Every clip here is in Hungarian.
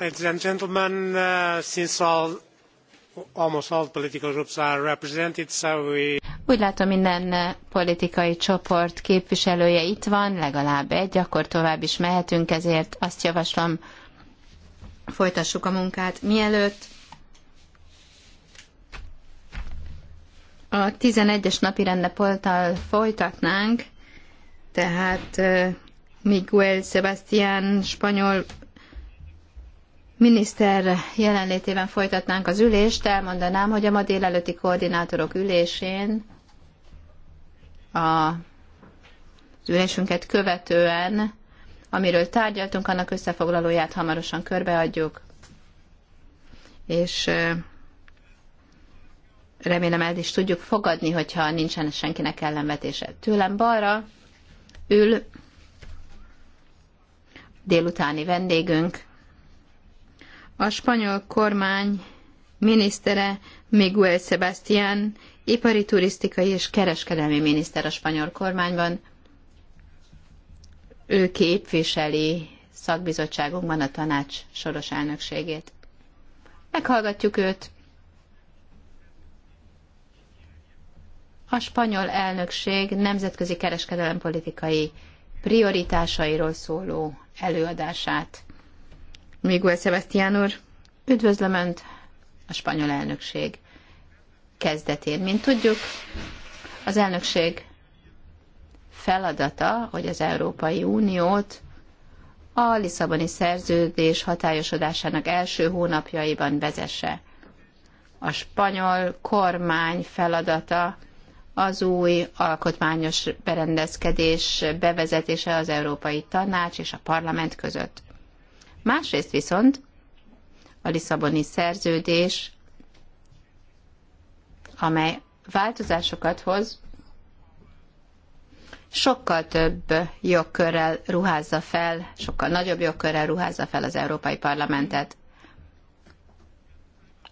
Ladies and gentlemen, uh, since all, almost all political groups are represented, so we... Úgy látom, minden uh, politikai csoport képviselője itt van, legalább egy, akkor tovább is mehetünk, ezért azt javaslom, folytassuk a munkát. Mielőtt a 11-es napi rendepolttal folytatnánk, tehát uh, Miguel Sebastián spanyol miniszter jelenlétében folytatnánk az ülést, elmondanám, hogy a ma délelőtti koordinátorok ülésén a az ülésünket követően, amiről tárgyaltunk, annak összefoglalóját hamarosan körbeadjuk, és remélem el is tudjuk fogadni, hogyha nincsen senkinek ellenvetése. Tőlem balra ül délutáni vendégünk, a spanyol kormány minisztere Miguel Sebastián, ipari, turisztikai és kereskedelmi miniszter a spanyol kormányban. Ő képviseli szakbizottságunkban a tanács soros elnökségét. Meghallgatjuk őt. A spanyol elnökség nemzetközi kereskedelem politikai prioritásairól szóló előadását. Miguel Sebastián úr, üdvözlöm Önt a spanyol elnökség kezdetén. Mint tudjuk, az elnökség feladata, hogy az Európai Uniót a Lisszaboni szerződés hatályosodásának első hónapjaiban vezesse. A spanyol kormány feladata az új alkotmányos berendezkedés bevezetése az Európai Tanács és a Parlament között. Másrészt viszont a Lisszaboni szerződés, amely változásokat hoz, sokkal több jogkörrel ruházza fel, sokkal nagyobb jogkörrel ruházza fel az Európai Parlamentet.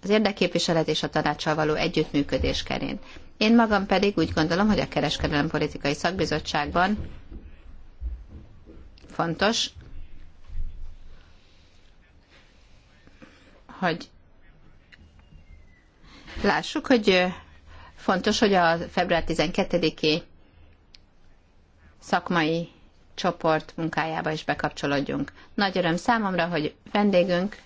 Az érdekképviselet és a tanácssal való együttműködés kerén. Én magam pedig úgy gondolom, hogy a kereskedelem politikai szakbizottságban fontos, hogy lássuk, hogy fontos, hogy a február 12-i szakmai csoport munkájába is bekapcsolódjunk. Nagy öröm számomra, hogy vendégünk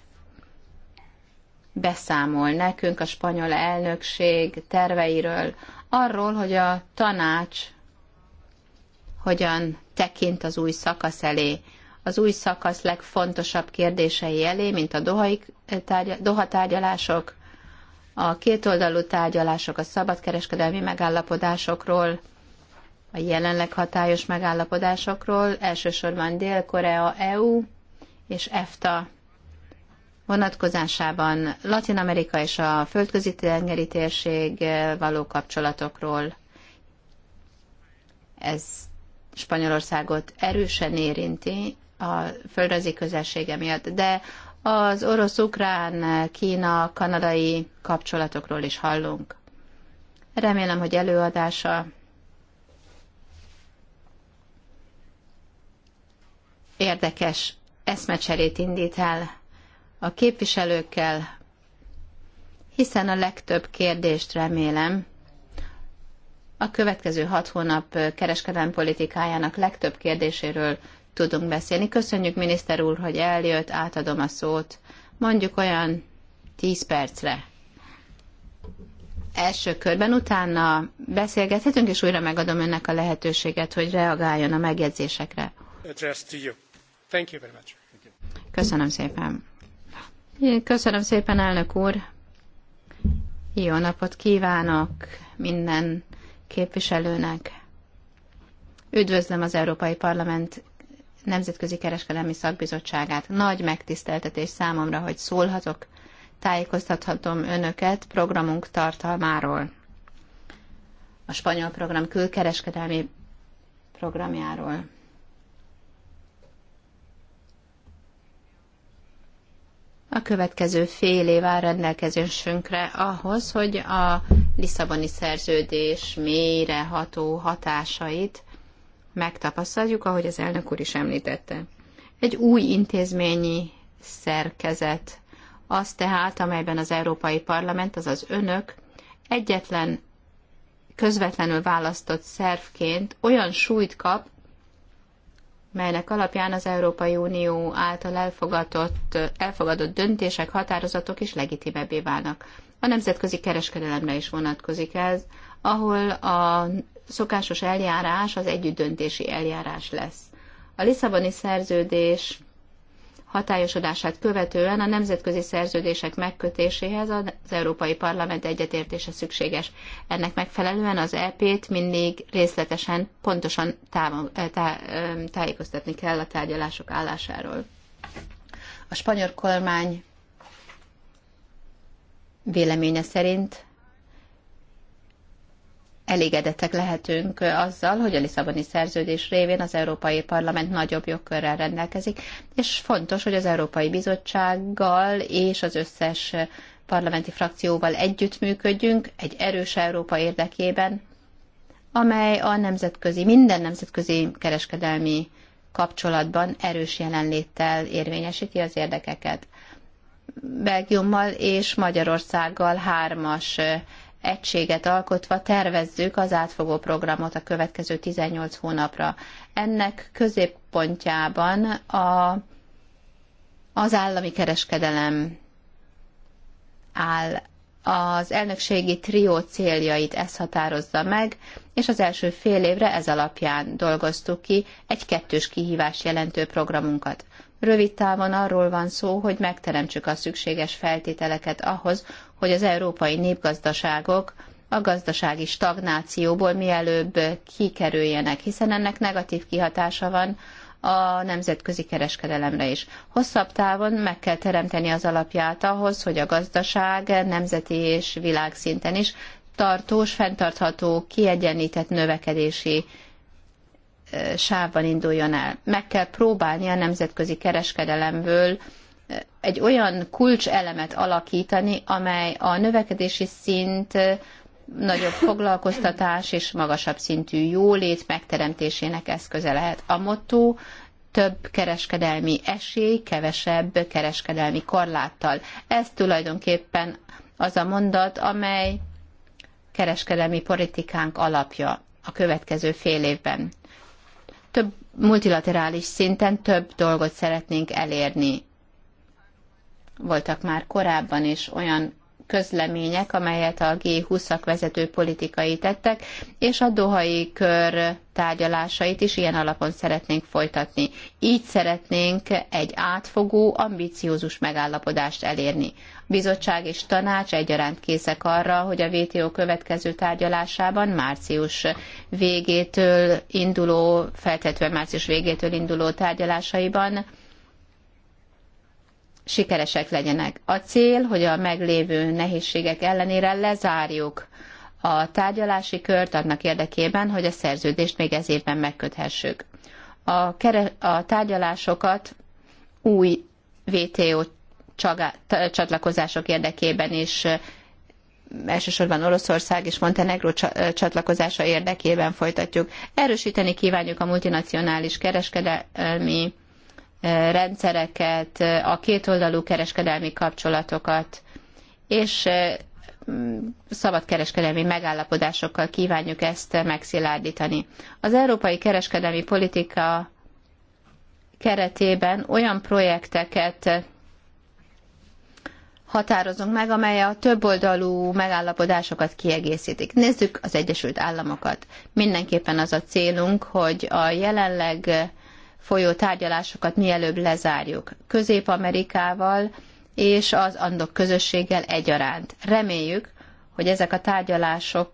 beszámol nekünk a spanyol elnökség terveiről, arról, hogy a tanács hogyan tekint az új szakasz elé, az új szakasz legfontosabb kérdései elé, mint a dohai eh, tárgya, doha tárgyalások, a kétoldalú tárgyalások a szabadkereskedelmi megállapodásokról, a jelenleg hatályos megállapodásokról, elsősorban Dél-Korea, EU és EFTA vonatkozásában Latin Amerika és a földközi tengeri térség eh, való kapcsolatokról. Ez Spanyolországot erősen érinti, a földrajzi közelsége miatt, de az orosz-ukrán, kína, kanadai kapcsolatokról is hallunk. Remélem, hogy előadása érdekes eszmecserét indít el a képviselőkkel, hiszen a legtöbb kérdést remélem a következő hat hónap kereskedelmi politikájának legtöbb kérdéséről tudunk beszélni. Köszönjük, miniszter úr, hogy eljött, átadom a szót. Mondjuk olyan 10 percre. Első körben utána beszélgethetünk, és újra megadom önnek a lehetőséget, hogy reagáljon a megjegyzésekre. Köszönöm szépen. Köszönöm szépen, elnök úr. Jó napot kívánok minden képviselőnek. Üdvözlöm az Európai Parlament Nemzetközi Kereskedelmi Szakbizottságát. Nagy megtiszteltetés számomra, hogy szólhatok, tájékoztathatom önöket programunk tartalmáról. A spanyol program külkereskedelmi programjáról. A következő fél év áll rendelkezésünkre ahhoz, hogy a Lisszaboni szerződés mélyre ható hatásait megtapasztaljuk, ahogy az elnök úr is említette. Egy új intézményi szerkezet az tehát, amelyben az Európai Parlament, azaz önök egyetlen közvetlenül választott szervként olyan súlyt kap, melynek alapján az Európai Unió által elfogadott, elfogadott döntések, határozatok is legitimebbé válnak. A nemzetközi kereskedelemre is vonatkozik ez, ahol a szokásos eljárás az együttdöntési eljárás lesz. A Lisszaboni szerződés hatályosodását követően a nemzetközi szerződések megkötéséhez az Európai Parlament egyetértése szükséges. Ennek megfelelően az EP-t mindig részletesen, pontosan eh, tá- eh, tájékoztatni kell a tárgyalások állásáról. A spanyol kormány véleménye szerint elégedettek lehetünk azzal, hogy a Lisszaboni szerződés révén az Európai Parlament nagyobb jogkörrel rendelkezik, és fontos, hogy az Európai Bizottsággal és az összes parlamenti frakcióval együttműködjünk egy erős Európa érdekében, amely a nemzetközi, minden nemzetközi kereskedelmi kapcsolatban erős jelenléttel érvényesíti az érdekeket. Belgiummal és Magyarországgal hármas egységet alkotva tervezzük az átfogó programot a következő 18 hónapra. Ennek középpontjában a, az állami kereskedelem áll az elnökségi trió céljait ez határozza meg, és az első fél évre ez alapján dolgoztuk ki egy kettős kihívás jelentő programunkat. Rövid távon arról van szó, hogy megteremtsük a szükséges feltételeket ahhoz, hogy az európai népgazdaságok a gazdasági stagnációból mielőbb kikerüljenek, hiszen ennek negatív kihatása van a nemzetközi kereskedelemre is. Hosszabb távon meg kell teremteni az alapját ahhoz, hogy a gazdaság nemzeti és világszinten is tartós, fenntartható, kiegyenlített növekedési sávban induljon el. Meg kell próbálni a nemzetközi kereskedelemből egy olyan kulcselemet alakítani, amely a növekedési szint nagyobb foglalkoztatás és magasabb szintű jólét megteremtésének eszköze lehet. A motto több kereskedelmi esély, kevesebb kereskedelmi korláttal. Ez tulajdonképpen az a mondat, amely kereskedelmi politikánk alapja a következő fél évben több multilaterális szinten több dolgot szeretnénk elérni. Voltak már korábban is olyan közlemények, amelyet a G20-ak vezető politikai tettek, és a dohai kör tárgyalásait is ilyen alapon szeretnénk folytatni. Így szeretnénk egy átfogó, ambiciózus megállapodást elérni bizottság és tanács egyaránt készek arra, hogy a WTO következő tárgyalásában március végétől induló, feltetve március végétől induló tárgyalásaiban sikeresek legyenek. A cél, hogy a meglévő nehézségek ellenére lezárjuk a tárgyalási kört annak érdekében, hogy a szerződést még ez évben megköthessük. A, kere, a tárgyalásokat új VTO csatlakozások érdekében is elsősorban Oroszország és Montenegro csatlakozása érdekében folytatjuk. Erősíteni kívánjuk a multinacionális kereskedelmi rendszereket, a kétoldalú kereskedelmi kapcsolatokat, és kereskedelmi megállapodásokkal kívánjuk ezt megszilárdítani. Az európai kereskedelmi politika keretében olyan projekteket határozunk meg, amely a többoldalú megállapodásokat kiegészítik. Nézzük az Egyesült Államokat. Mindenképpen az a célunk, hogy a jelenleg folyó tárgyalásokat mielőbb lezárjuk. Közép-Amerikával és az andok közösséggel egyaránt. Reméljük, hogy ezek a tárgyalások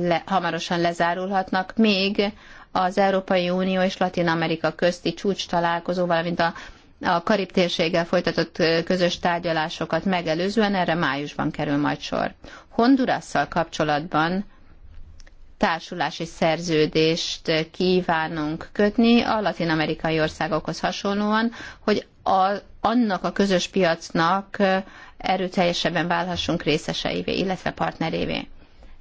le, hamarosan lezárulhatnak, még az Európai Unió és Latin Amerika közti csúcs találkozó, valamint a a Karib térséggel folytatott közös tárgyalásokat megelőzően erre májusban kerül majd sor. Hondurasszal kapcsolatban társulási szerződést kívánunk kötni a latin-amerikai országokhoz hasonlóan, hogy a, annak a közös piacnak erőteljesebben válhassunk részeseivé, illetve partnerévé.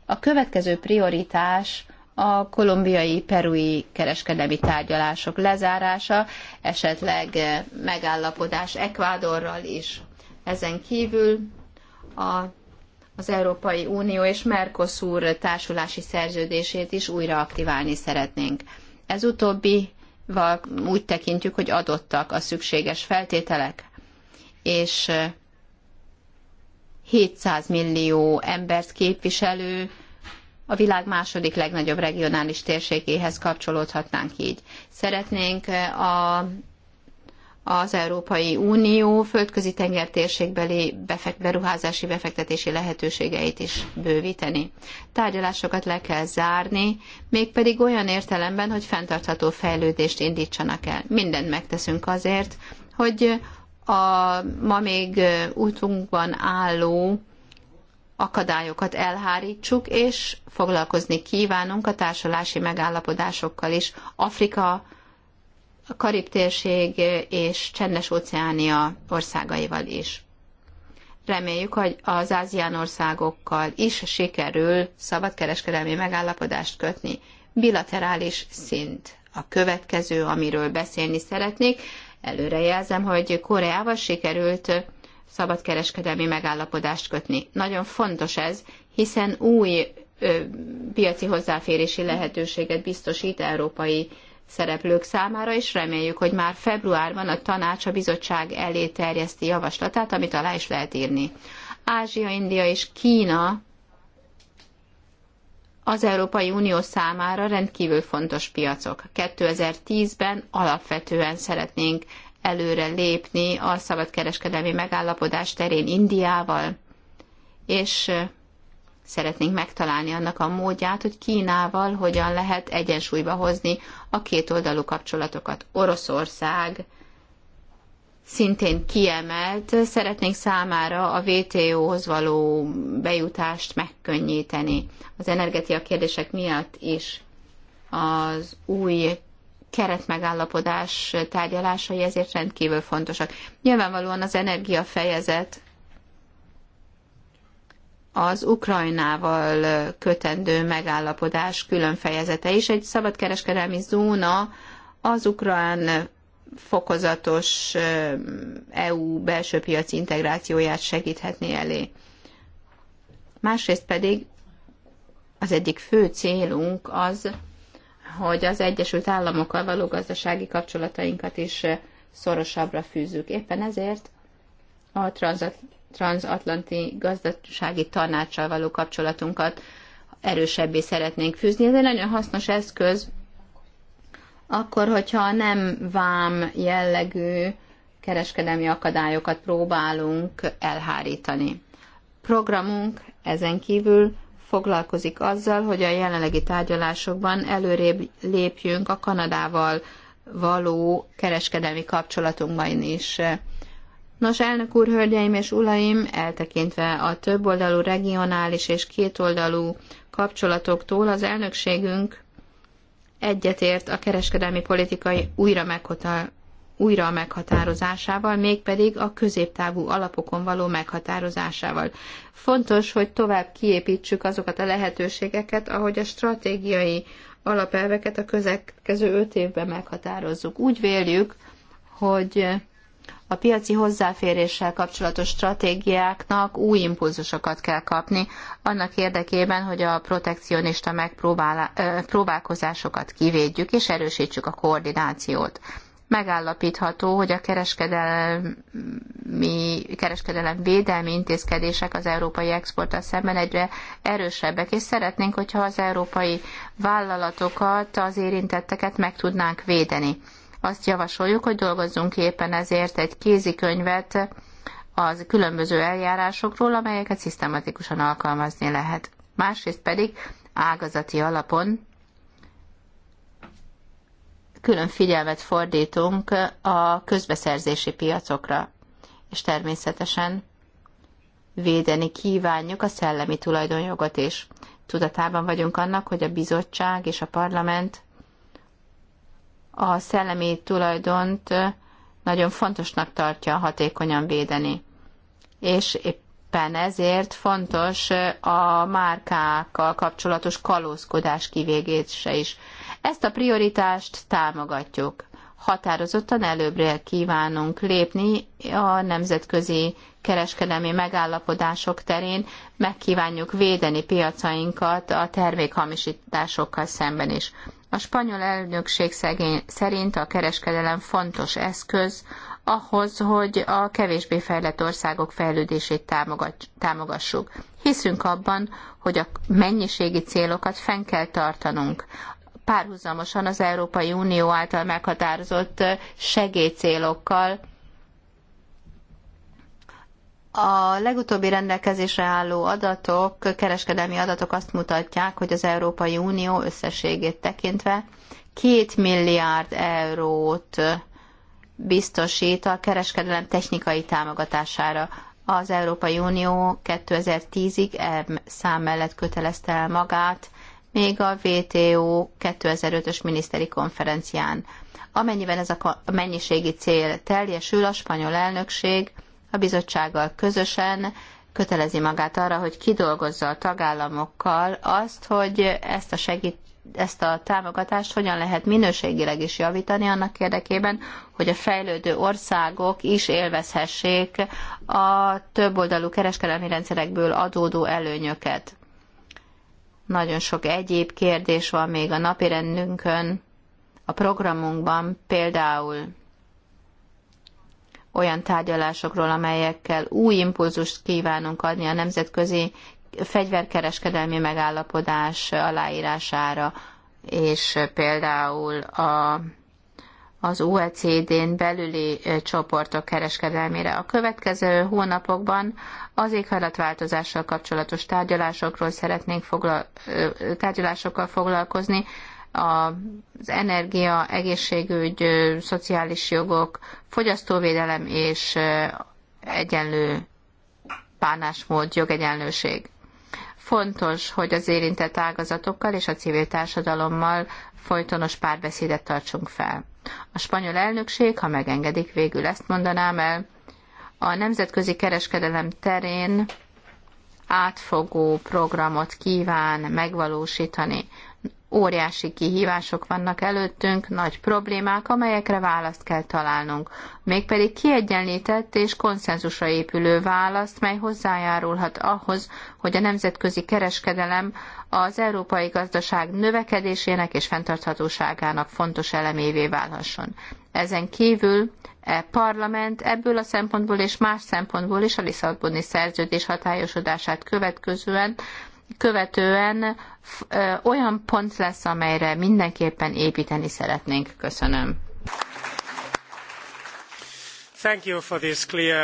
A következő prioritás a kolumbiai, perui kereskedelmi tárgyalások lezárása, esetleg eh, megállapodás Ekvádorral is. Ezen kívül a, az Európai Unió és Mercosur társulási szerződését is újra aktiválni szeretnénk. Ez utóbbi úgy tekintjük, hogy adottak a szükséges feltételek, és 700 eh, millió embert képviselő a világ második legnagyobb regionális térségéhez kapcsolódhatnánk így. Szeretnénk eh, a, az Európai Unió földközi tenger térségbeli befekt, beruházási befektetési lehetőségeit is bővíteni. Tárgyalásokat le kell zárni, mégpedig olyan értelemben, hogy fenntartható fejlődést indítsanak el. Mindent megteszünk azért, hogy a ma még eh, útunkban álló akadályokat elhárítsuk, és foglalkozni kívánunk a társulási megállapodásokkal is. Afrika, a Karib térség és Csendes óceánia országaival is. Reméljük, hogy az ázián országokkal is sikerül szabadkereskedelmi megállapodást kötni. Bilaterális szint a következő, amiről beszélni szeretnék. Előrejelzem, hogy Koreával sikerült szabadkereskedelmi megállapodást kötni. Nagyon fontos ez, hiszen új ö, piaci hozzáférési lehetőséget biztosít európai szereplők számára, és reméljük, hogy már februárban a tanács a bizottság elé terjeszti javaslatát, amit alá is lehet írni. Ázsia, India és Kína az Európai Unió számára rendkívül fontos piacok. 2010-ben alapvetően szeretnénk előre lépni a szabadkereskedelmi megállapodás terén Indiával, és szeretnénk megtalálni annak a módját, hogy Kínával hogyan lehet egyensúlyba hozni a kétoldalú kapcsolatokat. Oroszország szintén kiemelt, szeretnénk számára a WTO-hoz való bejutást megkönnyíteni. Az energetia kérdések miatt is az új keretmegállapodás tárgyalásai ezért rendkívül fontosak. Nyilvánvalóan az energiafejezet az Ukrajnával kötendő megállapodás külön fejezete is. Egy szabadkereskedelmi zóna az ukrán fokozatos EU belső piaci integrációját segíthetné elé. Másrészt pedig az egyik fő célunk az, hogy az Egyesült Államokkal való gazdasági kapcsolatainkat is eh, szorosabbra fűzzük. Éppen ezért a transatlanti gazdasági tanácssal való kapcsolatunkat erősebbé szeretnénk fűzni. Ez egy nagyon hasznos eszköz, akkor, hogyha nem vám jellegű kereskedelmi akadályokat próbálunk elhárítani. Programunk ezen kívül foglalkozik azzal, hogy a jelenlegi tárgyalásokban előrébb lépjünk a Kanadával való kereskedelmi kapcsolatunkban is. Nos, elnök úr, hölgyeim és ulaim, eltekintve a többoldalú regionális és kétoldalú kapcsolatoktól az elnökségünk egyetért a kereskedelmi politikai újra újra a meghatározásával, mégpedig a középtávú alapokon való meghatározásával. Fontos, hogy tovább kiépítsük azokat a lehetőségeket, ahogy a stratégiai alapelveket a közekező öt évben meghatározzuk. Úgy véljük, hogy a piaci hozzáféréssel kapcsolatos stratégiáknak új impulzusokat kell kapni, annak érdekében, hogy a protekcionista megpróbálkozásokat kivédjük és erősítsük a koordinációt megállapítható, hogy a kereskedelmi, kereskedelem védelmi intézkedések az európai exporttal szemben egyre erősebbek, és szeretnénk, hogyha az európai vállalatokat, az érintetteket meg tudnánk védeni. Azt javasoljuk, hogy dolgozzunk éppen ezért egy kézikönyvet az különböző eljárásokról, amelyeket szisztematikusan alkalmazni lehet. Másrészt pedig ágazati alapon külön figyelmet fordítunk a közbeszerzési piacokra, és természetesen védeni kívánjuk a szellemi tulajdonjogot is. Tudatában vagyunk annak, hogy a bizottság és a parlament a szellemi tulajdont nagyon fontosnak tartja hatékonyan védeni. És éppen ezért fontos a márkákkal kapcsolatos kalózkodás kivégése is. Ezt a prioritást támogatjuk. Határozottan előbbre kívánunk lépni a nemzetközi kereskedelmi megállapodások terén, megkívánjuk védeni piacainkat a termékhamisításokkal szemben is. A spanyol elnökség szerint a kereskedelem fontos eszköz ahhoz, hogy a kevésbé fejlett országok fejlődését támogassuk. Hiszünk abban, hogy a mennyiségi célokat fenn kell tartanunk párhuzamosan az Európai Unió által meghatározott segélycélokkal. A legutóbbi rendelkezésre álló adatok, kereskedelmi adatok azt mutatják, hogy az Európai Unió összességét tekintve 2 milliárd eurót biztosít a kereskedelem technikai támogatására. Az Európai Unió 2010-ig szám mellett kötelezte el magát még a WTO 2005-ös miniszteri konferencián. Amennyiben ez a mennyiségi cél teljesül, a spanyol elnökség a bizottsággal közösen kötelezi magát arra, hogy kidolgozza a tagállamokkal azt, hogy ezt a segít ezt a támogatást hogyan lehet minőségileg is javítani annak érdekében, hogy a fejlődő országok is élvezhessék a többoldalú kereskedelmi rendszerekből adódó előnyöket. Nagyon sok egyéb kérdés van még a rendünkön, a programunkban, például olyan tárgyalásokról, amelyekkel új impulzust kívánunk adni a nemzetközi fegyverkereskedelmi megállapodás aláírására, és például a az OECD-n belüli csoportok kereskedelmére. A következő hónapokban az éghajlatváltozással kapcsolatos tárgyalásokról szeretnénk foglal- tárgyalásokkal foglalkozni, az energia, egészségügy, szociális jogok, fogyasztóvédelem és egyenlő bánásmód, jogegyenlőség. Fontos, hogy az érintett ágazatokkal és a civil társadalommal folytonos párbeszédet tartsunk fel. A spanyol elnökség, ha megengedik, végül ezt mondanám el, a nemzetközi kereskedelem terén átfogó programot kíván megvalósítani Óriási kihívások vannak előttünk, nagy problémák, amelyekre választ kell találnunk. Mégpedig kiegyenlített és konszenzusra épülő választ, mely hozzájárulhat ahhoz, hogy a nemzetközi kereskedelem az európai gazdaság növekedésének és fenntarthatóságának fontos elemévé válhasson. Ezen kívül e parlament ebből a szempontból és más szempontból is a Lisszaboni szerződés hatályosodását következően követően olyan pont lesz, amelyre mindenképpen építeni szeretnénk. Köszönöm.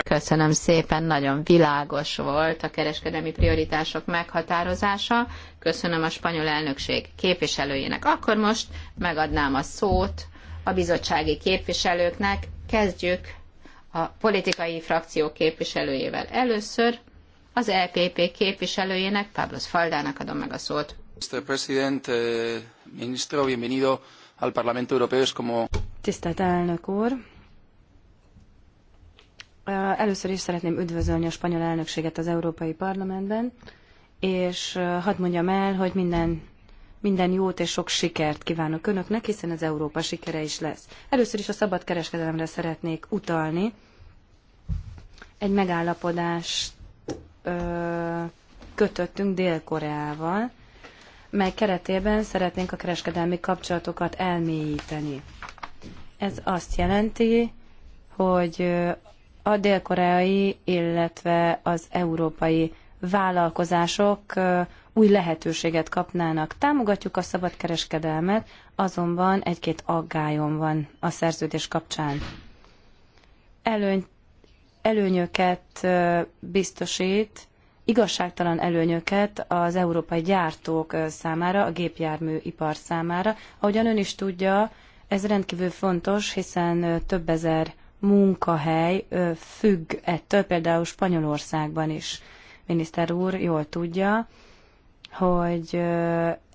Köszönöm szépen, nagyon világos volt a kereskedelmi prioritások meghatározása. Köszönöm a spanyol elnökség képviselőjének. Akkor most megadnám a szót a bizottsági képviselőknek. Kezdjük a politikai frakció képviselőjével. Először az LPP e képviselőjének, Pablos Faldának adom meg a szót. Mr. President, eh, ministro, bienvenido al Parlamento Europeo. Es como... Tisztelt elnök úr, eh, Először is szeretném üdvözölni a spanyol elnökséget az Európai Parlamentben, és eh, hadd mondjam el, hogy minden, minden jót és sok sikert kívánok önöknek, hiszen az Európa sikere is lesz. Először is a szabad kereskedelemre szeretnék utalni. Egy megállapodást kötöttünk Dél-Koreával, mely keretében szeretnénk a kereskedelmi kapcsolatokat elmélyíteni. Ez azt jelenti, hogy a dél-koreai, illetve az európai vállalkozások új lehetőséget kapnának. Támogatjuk a szabadkereskedelmet, azonban egy-két aggályom van a szerződés kapcsán. Előny előnyöket biztosít, igazságtalan előnyöket az európai gyártók számára, a gépjárműipar számára. Ahogyan ön is tudja, ez rendkívül fontos, hiszen több ezer munkahely függ ettől, például Spanyolországban is. Miniszter úr jól tudja, hogy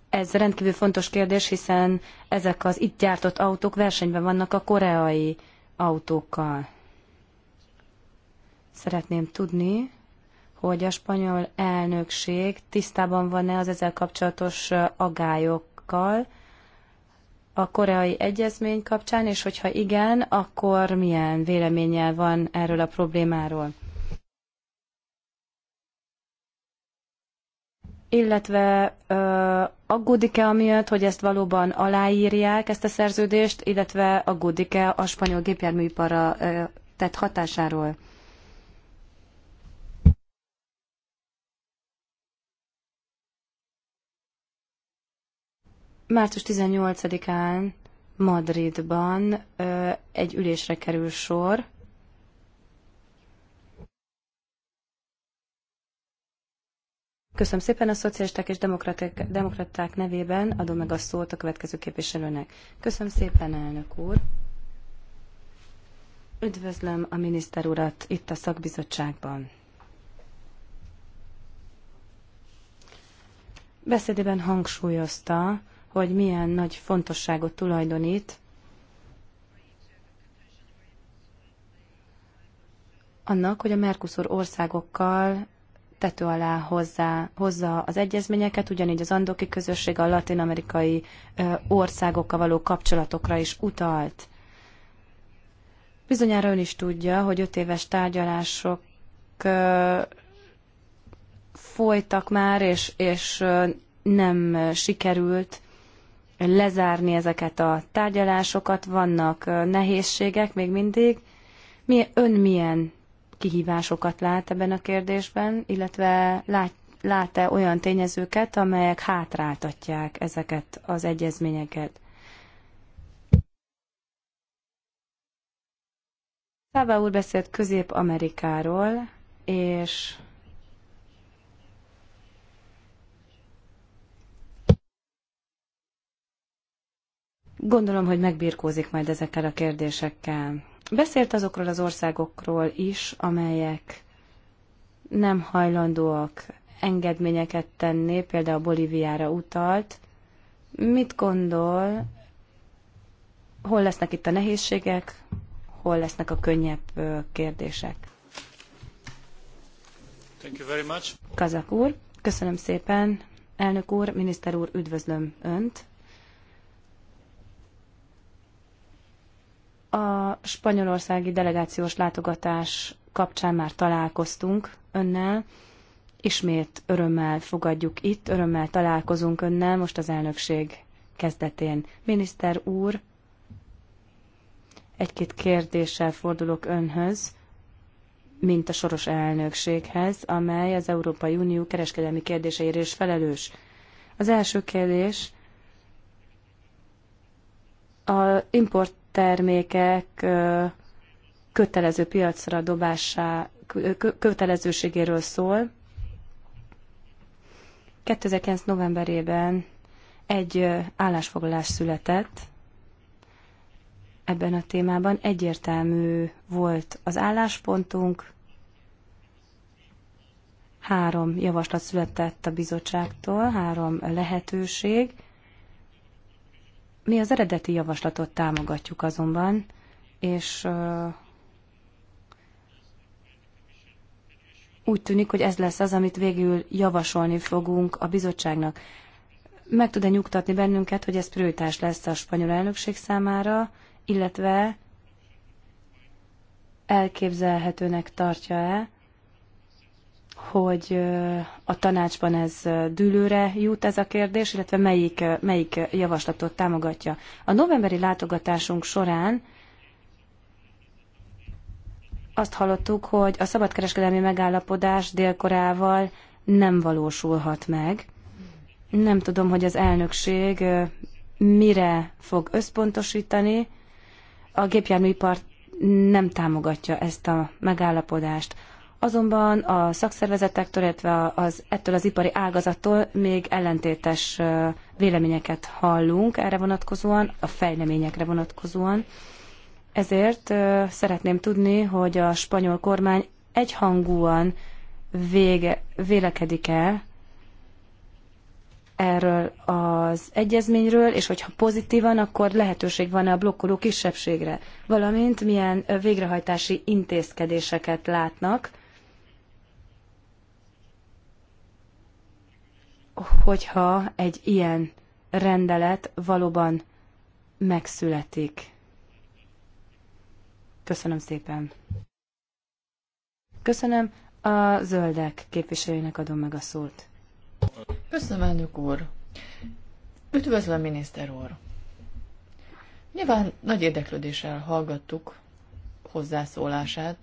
ez rendkívül fontos kérdés, hiszen ezek az itt gyártott autók versenyben vannak a koreai autókkal. Szeretném tudni, hogy a spanyol elnökség tisztában van-e az ezzel kapcsolatos agályokkal a koreai egyezmény kapcsán, és hogyha igen, akkor milyen véleménnyel van erről a problémáról. illetve ö, aggódik-e amiatt, hogy ezt valóban aláírják, ezt a szerződést, illetve aggódik-e a spanyol gépjárműiparra tett hatásáról? Március 18-án Madridban egy ülésre kerül sor, Köszönöm szépen a szocialisták és demokraták, demokraták nevében adom meg a szót a következő képviselőnek. Köszönöm szépen, elnök úr. Üdvözlöm a miniszter urat itt a szakbizottságban. Beszédében hangsúlyozta, hogy milyen nagy fontosságot tulajdonít annak, hogy a Mercosur országokkal tető alá hozzá, hozza az egyezményeket, ugyanígy az andoki közösség a latin-amerikai országokkal való kapcsolatokra is utalt. Bizonyára ön is tudja, hogy öt éves tárgyalások folytak már, és, és nem sikerült lezárni ezeket a tárgyalásokat, vannak nehézségek még mindig. Mi, ön milyen kihívásokat lát ebben a kérdésben, illetve lát, lát-e olyan tényezőket, amelyek hátráltatják ezeket az egyezményeket? Szává úr beszélt Közép-Amerikáról, és Gondolom, hogy megbirkózik majd ezekkel a kérdésekkel. Beszélt azokról az országokról is, amelyek nem hajlandóak engedményeket tenni, például Bolíviára utalt. Mit gondol, hol lesznek itt a nehézségek, hol lesznek a könnyebb kérdések? Thank you very much. Kazak úr, köszönöm szépen. Elnök úr, miniszter úr, üdvözlöm Önt. A spanyolországi delegációs látogatás kapcsán már találkoztunk önnel. Ismét örömmel fogadjuk itt, örömmel találkozunk önnel most az elnökség kezdetén. Miniszter úr, egy-két kérdéssel fordulok önhöz, mint a soros elnökséghez, amely az Európai Unió kereskedelmi kérdéseire is felelős. Az első kérdés, a import termékek kötelező piacra dobásá, kötelezőségéről szól. 2009. novemberében egy állásfoglalás született ebben a témában. Egyértelmű volt az álláspontunk. Három javaslat született a bizottságtól, három lehetőség – mi az eredeti javaslatot támogatjuk azonban, és úgy tűnik, hogy ez lesz az, amit végül javasolni fogunk a bizottságnak. Meg tud-e nyugtatni bennünket, hogy ez prioritás lesz a spanyol elnökség számára, illetve elképzelhetőnek tartja-e, hogy a tanácsban ez dűlőre jut ez a kérdés, illetve melyik, melyik javaslatot támogatja. A novemberi látogatásunk során azt hallottuk, hogy a szabadkereskedelmi megállapodás délkorával nem valósulhat meg. Nem tudom, hogy az elnökség mire fog összpontosítani. A gépjárműipar nem támogatja ezt a megállapodást azonban a szakszervezetektől, illetve az, ettől az ipari ágazattól még ellentétes véleményeket hallunk erre vonatkozóan, a fejleményekre vonatkozóan. Ezért szeretném tudni, hogy a spanyol kormány egyhangúan vége, vélekedik-e erről az egyezményről, és hogyha pozitívan, akkor lehetőség van-e a blokkoló kisebbségre, valamint milyen végrehajtási intézkedéseket látnak hogyha egy ilyen rendelet valóban megszületik. Köszönöm szépen. Köszönöm. A zöldek képviselőjének adom meg a szót. Köszönöm, elnök úr. Üdvözlöm, miniszter úr. Nyilván nagy érdeklődéssel hallgattuk hozzászólását,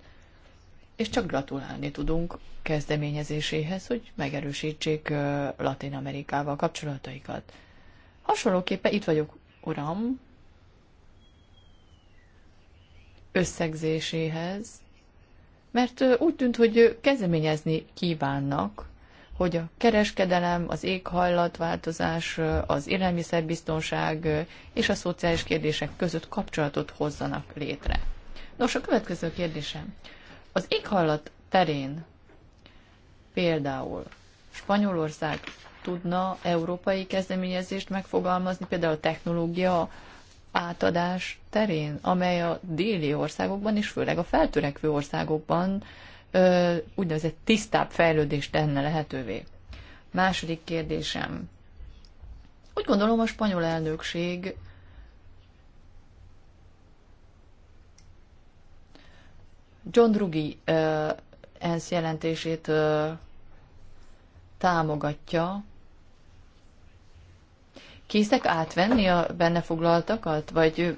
és csak gratulálni tudunk kezdeményezéséhez, hogy megerősítsék Latin Amerikával kapcsolataikat. Hasonlóképpen itt vagyok, uram, összegzéséhez, mert úgy tűnt, hogy kezdeményezni kívánnak, hogy a kereskedelem, az éghajlatváltozás, az élelmiszerbiztonság és a szociális kérdések között kapcsolatot hozzanak létre. Nos, a következő kérdésem. Az éghajlat terén például Spanyolország tudna európai kezdeményezést megfogalmazni, például a technológia átadás terén, amely a déli országokban és főleg a feltörekvő országokban ö, úgynevezett tisztább fejlődést tenne lehetővé. Második kérdésem. Úgy gondolom a spanyol elnökség John Drugi ENSZ jelentését támogatja. Készek átvenni a benne foglaltakat, vagy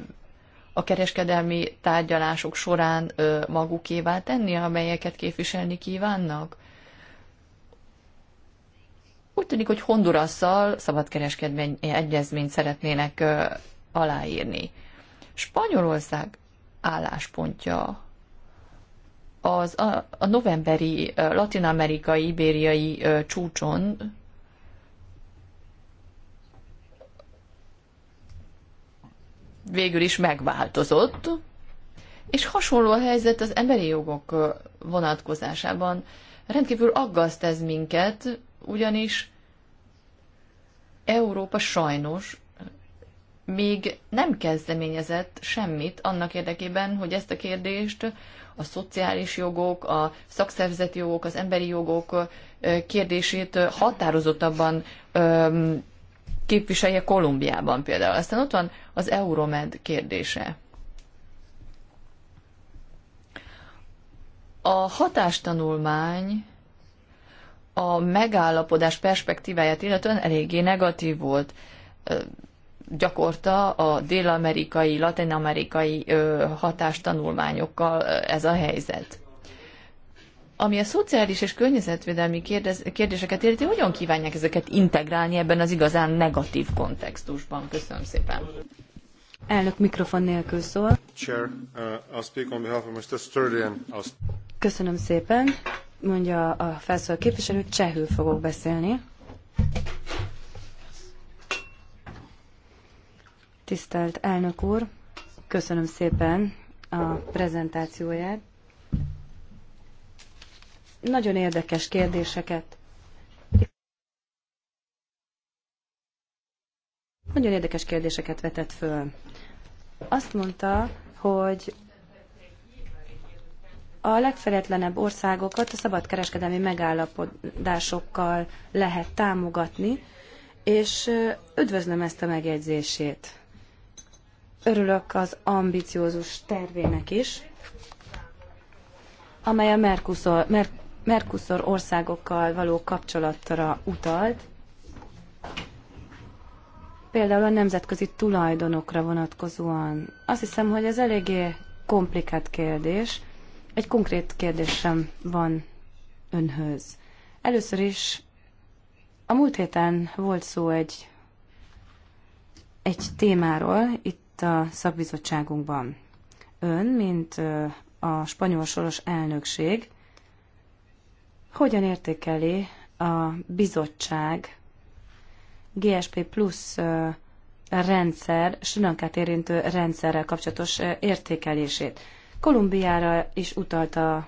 a kereskedelmi tárgyalások során magukévá tenni, amelyeket képviselni kívánnak? Úgy tűnik, hogy Hondurasszal szabadkereskedelmi egyezményt szeretnének aláírni. Spanyolország álláspontja az a, a novemberi latinamerikai, ibériai csúcson végül is megváltozott, és hasonló a helyzet az emberi jogok vonatkozásában. Rendkívül aggaszt ez minket, ugyanis Európa sajnos még nem kezdeményezett semmit annak érdekében, hogy ezt a kérdést a szociális jogok, a szakszervezeti jogok, az emberi jogok kérdését határozottabban képviselje Kolumbiában például. Aztán ott van az Euromed kérdése. A hatástanulmány a megállapodás perspektíváját illetően eléggé negatív volt gyakorta a dél-amerikai, latin-amerikai hatástanulmányokkal ez a helyzet. Ami a szociális és környezetvédelmi kérdez, kérdéseket illeti, hogyan kívánják ezeket integrálni ebben az igazán negatív kontextusban? Köszönöm szépen. Elnök mikrofon nélkül szól. Chair, uh, I'll speak on behalf of Mr. Sturdian. Köszönöm szépen, mondja a felszólaló képviselő, csehül fogok beszélni. Tisztelt elnök úr, köszönöm szépen a prezentációját. Nagyon érdekes kérdéseket. Nagyon érdekes kérdéseket vetett föl. Azt mondta, hogy a legfeletlenebb országokat a szabadkereskedelmi megállapodásokkal lehet támogatni, és üdvözlöm ezt a megjegyzését. Örülök az ambiciózus tervének is, amely a Mercosur, Mer, Mercosur országokkal való kapcsolatra utalt, például a nemzetközi tulajdonokra vonatkozóan. Azt hiszem, hogy ez eléggé komplikált kérdés. Egy konkrét kérdésem van önhöz. Először is a múlt héten volt szó egy, egy témáról itt itt a szakbizottságunkban. Ön, mint a spanyol soros elnökség, hogyan értékeli a bizottság GSP plusz rendszer, Sinankát érintő rendszerrel kapcsolatos értékelését. Kolumbiára is utalta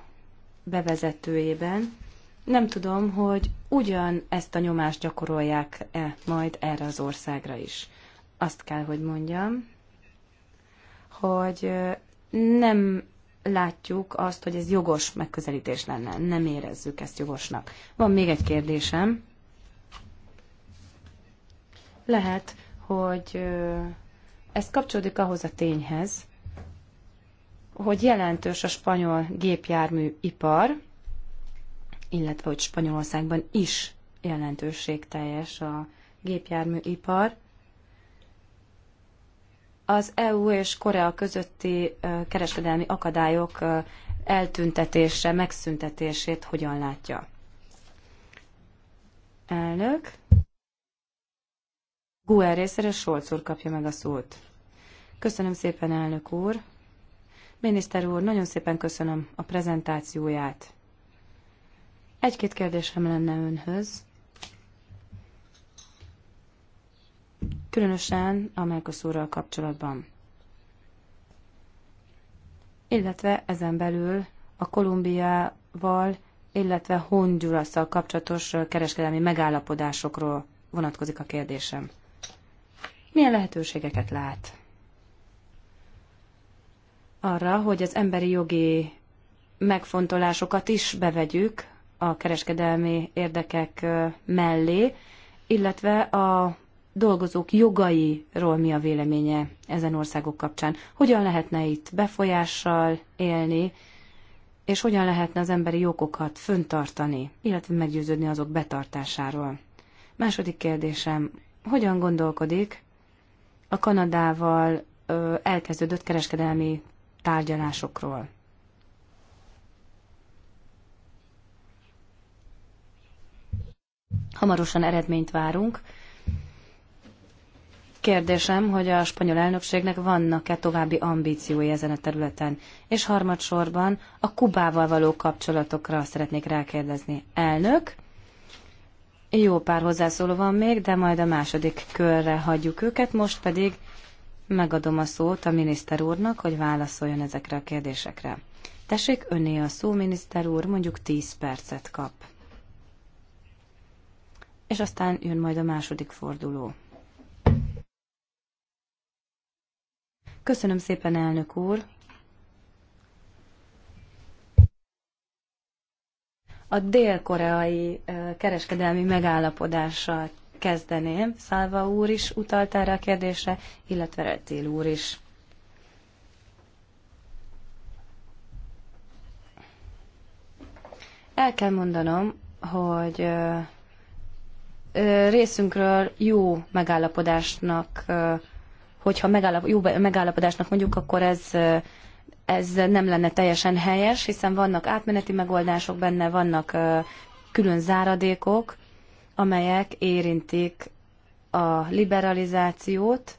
bevezetőjében. Nem tudom, hogy ugyan ezt a nyomást gyakorolják-e majd erre az országra is. Azt kell, hogy mondjam, hogy nem látjuk azt, hogy ez jogos megközelítés lenne. Nem érezzük ezt jogosnak. Van még egy kérdésem. Lehet, hogy ez kapcsolódik ahhoz a tényhez, hogy jelentős a spanyol gépjárműipar, illetve hogy Spanyolországban is jelentőségteljes a gépjárműipar, az EU és Korea közötti kereskedelmi akadályok eltüntetése, megszüntetését hogyan látja? Elnök. Guer részére Solc úr kapja meg a szót. Köszönöm szépen, elnök úr. Miniszter úr, nagyon szépen köszönöm a prezentációját. Egy-két kérdésem lenne önhöz. különösen a Mercosurral kapcsolatban. Illetve ezen belül a Kolumbiával, illetve Hondurasszal kapcsolatos kereskedelmi megállapodásokról vonatkozik a kérdésem. Milyen lehetőségeket lát arra, hogy az emberi jogi megfontolásokat is bevegyük a kereskedelmi érdekek mellé, illetve a dolgozók jogairól mi a véleménye ezen országok kapcsán. Hogyan lehetne itt befolyással élni, és hogyan lehetne az emberi jogokat föntartani, illetve meggyőződni azok betartásáról. Második kérdésem, hogyan gondolkodik a Kanadával ö, elkezdődött kereskedelmi tárgyalásokról? Hamarosan eredményt várunk, Kérdésem, hogy a spanyol elnökségnek vannak-e további ambíciói ezen a területen, és harmadsorban a Kubával való kapcsolatokra szeretnék rákérdezni. Elnök, jó pár hozzászóló van még, de majd a második körre hagyjuk őket, most pedig megadom a szót a miniszter úrnak, hogy válaszoljon ezekre a kérdésekre. Tessék, önné a szó, miniszter úr, mondjuk 10 percet kap. És aztán jön majd a második forduló. Köszönöm szépen, elnök úr. A dél-koreai kereskedelmi megállapodással kezdeném. Szálva úr is utalt erre a kérdésre, illetve Recél úr is. El kell mondanom, hogy részünkről jó megállapodásnak hogyha megállap, jó megállapodásnak mondjuk, akkor ez ez nem lenne teljesen helyes, hiszen vannak átmeneti megoldások benne, vannak külön záradékok, amelyek érintik a liberalizációt,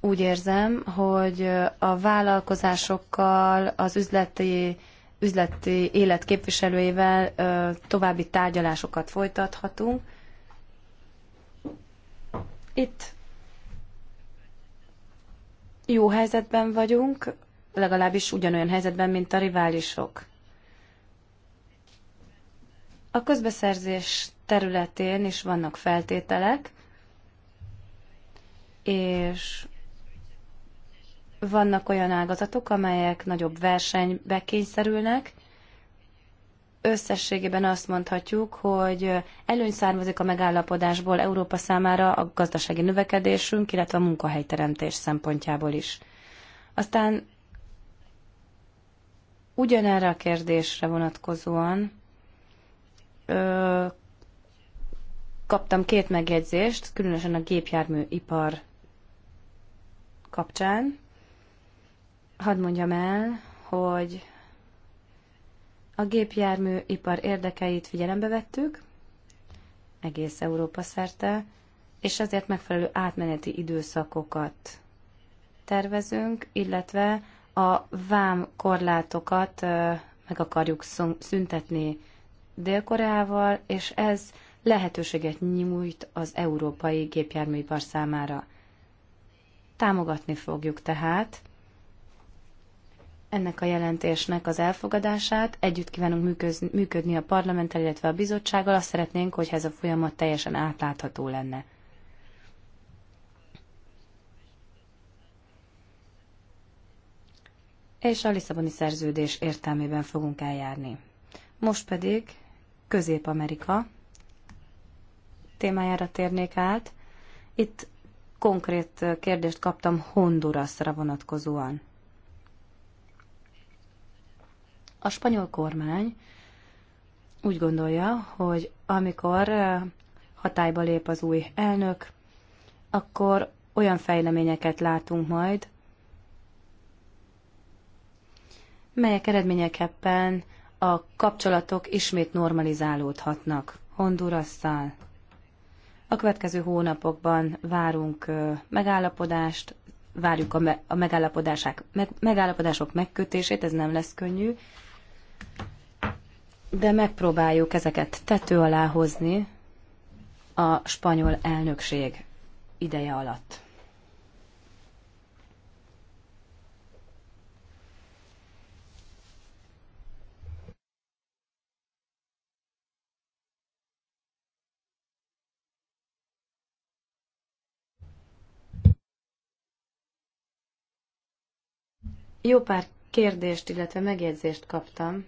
úgy érzem, hogy a vállalkozásokkal, az üzleti üzleti élet képviselőivel további tárgyalásokat folytathatunk. Itt jó helyzetben vagyunk, legalábbis ugyanolyan helyzetben, mint a riválisok. A közbeszerzés területén is vannak feltételek, és vannak olyan ágazatok, amelyek nagyobb versenybe kényszerülnek. Összességében azt mondhatjuk, hogy előny származik a megállapodásból Európa számára a gazdasági növekedésünk, illetve a munkahelyteremtés szempontjából is. Aztán ugyanerre a kérdésre vonatkozóan ö, kaptam két megjegyzést, különösen a gépjárműipar kapcsán hadd mondjam el, hogy a gépjármű ipar érdekeit figyelembe vettük, egész Európa szerte, és azért megfelelő átmeneti időszakokat tervezünk, illetve a vám korlátokat meg akarjuk szüntetni Dél-Koreával, és ez lehetőséget nyújt az európai gépjárműipar számára. Támogatni fogjuk tehát ennek a jelentésnek az elfogadását. Együtt kívánunk működni, működni a parlamenttel, illetve a bizottsággal. Azt szeretnénk, hogy ez a folyamat teljesen átlátható lenne. És a Lisszaboni szerződés értelmében fogunk eljárni. Most pedig Közép-Amerika témájára térnék át. Itt konkrét kérdést kaptam Hondurasra vonatkozóan. A spanyol kormány úgy gondolja, hogy amikor hatályba lép az új elnök, akkor olyan fejleményeket látunk majd, melyek eredményeképpen a kapcsolatok ismét normalizálódhatnak Hondurasszal. A következő hónapokban várunk megállapodást, várjuk a, me- a megállapodások megkötését, ez nem lesz könnyű, de megpróbáljuk ezeket tető alá hozni a spanyol elnökség ideje alatt. Jó pár kérdést, illetve megjegyzést kaptam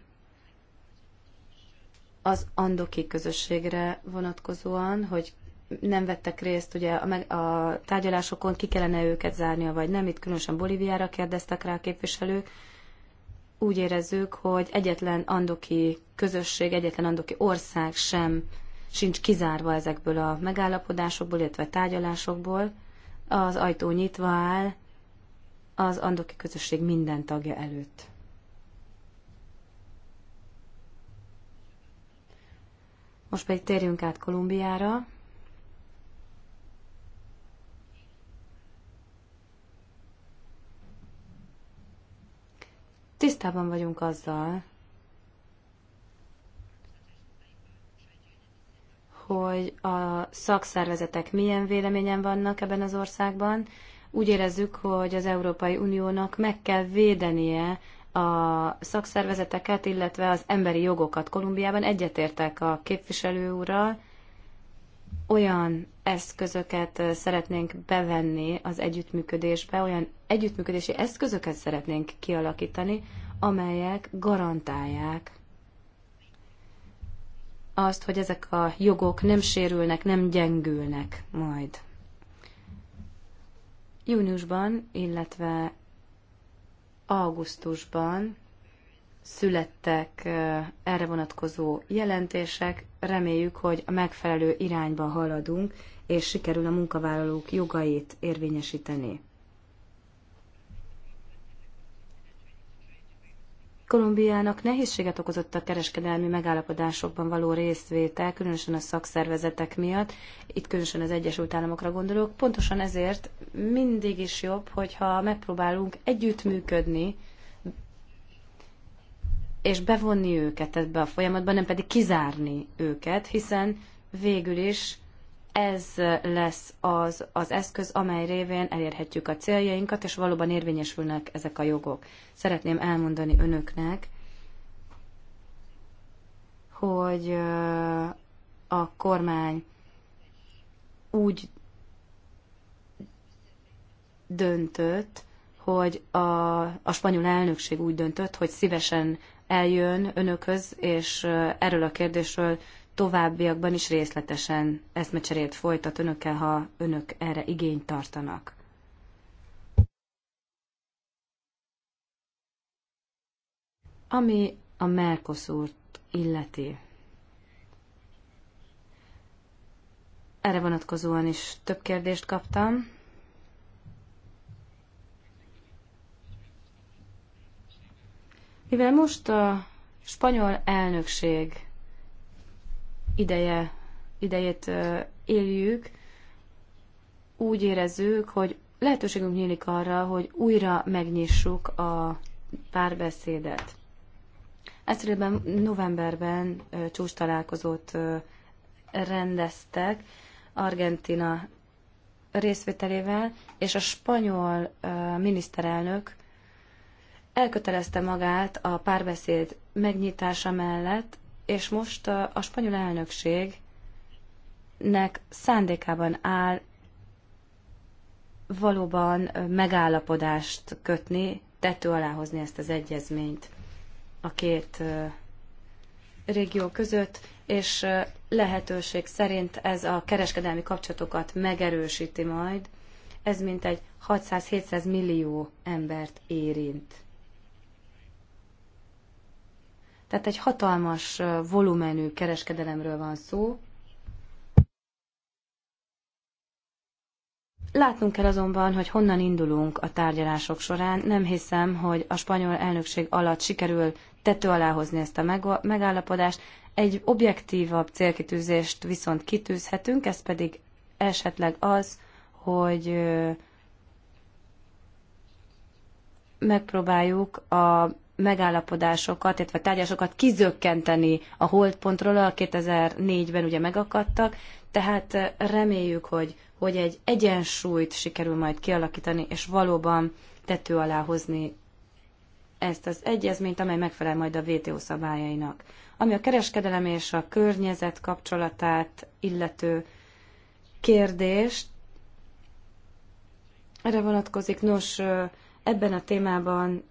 az andoki közösségre vonatkozóan, hogy nem vettek részt ugye a, a tárgyalásokon, ki kellene őket zárnia, vagy nem. Itt különösen Bolíviára kérdeztek rá a képviselők. Úgy érezzük, hogy egyetlen andoki közösség, egyetlen andoki ország sem sincs kizárva ezekből a megállapodásokból, illetve tárgyalásokból. Az ajtó nyitva áll, az andoki közösség minden tagja előtt. Most pedig térjünk át Kolumbiára. Tisztában vagyunk azzal, hogy a szakszervezetek milyen véleményen vannak ebben az országban, úgy érezzük, hogy az Európai Uniónak meg kell védenie a szakszervezeteket, illetve az emberi jogokat. Kolumbiában egyetértek a képviselő úrral, olyan eszközöket szeretnénk bevenni az együttműködésbe, olyan együttműködési eszközöket szeretnénk kialakítani, amelyek garantálják azt, hogy ezek a jogok nem sérülnek, nem gyengülnek majd. Júniusban, illetve augusztusban születtek erre vonatkozó jelentések. Reméljük, hogy a megfelelő irányba haladunk, és sikerül a munkavállalók jogait érvényesíteni. Kolumbiának nehézséget okozott a kereskedelmi megállapodásokban való részvétel, különösen a szakszervezetek miatt, itt különösen az Egyesült Államokra gondolok. Pontosan ezért mindig is jobb, hogyha megpróbálunk együttműködni, és bevonni őket ebbe a folyamatba, nem pedig kizárni őket, hiszen végül is ez lesz az, az eszköz, amely révén elérhetjük a céljainkat, és valóban érvényesülnek ezek a jogok. Szeretném elmondani önöknek, hogy a kormány úgy döntött, hogy a, a spanyol elnökség úgy döntött, hogy szívesen eljön önökhöz, és erről a kérdésről továbbiakban is részletesen eszmecserét folytat önökkel, ha önök erre igényt tartanak. Ami a Mercosurt illeti. Erre vonatkozóan is több kérdést kaptam. Mivel most a spanyol elnökség ideje, idejét éljük, úgy érezzük, hogy lehetőségünk nyílik arra, hogy újra megnyissuk a párbeszédet. Egyszerűen novemberben csúcs találkozót rendeztek Argentina részvételével, és a spanyol miniszterelnök elkötelezte magát a párbeszéd megnyitása mellett, és most a spanyol elnökségnek szándékában áll valóban megállapodást kötni, tető alá hozni ezt az egyezményt a két régió között, és lehetőség szerint ez a kereskedelmi kapcsolatokat megerősíti majd. Ez mintegy 600-700 millió embert érint. Tehát egy hatalmas volumenű kereskedelemről van szó. Látnunk kell azonban, hogy honnan indulunk a tárgyalások során. Nem hiszem, hogy a spanyol elnökség alatt sikerül tető alá hozni ezt a megállapodást. Egy objektívabb célkitűzést viszont kitűzhetünk, ez pedig esetleg az, hogy megpróbáljuk a megállapodásokat, illetve tárgyalásokat kizökkenteni a holdpontról, a 2004-ben ugye megakadtak, tehát eh, reméljük, hogy, hogy egy egyensúlyt sikerül majd kialakítani, és valóban tető alá hozni ezt az egyezményt, amely megfelel majd a WTO szabályainak. Ami a kereskedelem és a környezet kapcsolatát illető kérdést, erre vonatkozik. Nos, eh, ebben a témában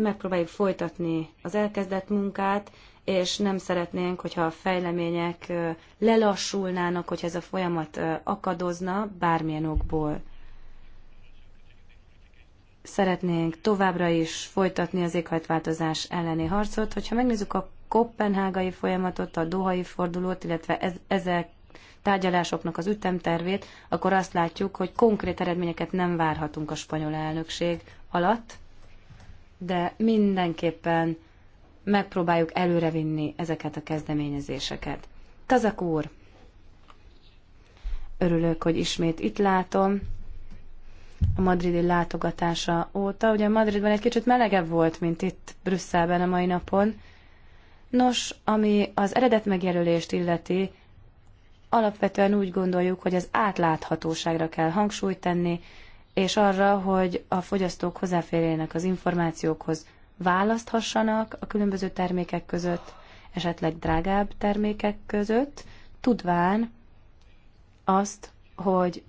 megpróbáljuk folytatni az elkezdett munkát, és nem szeretnénk, hogyha a fejlemények lelassulnának, hogyha ez a folyamat akadozna bármilyen okból. Szeretnénk továbbra is folytatni az éghajtváltozás elleni harcot. Hogyha megnézzük a kopenhágai folyamatot, a dohai fordulót, illetve ez, ezek tárgyalásoknak az ütemtervét, akkor azt látjuk, hogy konkrét eredményeket nem várhatunk a spanyol elnökség alatt de mindenképpen megpróbáljuk előrevinni ezeket a kezdeményezéseket. Kazak úr, örülök, hogy ismét itt látom a madridi látogatása óta. Ugye Madridban egy kicsit melegebb volt, mint itt Brüsszelben a mai napon. Nos, ami az eredet megjelölést illeti, alapvetően úgy gondoljuk, hogy az átláthatóságra kell hangsúlyt tenni, és arra, hogy a fogyasztók hozzáférjenek az információkhoz, választhassanak a különböző termékek között, esetleg drágább termékek között, tudván azt, hogy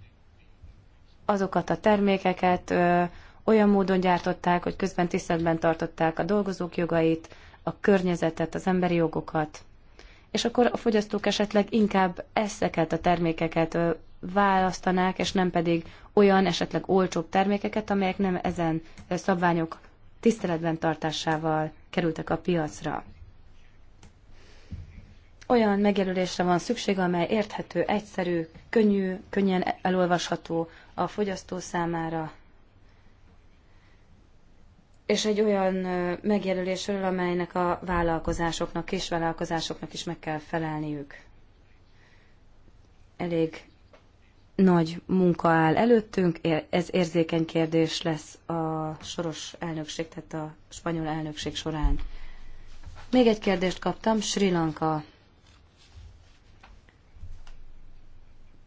azokat a termékeket ö, olyan módon gyártották, hogy közben tiszteletben tartották a dolgozók jogait, a környezetet, az emberi jogokat. És akkor a fogyasztók esetleg inkább ezeket a termékeket választanák, és nem pedig olyan esetleg olcsóbb termékeket, amelyek nem ezen szabványok tiszteletben tartásával kerültek a piacra. Olyan megjelölésre van szükség, amely érthető, egyszerű, könnyű, könnyen elolvasható a fogyasztó számára, és egy olyan megjelölésről, amelynek a vállalkozásoknak, kisvállalkozásoknak is meg kell felelniük. Elég nagy munka áll előttünk, ez érzékeny kérdés lesz a soros elnökség, tehát a spanyol elnökség során. Még egy kérdést kaptam, Sri Lanka.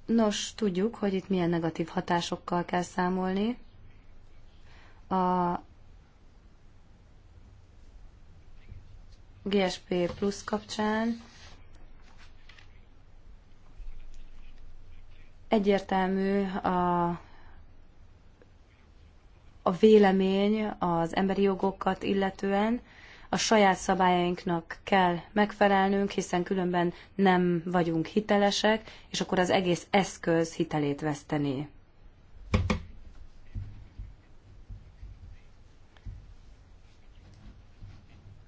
Nos, tudjuk, hogy itt milyen negatív hatásokkal kell számolni. A GSP plusz kapcsán Egyértelmű a, a vélemény az emberi jogokat illetően, a saját szabályainknak kell megfelelnünk, hiszen különben nem vagyunk hitelesek, és akkor az egész eszköz hitelét veszteni.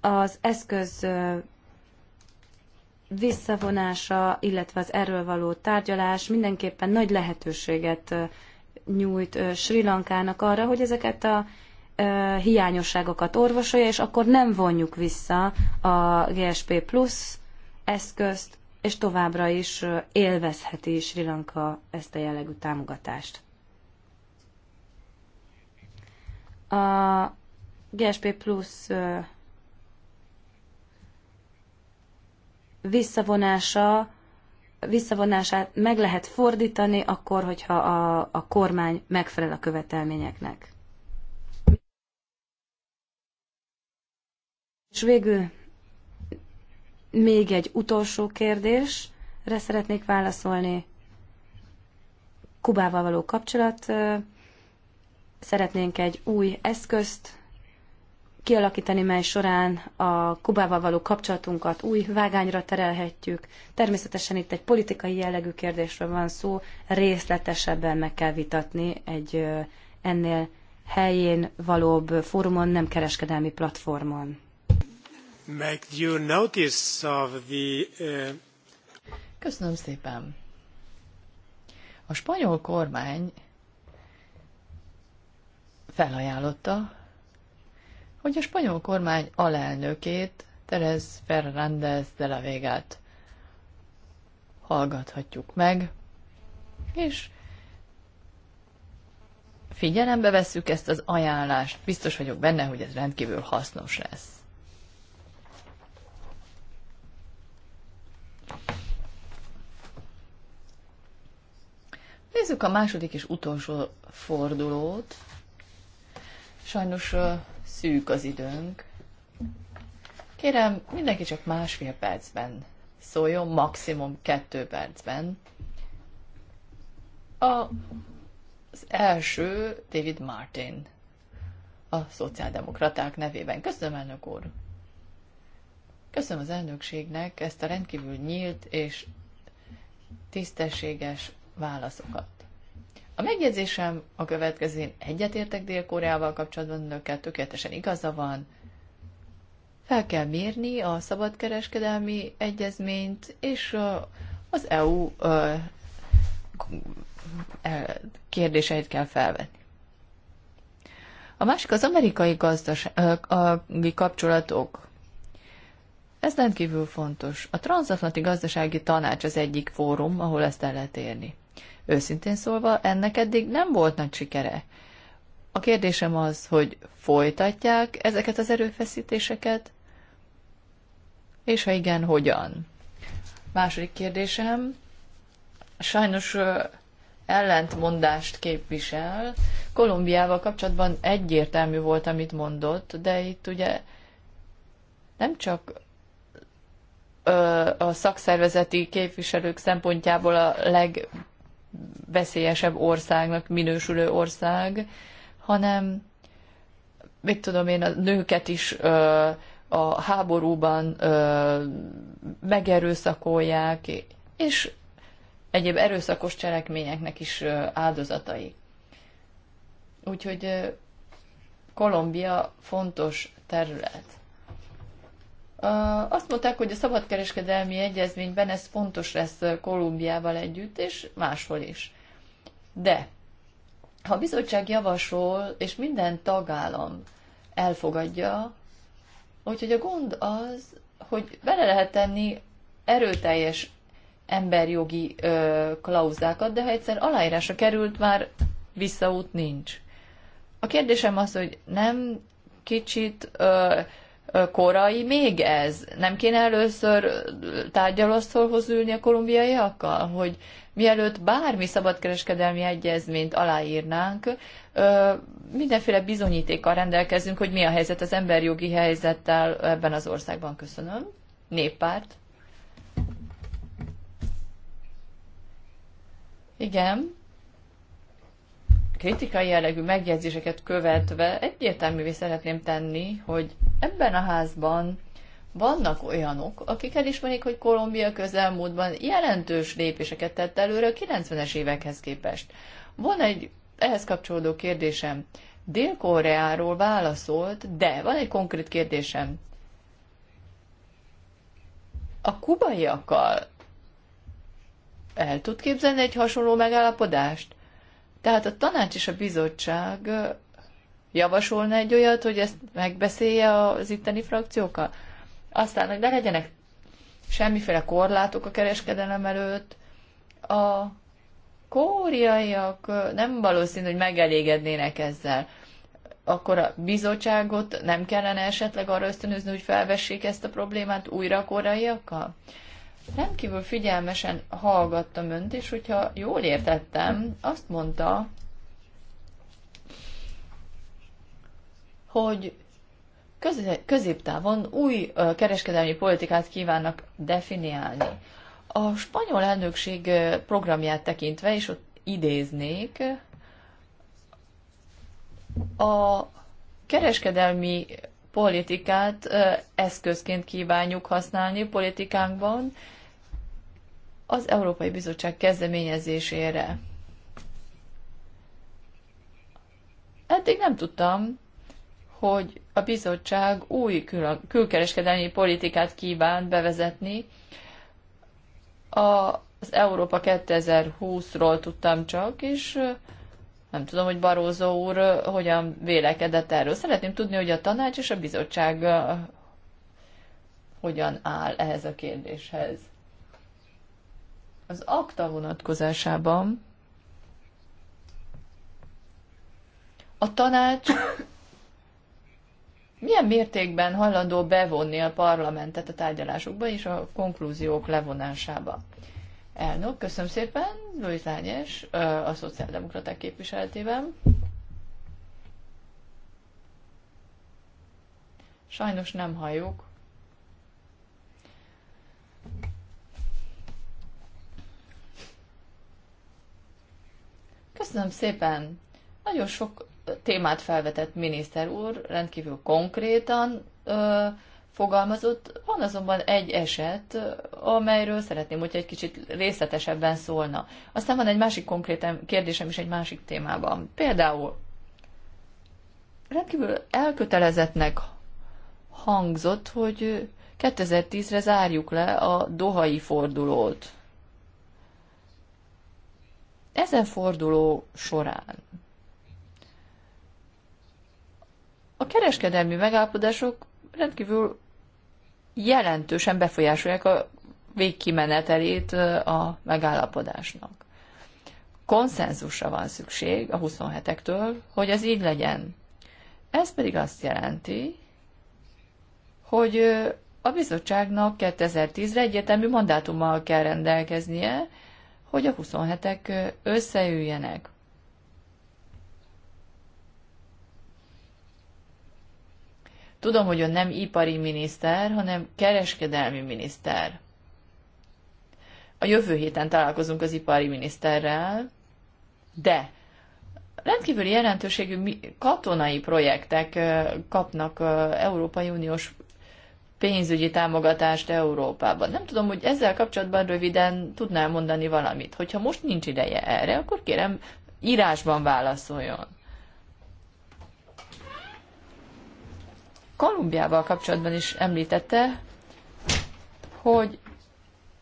Az eszköz visszavonása, illetve az erről való tárgyalás mindenképpen nagy lehetőséget nyújt Sri Lankának arra, hogy ezeket a hiányosságokat orvosolja, és akkor nem vonjuk vissza a GSP Plus eszközt, és továbbra is élvezheti Sri Lanka ezt a jellegű támogatást. A GSP Plus visszavonása, visszavonását meg lehet fordítani akkor, hogyha a, a kormány megfelel a követelményeknek. És végül még egy utolsó kérdésre szeretnék válaszolni. Kubával való kapcsolat. Szeretnénk egy új eszközt kialakítani, mely során a Kubával való kapcsolatunkat új vágányra terelhetjük. Természetesen itt egy politikai jellegű kérdésről van szó, részletesebben meg kell vitatni egy ennél helyén valóbb fórumon, nem kereskedelmi platformon. Köszönöm szépen. A spanyol kormány felajánlotta, hogy a spanyol kormány alelnökét, Teres Fernández de la Végát hallgathatjuk meg, és figyelembe vesszük ezt az ajánlást, biztos vagyok benne, hogy ez rendkívül hasznos lesz. Nézzük a második és utolsó fordulót. Sajnos szűk az időnk. Kérem, mindenki csak másfél percben szóljon, maximum kettő percben. A, az első David Martin a szociáldemokraták nevében. Köszönöm, elnök úr! Köszönöm az elnökségnek ezt a rendkívül nyílt és tisztességes válaszokat. A megjegyzésem a következő. Egyetértek Dél-Koreával kapcsolatban, önökkel tökéletesen igaza van. Fel kell mérni a szabadkereskedelmi egyezményt és az EU e, kérdéseit kell felvetni. A másik az amerikai gazdasági kapcsolatok. Ez rendkívül fontos. A transatlanti gazdasági tanács az egyik fórum, ahol ezt el lehet érni. Őszintén szólva, ennek eddig nem volt nagy sikere. A kérdésem az, hogy folytatják ezeket az erőfeszítéseket, és ha igen, hogyan? Második kérdésem, sajnos ellentmondást képvisel. Kolumbiával kapcsolatban egyértelmű volt, amit mondott, de itt ugye nem csak a szakszervezeti képviselők szempontjából a leg veszélyesebb országnak minősülő ország, hanem mit tudom én, a nőket is ö, a háborúban ö, megerőszakolják, és egyéb erőszakos cselekményeknek is ö, áldozatai. Úgyhogy ö, Kolumbia fontos terület. Azt mondták, hogy a szabadkereskedelmi egyezményben ez fontos lesz Kolumbiával együtt, és máshol is. De ha a bizottság javasol, és minden tagállam elfogadja, úgyhogy a gond az, hogy bele lehet tenni erőteljes emberjogi ö, klauzákat, de ha egyszer aláírásra került, már visszaút nincs. A kérdésem az, hogy nem kicsit ö, korai még ez? Nem kéne először tárgyalasztalhoz ülni a kolumbiaiakkal, hogy mielőtt bármi szabadkereskedelmi egyezményt aláírnánk, mindenféle bizonyítékkal rendelkezünk, hogy mi a helyzet az emberjogi helyzettel ebben az országban. Köszönöm. Néppárt. Igen kritikai jellegű megjegyzéseket követve egyértelművé szeretném tenni, hogy ebben a házban vannak olyanok, akik elismerik, hogy Kolumbia közelmúltban jelentős lépéseket tett előre a 90-es évekhez képest. Van egy ehhez kapcsolódó kérdésem. Dél-Koreáról válaszolt, de van egy konkrét kérdésem. A kubaiakkal el tud képzelni egy hasonló megállapodást? Tehát a tanács és a bizottság javasolna egy olyat, hogy ezt megbeszélje az itteni frakciókkal? Aztán, hogy ne legyenek semmiféle korlátok a kereskedelem előtt, a kóriaiak nem valószínű, hogy megelégednének ezzel. Akkor a bizottságot nem kellene esetleg arra ösztönözni, hogy felvessék ezt a problémát újra a kóriaiakkal? Rendkívül figyelmesen hallgattam önt, és hogyha jól értettem, azt mondta, hogy középtávon új kereskedelmi politikát kívánnak definiálni. A spanyol elnökség programját tekintve, és ott idéznék, a kereskedelmi politikát eszközként kívánjuk használni politikánkban az Európai Bizottság kezdeményezésére. Eddig nem tudtam, hogy a bizottság új kül- külkereskedelmi politikát kíván bevezetni. az Európa 2020-ról tudtam csak, és nem tudom, hogy Barózó úr hogyan vélekedett erről. Szeretném tudni, hogy a tanács és a bizottság hogyan áll ehhez a kérdéshez. Az akta vonatkozásában a tanács milyen mértékben hajlandó bevonni a parlamentet a tárgyalásokba és a konklúziók levonásába. Elnök, köszönöm szépen, Luis Lányes, a szociáldemokraták képviseletében. Sajnos nem halljuk. Köszönöm szépen. Nagyon sok témát felvetett miniszter úr, rendkívül konkrétan. Ö, fogalmazott. Van azonban egy eset, amelyről szeretném, hogyha egy kicsit részletesebben szólna. Aztán van egy másik konkrét kérdésem is egy másik témában. Például rendkívül elkötelezettnek hangzott, hogy 2010-re zárjuk le a dohai fordulót. Ezen forduló során a kereskedelmi megállapodások rendkívül jelentősen befolyásolják a végkimenetelét a megállapodásnak. Konszenzusra van szükség a 27-ektől, hogy ez így legyen. Ez pedig azt jelenti, hogy a bizottságnak 2010-re egyetemű mandátummal kell rendelkeznie, hogy a 27-ek összeüljenek. Tudom, hogy ön nem ipari miniszter, hanem kereskedelmi miniszter. A jövő héten találkozunk az ipari miniszterrel, de rendkívüli jelentőségű katonai projektek kapnak Európai Uniós pénzügyi támogatást Európában. Nem tudom, hogy ezzel kapcsolatban röviden tudnál mondani valamit. Hogyha most nincs ideje erre, akkor kérem, írásban válaszoljon. Kolumbiával kapcsolatban is említette, hogy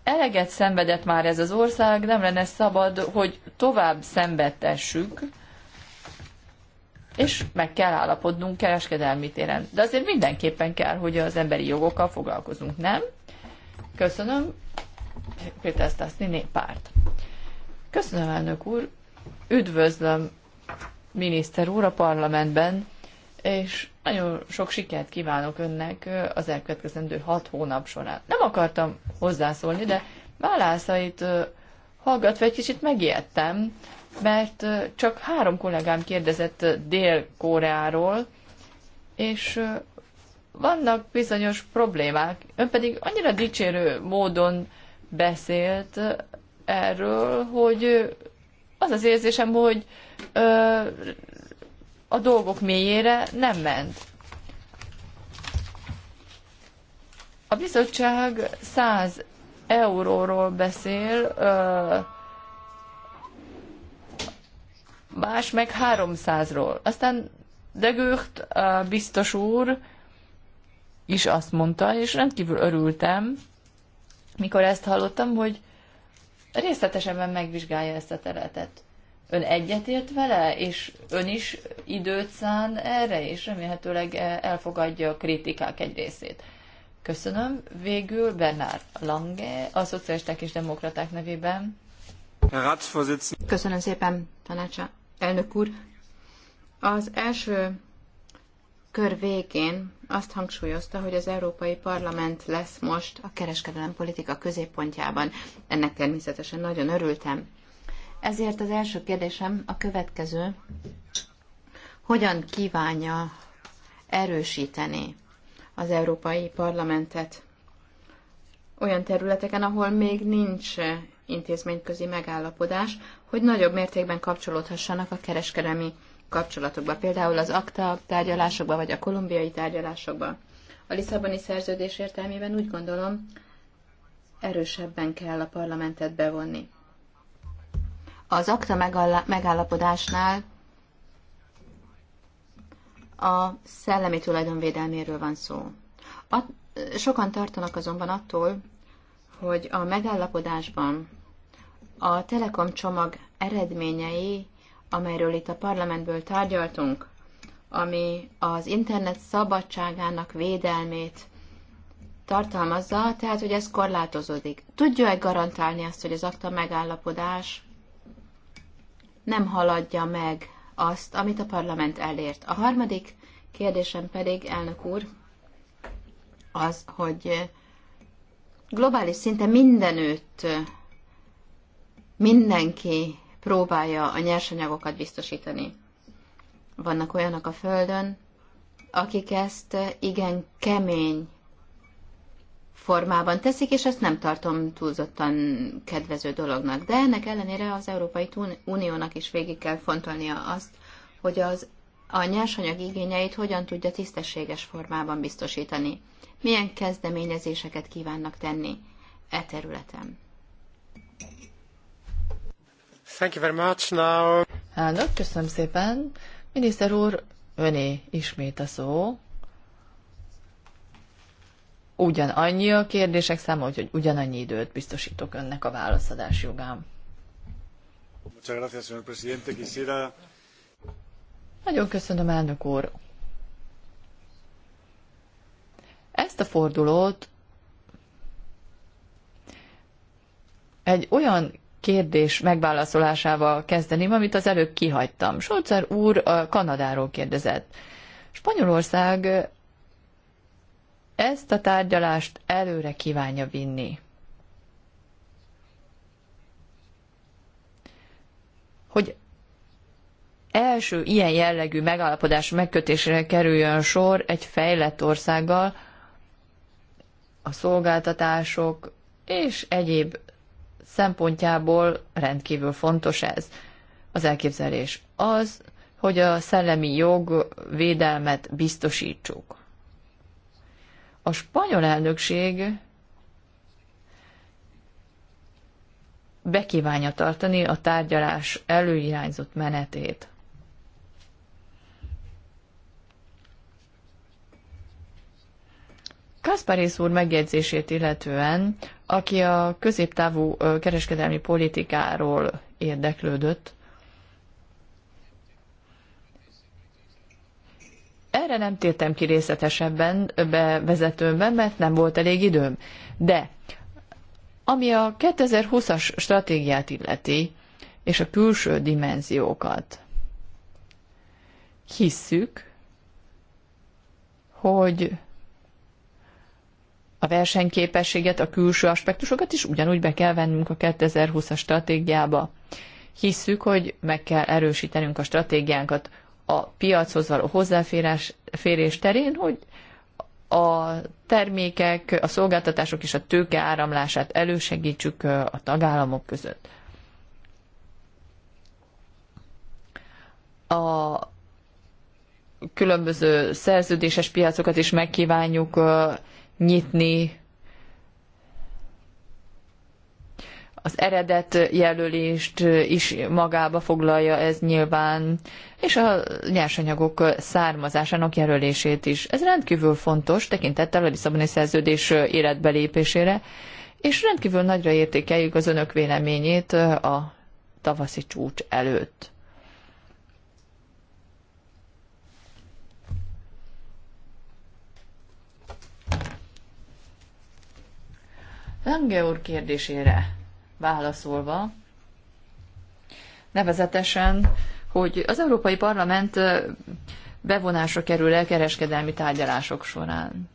eleget szenvedett már ez az ország, nem lenne szabad, hogy tovább szenvedtessük, és meg kell állapodnunk kereskedelmi téren. De azért mindenképpen kell, hogy az emberi jogokkal foglalkozunk, nem? Köszönöm. Péter Stasznyi néppárt. Köszönöm, elnök úr. Üdvözlöm miniszter úr a parlamentben, és nagyon sok sikert kívánok önnek az elkövetkezendő hat hónap során. Nem akartam hozzászólni, de válaszait hallgatva egy kicsit megijedtem, mert csak három kollégám kérdezett Dél-Koreáról, és vannak bizonyos problémák. Ön pedig annyira dicsérő módon beszélt erről, hogy az az érzésem, hogy a dolgok mélyére nem ment. A bizottság 100 euróról beszél, más meg 300-ról. Aztán de biztos úr is azt mondta, és rendkívül örültem, mikor ezt hallottam, hogy részletesebben megvizsgálja ezt a területet. Ön egyetért vele, és ön is időt szán erre, és remélhetőleg e- elfogadja a kritikák egy részét. Köszönöm. Végül Bernard Lange, a Szocialisták és Demokraták nevében. Köszönöm szépen, tanácsa. Elnök úr, az első kör végén azt hangsúlyozta, hogy az Európai Parlament lesz most a kereskedelem politika középpontjában. Ennek természetesen nagyon örültem. Ezért az első kérdésem a következő. Hogyan kívánja erősíteni az Európai Parlamentet olyan területeken, ahol még nincs intézményközi megállapodás, hogy nagyobb mértékben kapcsolódhassanak a kereskedelmi kapcsolatokba, például az akta tárgyalásokba, vagy a kolumbiai tárgyalásokba. A Lisszaboni szerződés értelmében úgy gondolom, erősebben kell a parlamentet bevonni. Az akta megállapodásnál a szellemi tulajdonvédelméről van szó. At, sokan tartanak azonban attól, hogy a megállapodásban a Telekom csomag eredményei, amelyről itt a parlamentből tárgyaltunk, ami az internet szabadságának védelmét tartalmazza, tehát hogy ez korlátozódik. Tudja-e garantálni azt, hogy az akta megállapodás nem haladja meg azt, amit a parlament elért. A harmadik kérdésem pedig, elnök úr, az, hogy globális szinte mindenütt mindenki próbálja a nyersanyagokat biztosítani. Vannak olyanok a Földön, akik ezt igen kemény formában teszik, és ezt nem tartom túlzottan kedvező dolognak. De ennek ellenére az Európai Uniónak is végig kell fontolnia azt, hogy az a nyersanyag igényeit hogyan tudja tisztességes formában biztosítani. Milyen kezdeményezéseket kívánnak tenni e területen? Thank you very much now. Elnök, köszönöm szépen. Miniszter úr, öné ismét a szó ugyanannyi a kérdések száma, úgyhogy ugyanannyi időt biztosítok önnek a válaszadás jogán. Nagyon köszönöm, elnök úr. Ezt a fordulót egy olyan kérdés megválaszolásával kezdeném, amit az előbb kihagytam. Solcer úr a Kanadáról kérdezett. Spanyolország ezt a tárgyalást előre kívánja vinni. Hogy első ilyen jellegű megállapodás megkötésére kerüljön sor egy fejlett országgal, a szolgáltatások és egyéb szempontjából rendkívül fontos ez. Az elképzelés az, hogy a szellemi jog védelmet biztosítsuk. A spanyol elnökség bekívánja tartani a tárgyalás előirányzott menetét. Kasparész úr megjegyzését illetően, aki a középtávú kereskedelmi politikáról érdeklődött, Erre nem tértem ki részletesebben bevezetőmben, mert nem volt elég időm. De ami a 2020-as stratégiát illeti, és a külső dimenziókat, hisszük, hogy a versenyképességet, a külső aspektusokat is ugyanúgy be kell vennünk a 2020-as stratégiába. Hisszük, hogy meg kell erősítenünk a stratégiánkat a piachoz való hozzáférés terén, hogy a termékek, a szolgáltatások és a tőke áramlását elősegítsük a tagállamok között. A különböző szerződéses piacokat is megkívánjuk nyitni az eredet jelölést is magába foglalja ez nyilván, és a nyersanyagok származásának jelölését is. Ez rendkívül fontos tekintettel a Lisszaboni szerződés életbelépésére, és rendkívül nagyra értékeljük az önök véleményét a tavaszi csúcs előtt. Lange úr kérdésére válaszolva, nevezetesen, hogy az Európai Parlament bevonásra kerül el kereskedelmi tárgyalások során.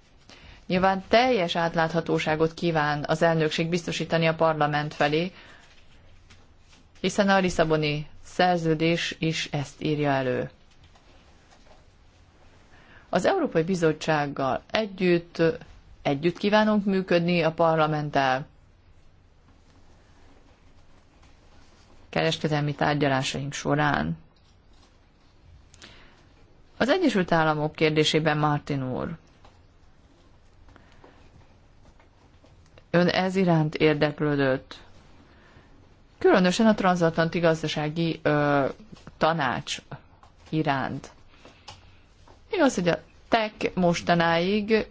Nyilván teljes átláthatóságot kíván az elnökség biztosítani a parlament felé, hiszen a Lisszaboni szerződés is ezt írja elő. Az Európai Bizottsággal együtt, együtt kívánunk működni a parlamenttel, kereskedelmi tárgyalásaink során. Az Egyesült Államok kérdésében Martin úr. Ön ez iránt érdeklődött. Különösen a transatlanti gazdasági ö, tanács iránt. Igaz, hogy a TEC mostanáig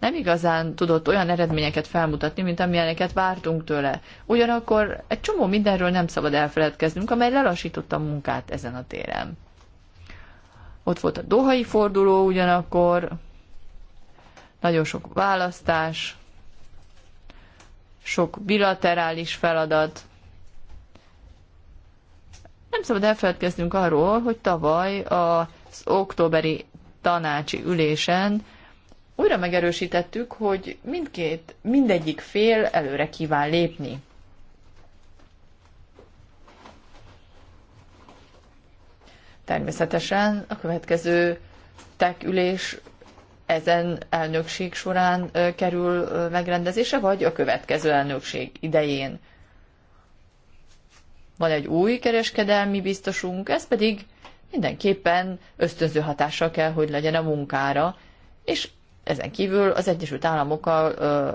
nem igazán tudott olyan eredményeket felmutatni, mint amilyeneket vártunk tőle. Ugyanakkor egy csomó mindenről nem szabad elfeledkeznünk, amely lelassította a munkát ezen a téren. Ott volt a dohai forduló ugyanakkor, nagyon sok választás, sok bilaterális feladat. Nem szabad elfeledkeznünk arról, hogy tavaly az októberi tanácsi ülésen újra megerősítettük, hogy mindkét, mindegyik fél előre kíván lépni. Természetesen a következő ülés ezen elnökség során kerül megrendezése, vagy a következő elnökség idején. Van egy új kereskedelmi biztosunk, ez pedig mindenképpen ösztönző hatása kell, hogy legyen a munkára, és ezen kívül az Egyesült Államokkal ö,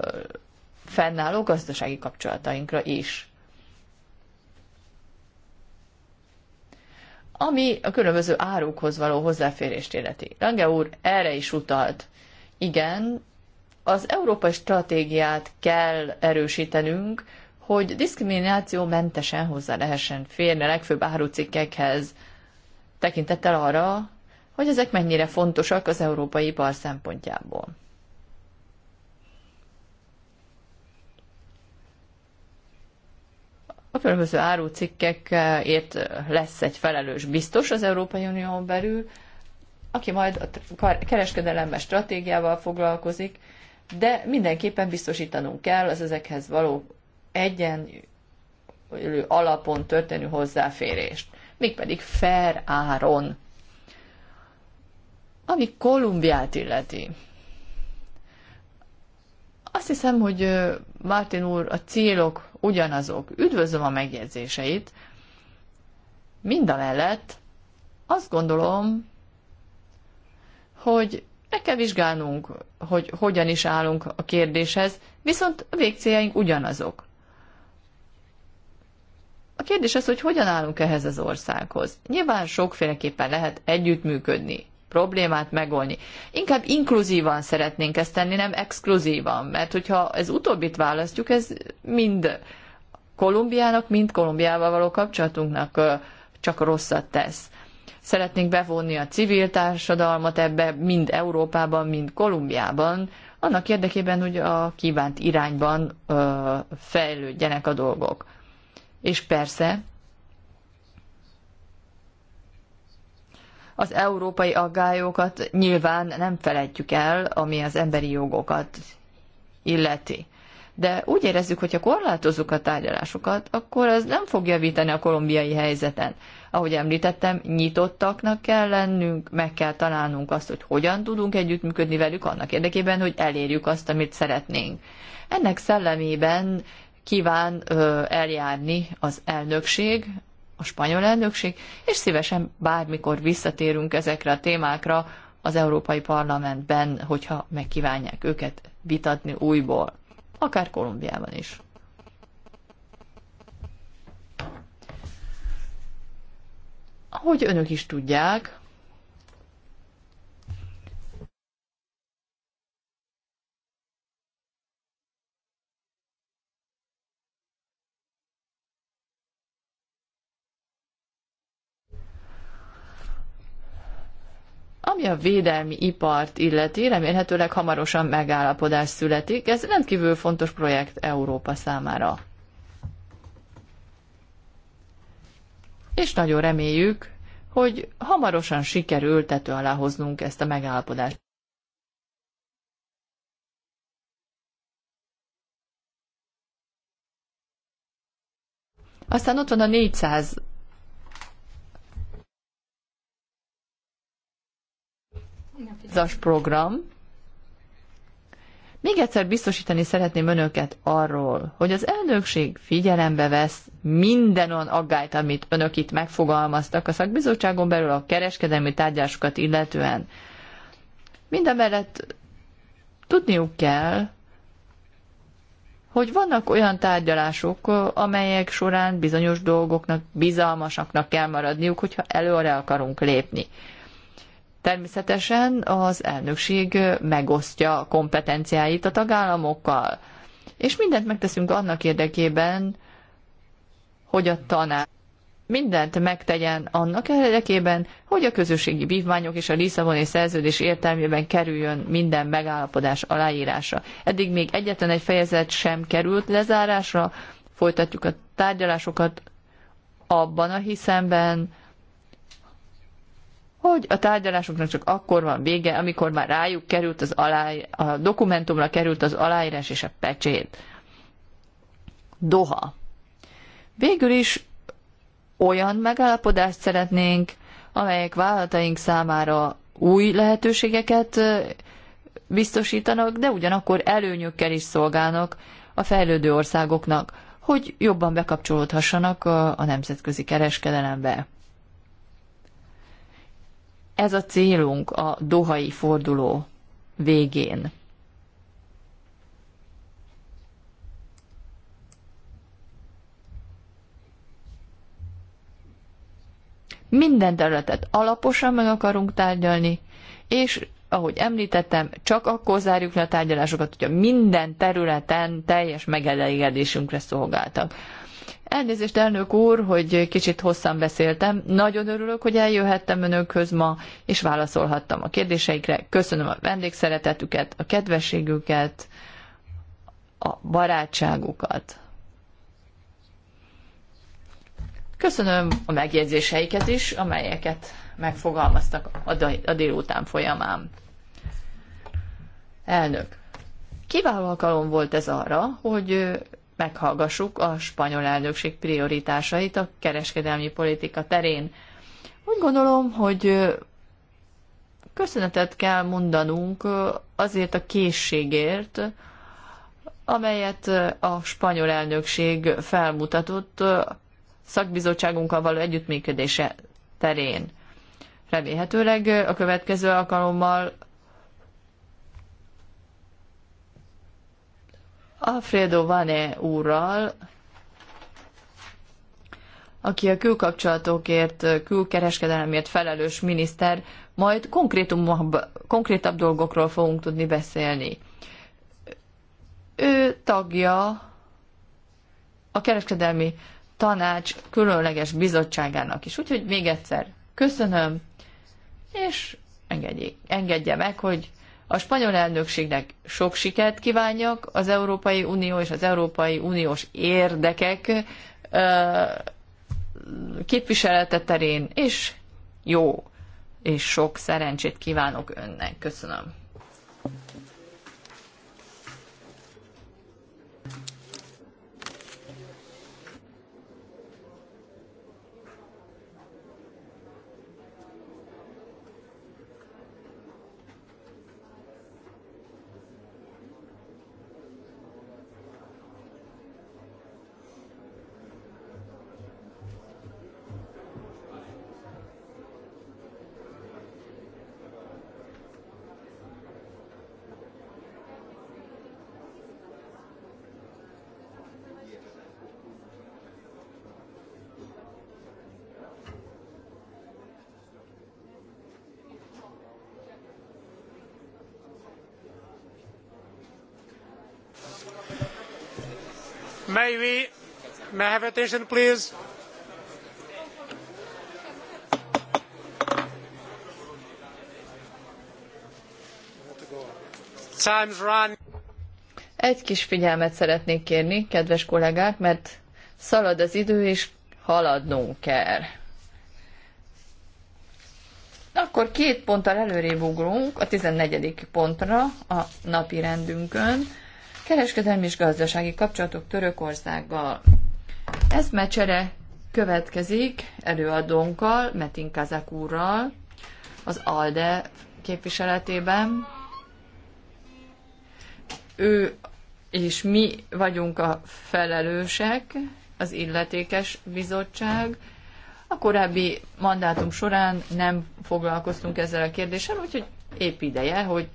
fennálló gazdasági kapcsolatainkra is. Ami a különböző árukhoz való hozzáférést illeti. Lange úr erre is utalt. Igen, az európai stratégiát kell erősítenünk, hogy diszkrimináció mentesen hozzá lehessen férni a legfőbb árucikkekhez, tekintettel arra, hogy ezek mennyire fontosak az európai ipar szempontjából. A különböző árucikkekért eh, eh, lesz egy felelős biztos az Európai Unión belül, aki majd a kereskedelemben stratégiával foglalkozik, de mindenképpen biztosítanunk kell az ezekhez való egyen alapon történő hozzáférést, mégpedig fair áron. Ami Kolumbiát illeti, azt hiszem, hogy Martin úr, a célok ugyanazok. Üdvözlöm a megjegyzéseit. Mind a mellett azt gondolom, hogy meg kell vizsgálnunk, hogy hogyan is állunk a kérdéshez, viszont a végcéljaink ugyanazok. A kérdés az, hogy hogyan állunk ehhez az országhoz. Nyilván sokféleképpen lehet együttműködni problémát megoldni. Inkább inkluzívan szeretnénk ezt tenni, nem exkluzívan, mert hogyha ez utóbbit választjuk, ez mind Kolumbiának, mind Kolumbiával való kapcsolatunknak csak rosszat tesz. Szeretnénk bevonni a civil társadalmat ebbe, mind Európában, mind Kolumbiában, annak érdekében, hogy a kívánt irányban ö, fejlődjenek a dolgok. És persze az európai aggályokat nyilván nem feledjük el, ami az emberi jogokat illeti. De úgy érezzük, hogy ha korlátozzuk a tárgyalásokat, akkor ez nem fog javítani a kolumbiai helyzeten. Ahogy említettem, nyitottaknak kell lennünk, meg kell találnunk azt, hogy hogyan tudunk együttműködni velük annak érdekében, hogy elérjük azt, amit szeretnénk. Ennek szellemében kíván ö, eljárni az elnökség, a spanyol elnökség, és szívesen bármikor visszatérünk ezekre a témákra az Európai Parlamentben, hogyha megkívánják őket vitatni újból, akár Kolumbiában is. Ahogy önök is tudják, Ami a védelmi ipart illeti, remélhetőleg hamarosan megállapodás születik. Ez rendkívül fontos projekt Európa számára. És nagyon reméljük, hogy hamarosan sikerül tető alá hoznunk ezt a megállapodást. Aztán ott van a 400 az program. Még egyszer biztosítani szeretném önöket arról, hogy az elnökség figyelembe vesz minden olyan aggályt, amit önök itt megfogalmaztak a szakbizottságon belül a kereskedelmi tárgyásokat illetően. Mindemellett tudniuk kell, hogy vannak olyan tárgyalások, amelyek során bizonyos dolgoknak bizalmasaknak kell maradniuk, hogyha előre akarunk lépni. Természetesen az elnökség megosztja a kompetenciáit a tagállamokkal, és mindent megteszünk annak érdekében, hogy a tanács mindent megtegyen annak érdekében, hogy a közösségi vívmányok és a Lisszaboni szerződés értelmében kerüljön minden megállapodás aláírása. Eddig még egyetlen egy fejezet sem került lezárásra, folytatjuk a tárgyalásokat abban a hiszemben, hogy a tárgyalásoknak csak akkor van vége, amikor már rájuk került az aláj, a dokumentumra került az aláírás és a pecsét. Doha. Végül is olyan megállapodást szeretnénk, amelyek vállalataink számára új lehetőségeket biztosítanak, de ugyanakkor előnyökkel is szolgálnak a fejlődő országoknak, hogy jobban bekapcsolódhassanak a nemzetközi kereskedelembe. Ez a célunk a dohai forduló végén. Minden területet alaposan meg akarunk tárgyalni, és ahogy említettem, csak akkor zárjuk le a tárgyalásokat, hogyha minden területen teljes megelégedésünkre szolgáltak. Elnézést, elnök úr, hogy kicsit hosszan beszéltem. Nagyon örülök, hogy eljöhettem önökhöz ma, és válaszolhattam a kérdéseikre. Köszönöm a vendégszeretetüket, a kedvességüket, a barátságukat. Köszönöm a megjegyzéseiket is, amelyeket megfogalmaztak a délután folyamán. Elnök, kiváló alkalom volt ez arra, hogy meghallgassuk a spanyol elnökség prioritásait a kereskedelmi politika terén. Úgy gondolom, hogy köszönetet kell mondanunk azért a készségért, amelyet a spanyol elnökség felmutatott szakbizottságunkkal való együttműködése terén. Remélhetőleg a következő alkalommal Alfredo Vane úrral, aki a külkapcsolatokért, külkereskedelemért felelős miniszter, majd konkrétabb dolgokról fogunk tudni beszélni. Ő tagja a kereskedelmi tanács különleges bizottságának is. Úgyhogy még egyszer köszönöm, és engedjék, engedje meg, hogy a spanyol elnökségnek sok sikert kívánjak, az Európai Unió és az Európai Uniós érdekek képviselete terén, és jó és sok szerencsét kívánok önnek. Köszönöm. TV. May I have attention, please? Time's run. Egy kis figyelmet szeretnék kérni, kedves kollégák, mert szalad az idő, és haladnunk kell. Akkor két ponttal előrébb ugrunk a 14. pontra a napi rendünkön kereskedelmi és gazdasági kapcsolatok Törökországgal. Ez mecsere következik előadónkkal, Metin Kazak úrral, az ALDE képviseletében. Ő és mi vagyunk a felelősek, az illetékes bizottság. A korábbi mandátum során nem foglalkoztunk ezzel a kérdéssel, úgyhogy épp ideje, hogy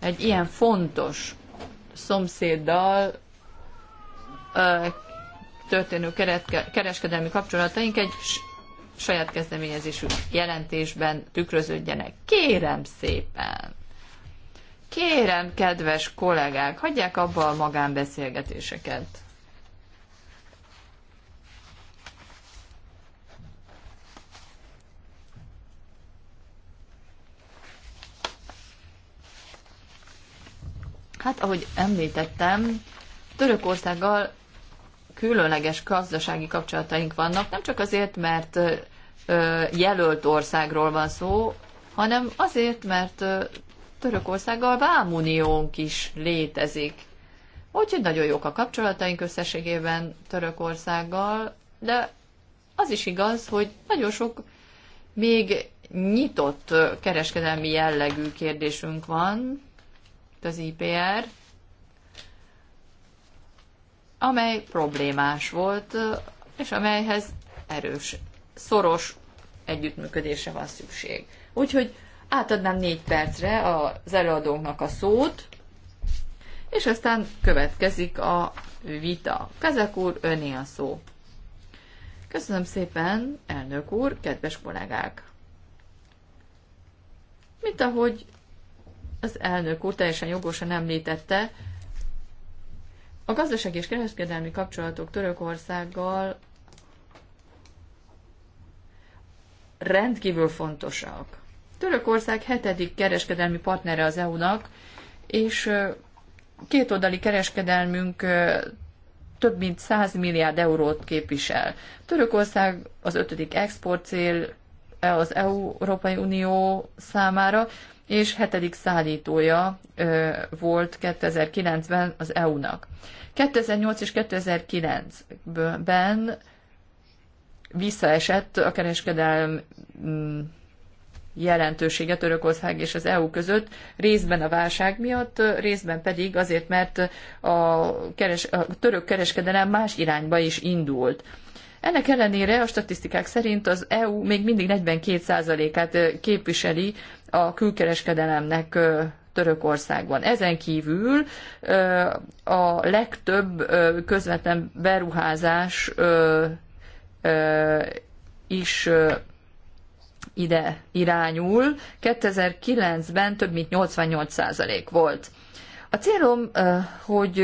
egy ilyen fontos szomszéddal történő kereskedelmi kapcsolataink egy saját kezdeményezésű jelentésben tükröződjenek. Kérem szépen! Kérem, kedves kollégák, hagyják abba a magánbeszélgetéseket. Hát, ahogy említettem, Törökországgal különleges gazdasági kapcsolataink vannak, nem csak azért, mert jelölt országról van szó, hanem azért, mert Törökországgal vámuniónk is létezik. Úgyhogy nagyon jók a kapcsolataink összességében Törökországgal, de az is igaz, hogy nagyon sok még nyitott kereskedelmi jellegű kérdésünk van, itt az IPR, amely problémás volt, és amelyhez erős, szoros együttműködése van szükség. Úgyhogy átadnám négy percre az előadónknak a szót, és aztán következik a vita. Kezek úr, öné a szó. Köszönöm szépen, elnök úr, kedves kollégák! Mint ahogy az elnök úr teljesen jogosan említette, a gazdasági és kereskedelmi kapcsolatok Törökországgal rendkívül fontosak. Törökország hetedik kereskedelmi partnere az EU-nak, és kétoldali kereskedelmünk több mint 100 milliárd eurót képvisel. Törökország az ötödik export cél az e Európai Unió számára, és hetedik szállítója volt 2009-ben az EU-nak. 2008 és 2009-ben visszaesett a kereskedelm mm, jelentősége Törökország és az EU között, részben a válság miatt, részben pedig azért, mert a, keres, a török kereskedelem más irányba is indult. Ennek ellenére a statisztikák szerint az EU még mindig 42%-át képviseli a külkereskedelemnek Törökországban. Ezen kívül a legtöbb közvetlen beruházás is ide irányul. 2009-ben több mint 88% volt. A célom, hogy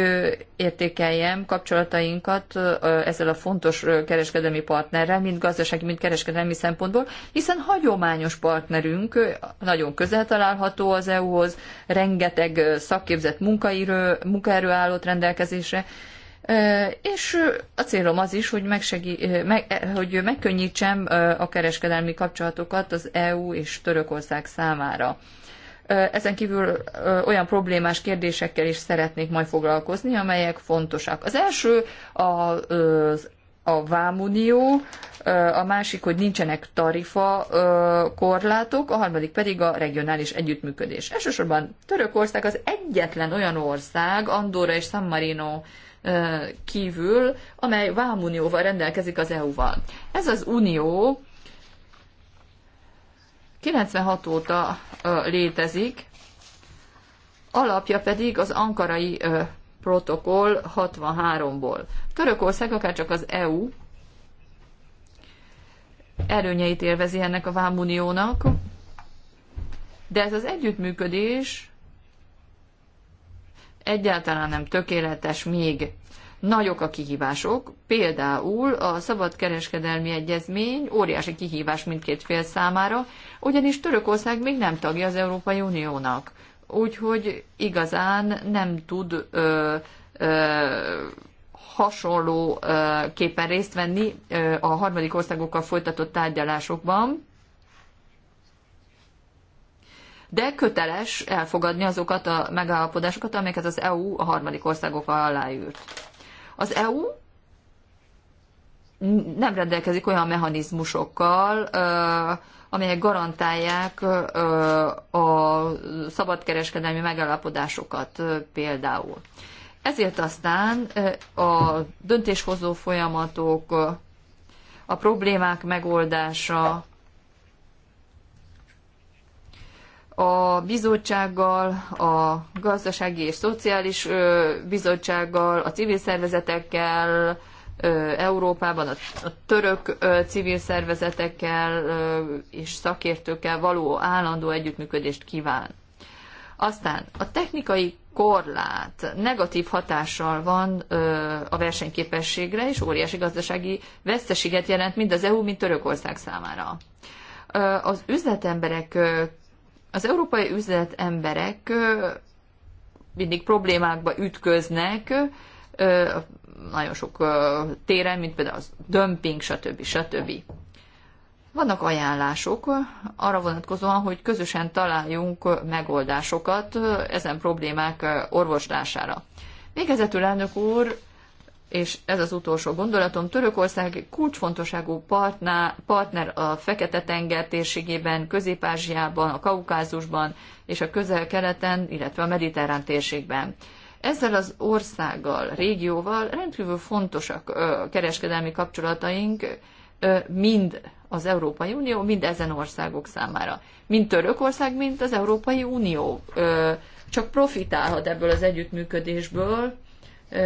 értékeljem kapcsolatainkat ezzel a fontos kereskedelmi partnerrel, mind gazdasági, mind kereskedelmi szempontból, hiszen hagyományos partnerünk, nagyon közel található az EU-hoz, rengeteg szakképzett munkaerő, munkaerő állott rendelkezésre, és a célom az is, hogy, megsegí, meg, hogy megkönnyítsem a kereskedelmi kapcsolatokat az EU és Törökország számára. Ezen kívül olyan problémás kérdésekkel is szeretnék majd foglalkozni, amelyek fontosak. Az első a a vámunió, a másik, hogy nincsenek tarifa korlátok, a harmadik pedig a regionális együttműködés. Elsősorban Törökország az egyetlen olyan ország, Andorra és San Marino kívül, amely vámunióval rendelkezik az EU-val. Ez az unió 96 óta létezik, alapja pedig az ankarai protokoll 63-ból. Törökország, csak az EU, előnyeit élvezi ennek a vámuniónak, de ez az együttműködés egyáltalán nem tökéletes még. Nagyok a kihívások, például a szabadkereskedelmi egyezmény óriási kihívás mindkét fél számára, ugyanis Törökország még nem tagja az Európai Uniónak. Úgyhogy igazán nem tud ö, ö, hasonló ö, képen részt venni ö, a harmadik országokkal folytatott tárgyalásokban, de köteles elfogadni azokat a megállapodásokat, amelyeket az EU a harmadik országokkal aláírt. Az EU nem rendelkezik olyan mechanizmusokkal, amelyek garantálják a szabadkereskedelmi megállapodásokat például. Ezért aztán a döntéshozó folyamatok, a problémák megoldása, a bizottsággal, a gazdasági és szociális bizottsággal, a civil szervezetekkel, Európában a török civil szervezetekkel és szakértőkkel való állandó együttműködést kíván. Aztán a technikai korlát negatív hatással van a versenyképességre, és óriási gazdasági veszteséget jelent mind az EU, mind Törökország számára. Az üzletemberek az európai üzletemberek mindig problémákba ütköznek, nagyon sok téren, mint például az dömping, stb. stb. Vannak ajánlások arra vonatkozóan, hogy közösen találjunk megoldásokat ezen problémák orvoslására. Végezetül, elnök úr, és ez az utolsó gondolatom, Törökország kulcsfontosságú partner, partner a Fekete-tenger térségében, Közép-Ázsiában, a Kaukázusban és a közel-keleten, illetve a mediterrán térségben. Ezzel az országgal, régióval rendkívül fontosak a kereskedelmi kapcsolataink, mind az Európai Unió, mind ezen országok számára. Mind Törökország, mind az Európai Unió csak profitálhat ebből az együttműködésből,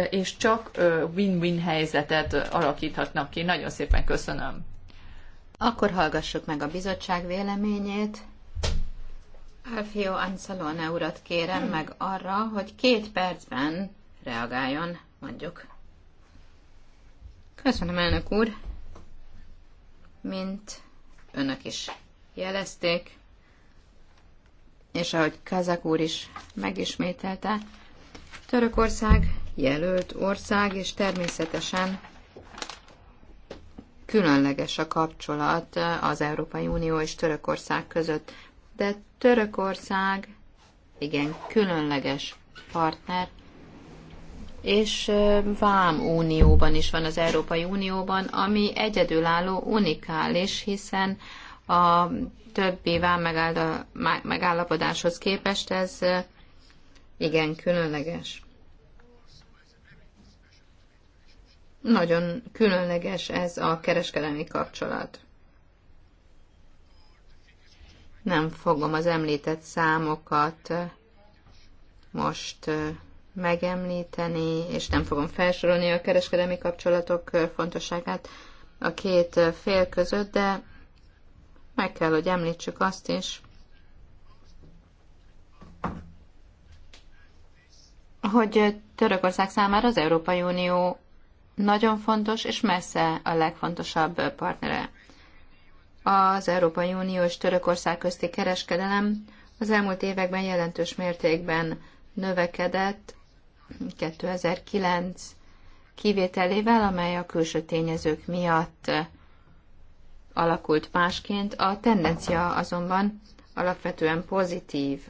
és csak win-win helyzetet alakíthatnak ki. Nagyon szépen köszönöm. Akkor hallgassuk meg a bizottság véleményét. Alfio Ancelone urat kérem meg arra, hogy két percben reagáljon, mondjuk. Köszönöm, elnök úr. Mint önök is jelezték, és ahogy Kazak úr is megismételte, Törökország jelölt ország, és természetesen különleges a kapcsolat az Európai Unió és Törökország között. De Törökország igen különleges partner, és Vám Unióban is van az Európai Unióban, ami egyedülálló, unikális, hiszen a többi vám megállapodáshoz képest ez igen különleges. Nagyon különleges ez a kereskedelmi kapcsolat. Nem fogom az említett számokat most megemlíteni, és nem fogom felsorolni a kereskedelmi kapcsolatok fontosságát a két fél között, de meg kell, hogy említsük azt is, hogy Törökország számára az Európai Unió nagyon fontos, és messze a legfontosabb partnere. Az Európai Unió és Törökország közti kereskedelem az elmúlt években jelentős mértékben növekedett 2009 kivételével, amely a külső tényezők miatt alakult másként. A tendencia azonban alapvetően pozitív.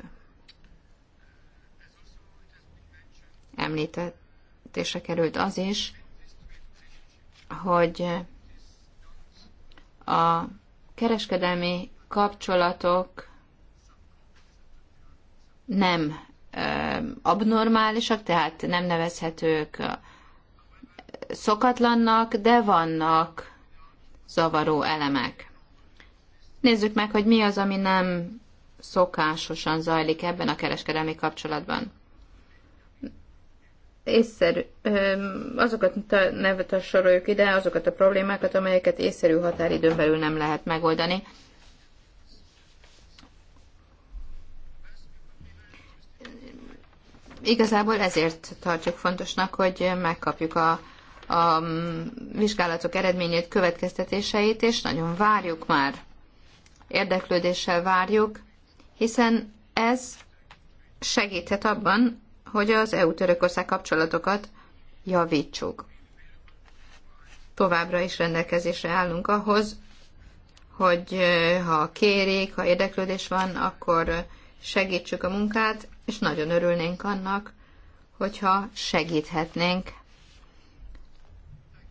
Említetésre került az is, hogy a kereskedelmi kapcsolatok nem abnormálisak, tehát nem nevezhetők szokatlannak, de vannak zavaró elemek. Nézzük meg, hogy mi az, ami nem szokásosan zajlik ebben a kereskedelmi kapcsolatban észszerű, azokat nevet soroljuk ide, azokat a problémákat, amelyeket észszerű határidőn belül nem lehet megoldani. Igazából ezért tartjuk fontosnak, hogy megkapjuk a, a vizsgálatok eredményét, következtetéseit, és nagyon várjuk már, érdeklődéssel várjuk, hiszen ez segíthet abban, hogy az EU-Törökország kapcsolatokat javítsuk. Továbbra is rendelkezésre állunk ahhoz, hogy ha kérik, ha érdeklődés van, akkor segítsük a munkát, és nagyon örülnénk annak, hogyha segíthetnénk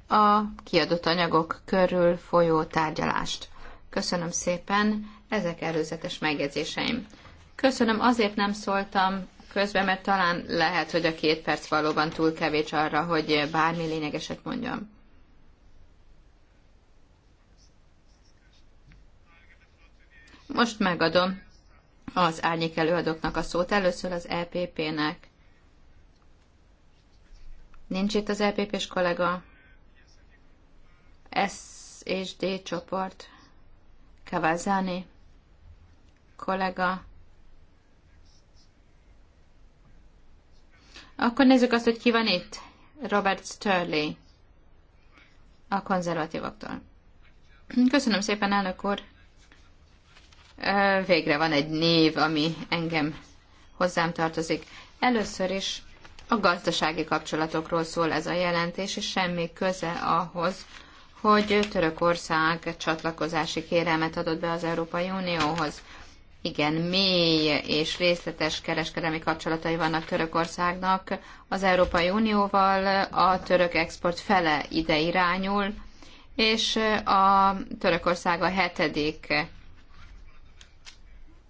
a kiadott anyagok körül folyó tárgyalást. Köszönöm szépen, ezek előzetes megjegyzéseim. Köszönöm, azért nem szóltam közben, mert talán lehet, hogy a két perc valóban túl kevés arra, hogy bármi lényegeset mondjam. Most megadom az árnyék előadóknak a szót. Először az EPP-nek. Nincs itt az EPP-s kollega. S és D csoport. Kavazani? kollega Akkor nézzük azt, hogy ki van itt. Robert Sturley a konzervatívoktól. Köszönöm szépen, elnök úr. Végre van egy név, ami engem hozzám tartozik. Először is a gazdasági kapcsolatokról szól ez a jelentés, és semmi köze ahhoz, hogy Törökország csatlakozási kérelmet adott be az Európai Unióhoz igen mély és részletes kereskedelmi kapcsolatai vannak Törökországnak az Európai Unióval, a török export fele ide irányul, és a Törökország a hetedik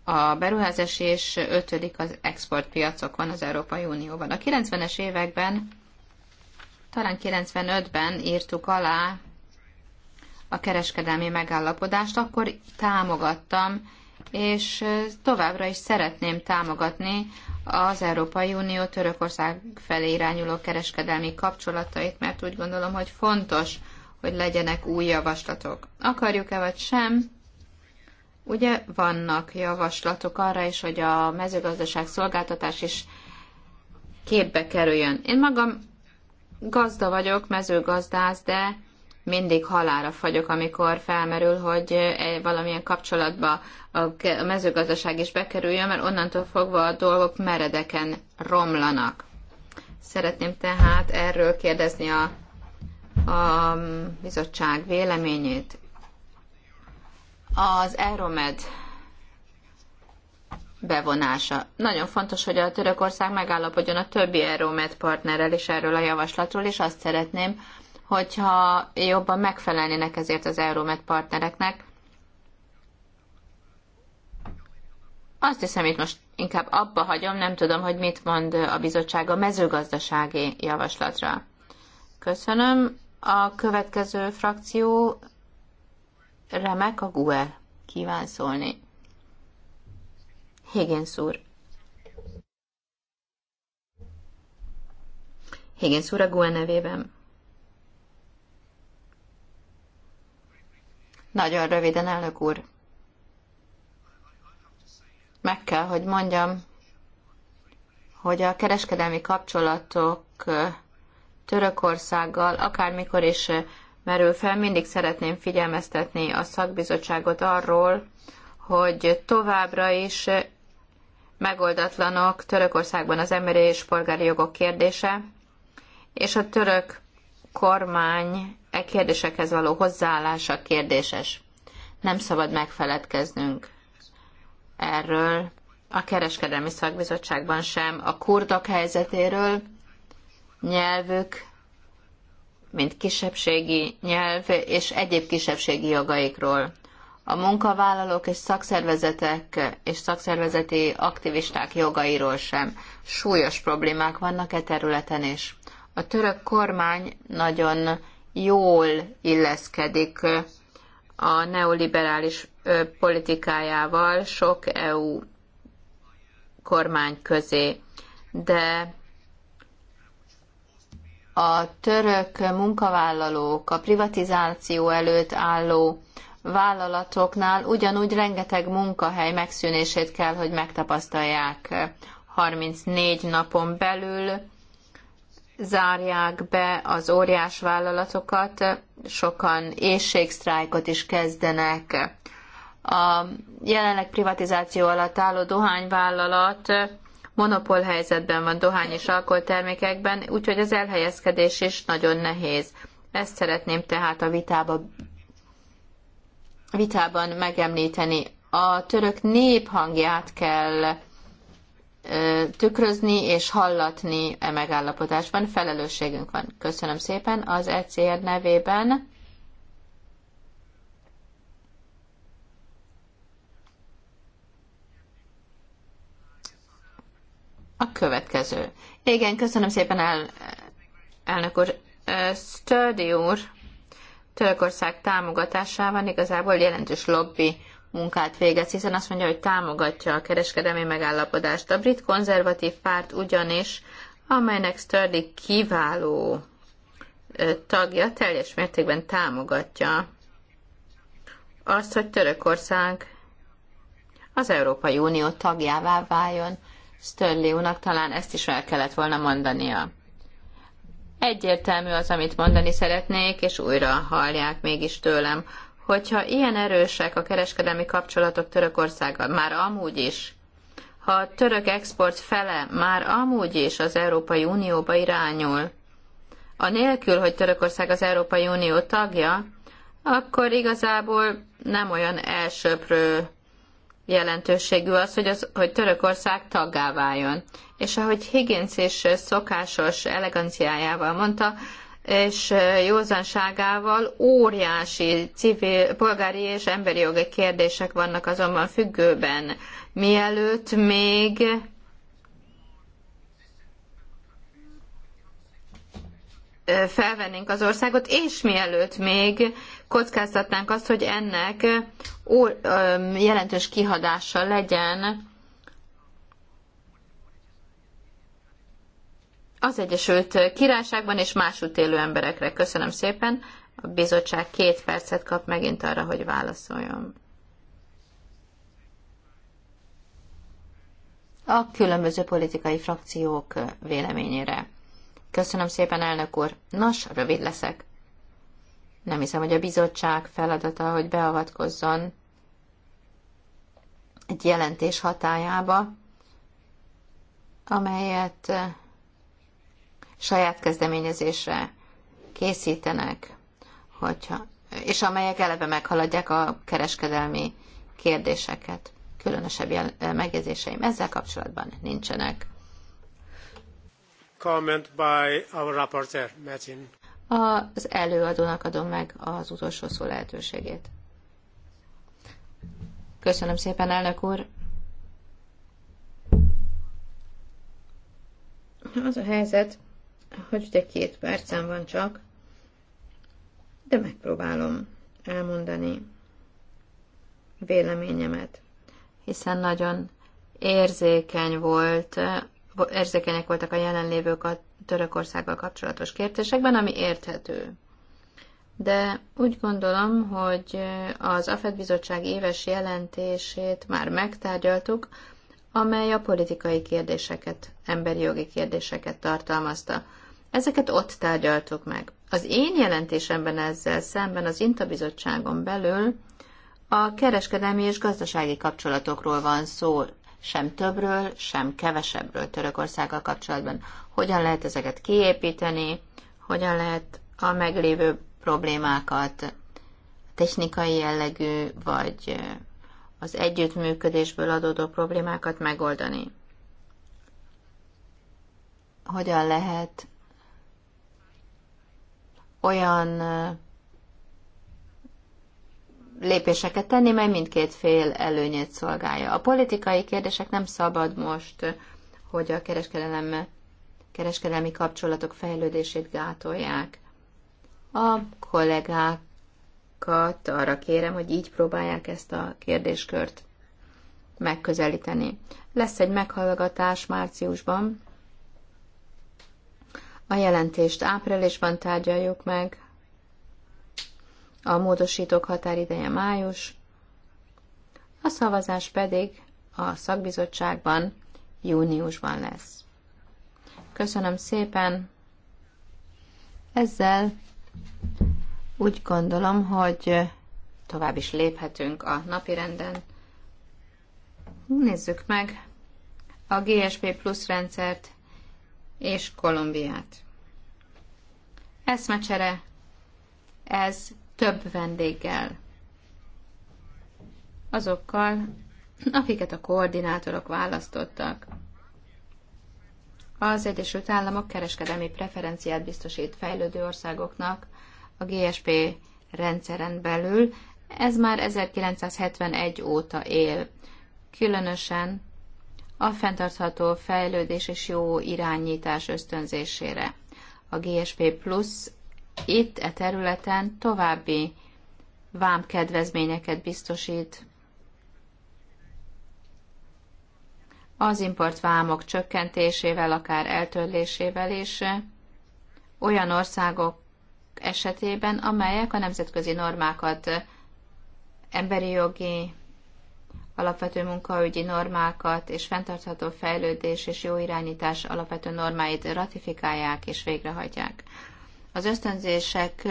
a beruházás és ötödik az exportpiacokon az Európai Unióban. A 90-es években, talán 95-ben írtuk alá a kereskedelmi megállapodást, akkor támogattam és továbbra is szeretném támogatni az Európai Unió Törökország felé irányuló kereskedelmi kapcsolatait, mert úgy gondolom, hogy fontos, hogy legyenek új javaslatok. Akarjuk-e vagy sem? Ugye vannak javaslatok arra is, hogy a mezőgazdaság szolgáltatás is képbe kerüljön. Én magam gazda vagyok, mezőgazdász, de mindig halára fagyok, amikor felmerül, hogy e, valamilyen kapcsolatba a mezőgazdaság is bekerüljön, mert onnantól fogva a dolgok meredeken romlanak. Szeretném tehát erről kérdezni a, a bizottság véleményét. Az Euromed bevonása. Nagyon fontos, hogy a Törökország megállapodjon a többi Euromed partnerrel is erről a javaslatról, és azt szeretném, hogyha jobban megfelelnének ezért az Euromed partnereknek. Azt hiszem, itt most inkább abba hagyom, nem tudom, hogy mit mond a bizottság a mezőgazdasági javaslatra. Köszönöm. A következő frakció remek a GUE. Kíván szólni. Higgins úr. Higgins úr a GUE nevében. Nagyon röviden, elnök úr. Meg kell, hogy mondjam, hogy a kereskedelmi kapcsolatok Törökországgal akármikor is merül fel, mindig szeretném figyelmeztetni a szakbizottságot arról, hogy továbbra is megoldatlanok Törökországban az emberi és polgári jogok kérdése, és a török kormány e kérdésekhez való hozzáállása kérdéses. Nem szabad megfeledkeznünk erről, a kereskedelmi szakbizottságban sem, a kurdok helyzetéről, nyelvük, mint kisebbségi nyelv és egyéb kisebbségi jogaikról. A munkavállalók és szakszervezetek és szakszervezeti aktivisták jogairól sem. Súlyos problémák vannak e területen is. A török kormány nagyon jól illeszkedik a neoliberális politikájával sok EU kormány közé, de a török munkavállalók a privatizáció előtt álló vállalatoknál ugyanúgy rengeteg munkahely megszűnését kell, hogy megtapasztalják. 34 napon belül zárják be az óriás vállalatokat, sokan éjségsztrájkot is kezdenek. A jelenleg privatizáció alatt álló dohányvállalat monopól helyzetben van dohány és alkoholtermékekben, úgyhogy az elhelyezkedés is nagyon nehéz. Ezt szeretném tehát a vitába, vitában megemlíteni. A török néphangját kell tükrözni és hallatni e megállapodásban. Felelősségünk van. Köszönöm szépen az ECR nevében. A következő. Igen, köszönöm szépen, el, elnök úr. Sturdy úr Törökország támogatásával igazából jelentős lobby munkát végez, hiszen azt mondja, hogy támogatja a kereskedelmi megállapodást. A brit konzervatív párt ugyanis, amelynek Sturdy kiváló tagja teljes mértékben támogatja azt, hogy Törökország az Európai Unió tagjává váljon. Sturley úrnak talán ezt is el kellett volna mondania. Egyértelmű az, amit mondani szeretnék, és újra hallják mégis tőlem hogyha ilyen erősek a kereskedelmi kapcsolatok Törökországgal, már amúgy is, ha a török export fele már amúgy is az Európai Unióba irányul, anélkül, hogy Törökország az Európai Unió tagja, akkor igazából nem olyan elsőprő jelentőségű az, hogy, az, hogy Törökország taggá váljon. És ahogy Higgins is szokásos eleganciájával mondta, és józanságával óriási civil, polgári és emberi jogi kérdések vannak azonban függőben. Mielőtt még felvennénk az országot, és mielőtt még kockáztatnánk azt, hogy ennek jelentős kihadása legyen az Egyesült Királyságban és másút élő emberekre. Köszönöm szépen. A bizottság két percet kap megint arra, hogy válaszoljon. A különböző politikai frakciók véleményére. Köszönöm szépen, elnök úr. Nos, rövid leszek. Nem hiszem, hogy a bizottság feladata, hogy beavatkozzon egy jelentés hatájába, amelyet saját kezdeményezésre készítenek, hogyha, és amelyek eleve meghaladják a kereskedelmi kérdéseket. Különösebb jel- megjegyzéseim ezzel kapcsolatban nincsenek. Comment by our rapporteur, Martin. Az előadónak adom meg az utolsó szó lehetőségét. Köszönöm szépen, elnök úr! Az a helyzet, hogy ugye két percem van csak, de megpróbálom elmondani véleményemet, hiszen nagyon érzékeny volt, érzékenyek voltak a jelenlévők a Törökországgal kapcsolatos kérdésekben, ami érthető. De úgy gondolom, hogy az AFED bizottság éves jelentését már megtárgyaltuk, amely a politikai kérdéseket, emberi jogi kérdéseket tartalmazta. Ezeket ott tárgyaltuk meg. Az én jelentésemben ezzel szemben az intabizottságon belül a kereskedelmi és gazdasági kapcsolatokról van szó, sem többről, sem kevesebbről Törökországgal kapcsolatban. Hogyan lehet ezeket kiépíteni, hogyan lehet a meglévő problémákat technikai jellegű vagy az együttműködésből adódó problémákat megoldani. Hogyan lehet olyan lépéseket tenni, mely mindkét fél előnyét szolgálja. A politikai kérdések nem szabad most, hogy a kereskedelem, kereskedelmi kapcsolatok fejlődését gátolják. A kollégákat arra kérem, hogy így próbálják ezt a kérdéskört megközelíteni. Lesz egy meghallgatás márciusban a jelentést áprilisban tárgyaljuk meg, a módosítók határideje május, a szavazás pedig a szakbizottságban júniusban lesz. Köszönöm szépen! Ezzel úgy gondolom, hogy tovább is léphetünk a renden. Nézzük meg a GSP Plus rendszert és Kolumbiát. Eszmecsere ez több vendéggel. Azokkal, akiket a koordinátorok választottak. Az Egyesült Államok kereskedelmi preferenciát biztosít fejlődő országoknak a GSP rendszeren belül. Ez már 1971 óta él. Különösen a fenntartható fejlődés és jó irányítás ösztönzésére. A GSP Plus itt e területen további kedvezményeket biztosít az import vámok csökkentésével, akár eltörlésével is olyan országok esetében, amelyek a nemzetközi normákat, emberi jogi alapvető munkaügyi normákat és fenntartható fejlődés és jó irányítás alapvető normáit ratifikálják és végrehajtják. Az ösztönzések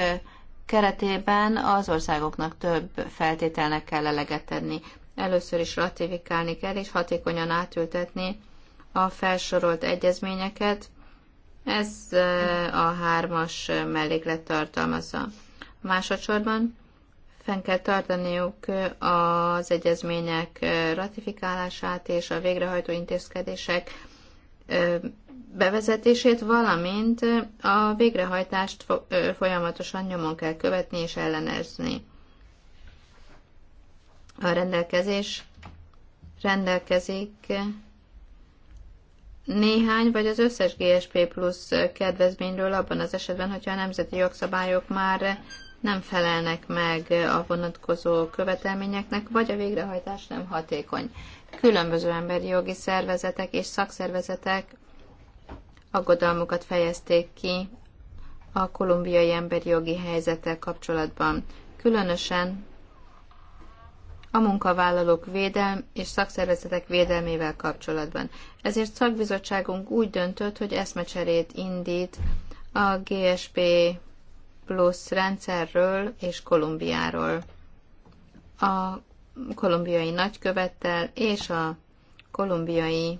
keretében az országoknak több feltételnek kell eleget tenni. Először is ratifikálni kell és hatékonyan átültetni a felsorolt egyezményeket. Ez a hármas melléklet tartalmazza. Másodszorban fenn kell tartaniuk az egyezmények ratifikálását és a végrehajtó intézkedések bevezetését, valamint a végrehajtást folyamatosan nyomon kell követni és ellenezni. A rendelkezés rendelkezik néhány vagy az összes GSP plusz kedvezményről abban az esetben, hogyha a nemzeti jogszabályok már nem felelnek meg a vonatkozó követelményeknek, vagy a végrehajtás nem hatékony. Különböző emberi jogi szervezetek és szakszervezetek aggodalmukat fejezték ki a kolumbiai emberi jogi helyzettel kapcsolatban. Különösen a munkavállalók védelm és szakszervezetek védelmével kapcsolatban. Ezért szakbizottságunk úgy döntött, hogy eszmecserét indít a GSP plusz rendszerről és Kolumbiáról. A kolumbiai nagykövettel és a kolumbiai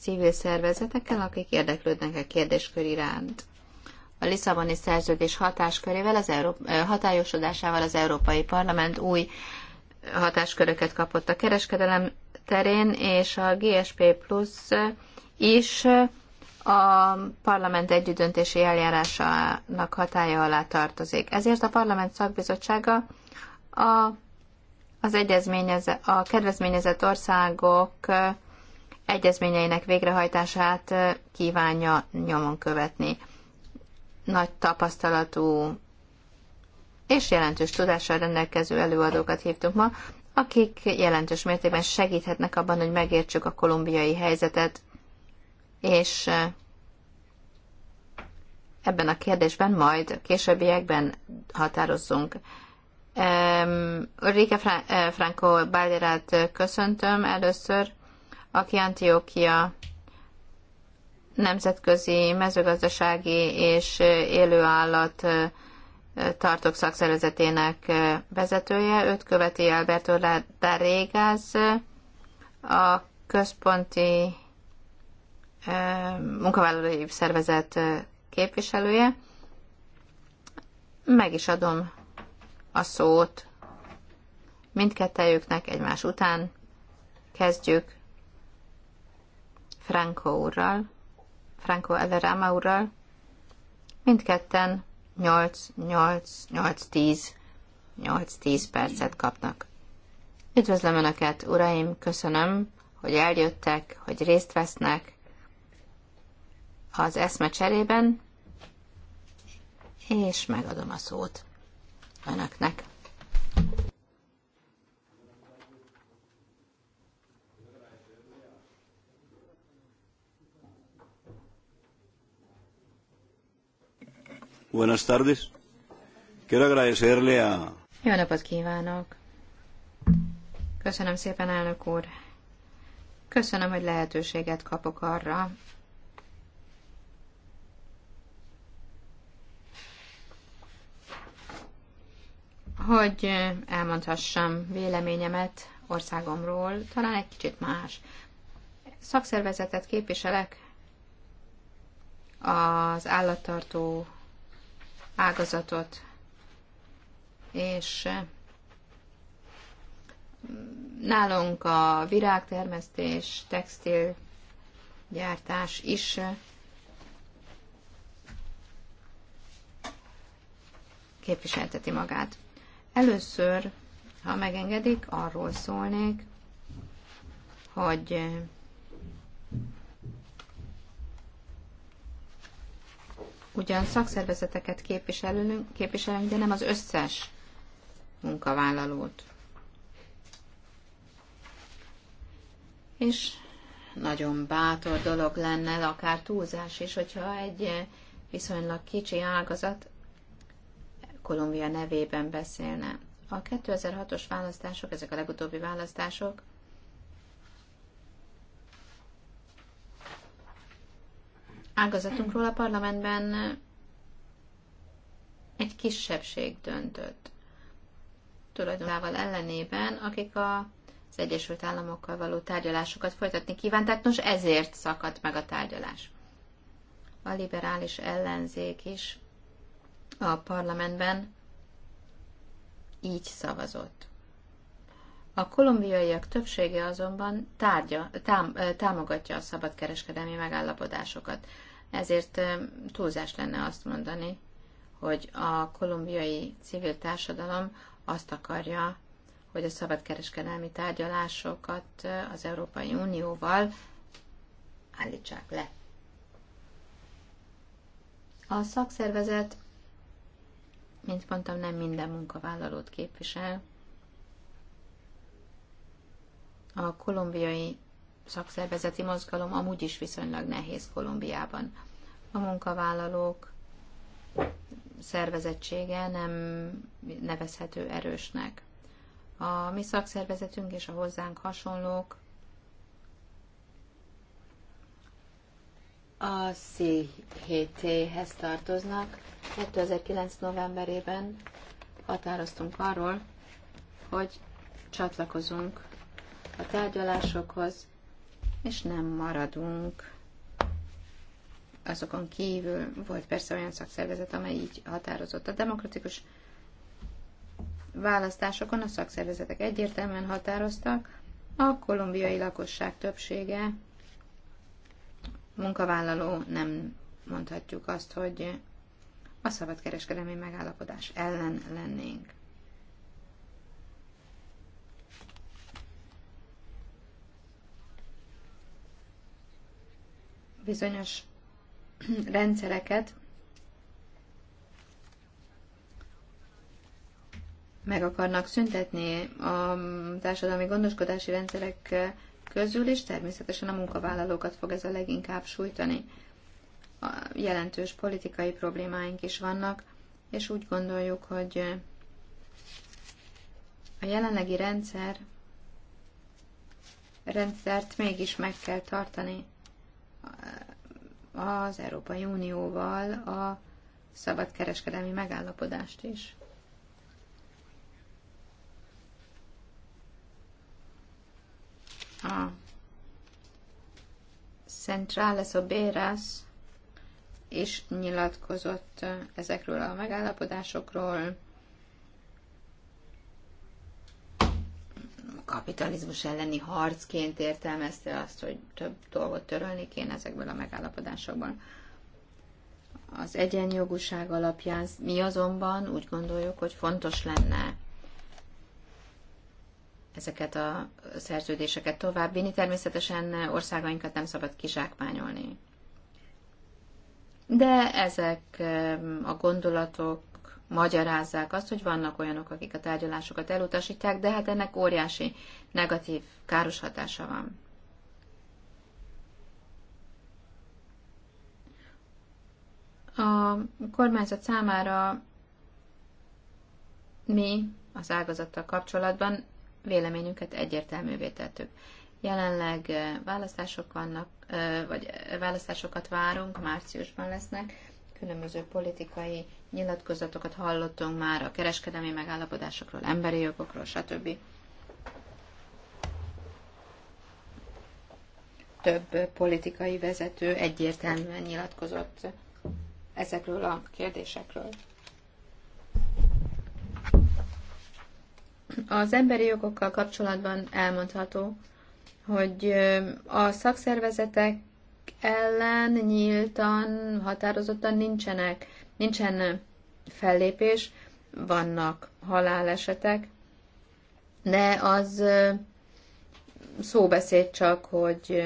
civil szervezetekkel, akik érdeklődnek a e kérdéskör iránt. A Lisszaboni szerződés hatáskörével, az Európa, hatályosodásával az Európai Parlament új hatásköröket kapott a kereskedelem terén, és a GSP Plus is a parlament együttdöntési eljárásának hatája alá tartozik. Ezért a parlament szakbizottsága a, az egyezményeze, a kedvezményezett országok egyezményeinek végrehajtását kívánja nyomon követni. Nagy tapasztalatú és jelentős tudással rendelkező előadókat hívtunk ma, akik jelentős mértékben segíthetnek abban, hogy megértsük a kolumbiai helyzetet és ebben a kérdésben majd későbbiekben határozzunk. Ulrike Franco Bálirát köszöntöm először, aki Antiókia nemzetközi mezőgazdasági és élőállat tartok szakszervezetének vezetője. Őt követi Alberto Darégáz, a központi munkavállalói szervezet képviselője. Meg is adom a szót mindkettejüknek egymás után. Kezdjük Franco úrral, Franco Ellerama úrral. Mindketten 8 8 8 10 percet kapnak. Üdvözlöm Önöket, uraim, köszönöm, hogy eljöttek, hogy részt vesznek, az eszme cserében, és megadom a szót önöknek. Buenas tardes. Quiero agradecerle a... Jó napot kívánok! Köszönöm szépen, elnök úr! Köszönöm, hogy lehetőséget kapok arra, hogy elmondhassam véleményemet országomról, talán egy kicsit más. Szakszervezetet képviselek az állattartó ágazatot, és nálunk a virágtermesztés, textilgyártás is képviselteti magát. Először, ha megengedik, arról szólnék, hogy eh, ugyan szakszervezeteket képviselünk, képviselünk, de nem az összes munkavállalót. És nagyon bátor dolog lenne, akár túlzás is, hogyha egy eh, viszonylag kicsi ágazat Kolumbia nevében beszélne. A 2006-os választások, ezek a legutóbbi választások, ágazatunkról a parlamentben egy kisebbség döntött. Tulajdonával ellenében, akik a, az Egyesült Államokkal való tárgyalásokat folytatni kívánták, nos ezért szakadt meg a tárgyalás. A liberális ellenzék is a parlamentben így szavazott. A kolumbiaiak többsége azonban tárgya, tám, támogatja a szabadkereskedelmi megállapodásokat. Ezért túlzás lenne azt mondani, hogy a kolumbiai civil társadalom azt akarja, hogy a szabadkereskedelmi tárgyalásokat az Európai Unióval állítsák le. A szakszervezet mint mondtam, nem minden munkavállalót képvisel. A kolumbiai szakszervezeti mozgalom amúgy is viszonylag nehéz Kolumbiában. A munkavállalók szervezettsége nem nevezhető erősnek. A mi szakszervezetünk és a hozzánk hasonlók a CHT-hez tartoznak. 2009. novemberében határoztunk arról, hogy csatlakozunk a tárgyalásokhoz, és nem maradunk azokon kívül. Volt persze olyan szakszervezet, amely így határozott. A demokratikus választásokon a szakszervezetek egyértelműen határoztak, a kolumbiai lakosság többsége munkavállaló, nem mondhatjuk azt, hogy a kereskedelmi megállapodás ellen lennénk. Bizonyos rendszereket meg akarnak szüntetni a társadalmi gondoskodási rendszerek közül, és természetesen a munkavállalókat fog ez a leginkább sújtani. A jelentős politikai problémáink is vannak, és úgy gondoljuk, hogy a jelenlegi rendszer rendszert mégis meg kell tartani az Európai Unióval a szabadkereskedelmi megállapodást is. a Centrale Soberas is nyilatkozott ezekről a megállapodásokról, kapitalizmus elleni harcként értelmezte azt, hogy több dolgot törölni kéne ezekből a megállapodásokban. Az egyenjogúság alapján mi azonban úgy gondoljuk, hogy fontos lenne ezeket a szerződéseket továbbvinni. Természetesen országainkat nem szabad kizsákmányolni. De ezek a gondolatok magyarázzák azt, hogy vannak olyanok, akik a tárgyalásokat elutasítják, de hát ennek óriási negatív, káros hatása van. A kormányzat számára mi az ágazattal kapcsolatban véleményünket egyértelművé tettük. Jelenleg választások vannak, vagy választásokat várunk, márciusban lesznek, különböző politikai nyilatkozatokat hallottunk már a kereskedelmi megállapodásokról, emberi jogokról, stb. Több politikai vezető egyértelműen nyilatkozott ezekről a kérdésekről. Az emberi jogokkal kapcsolatban elmondható, hogy a szakszervezetek ellen nyíltan, határozottan nincsenek, nincsen fellépés, vannak halálesetek, de az szóbeszéd csak, hogy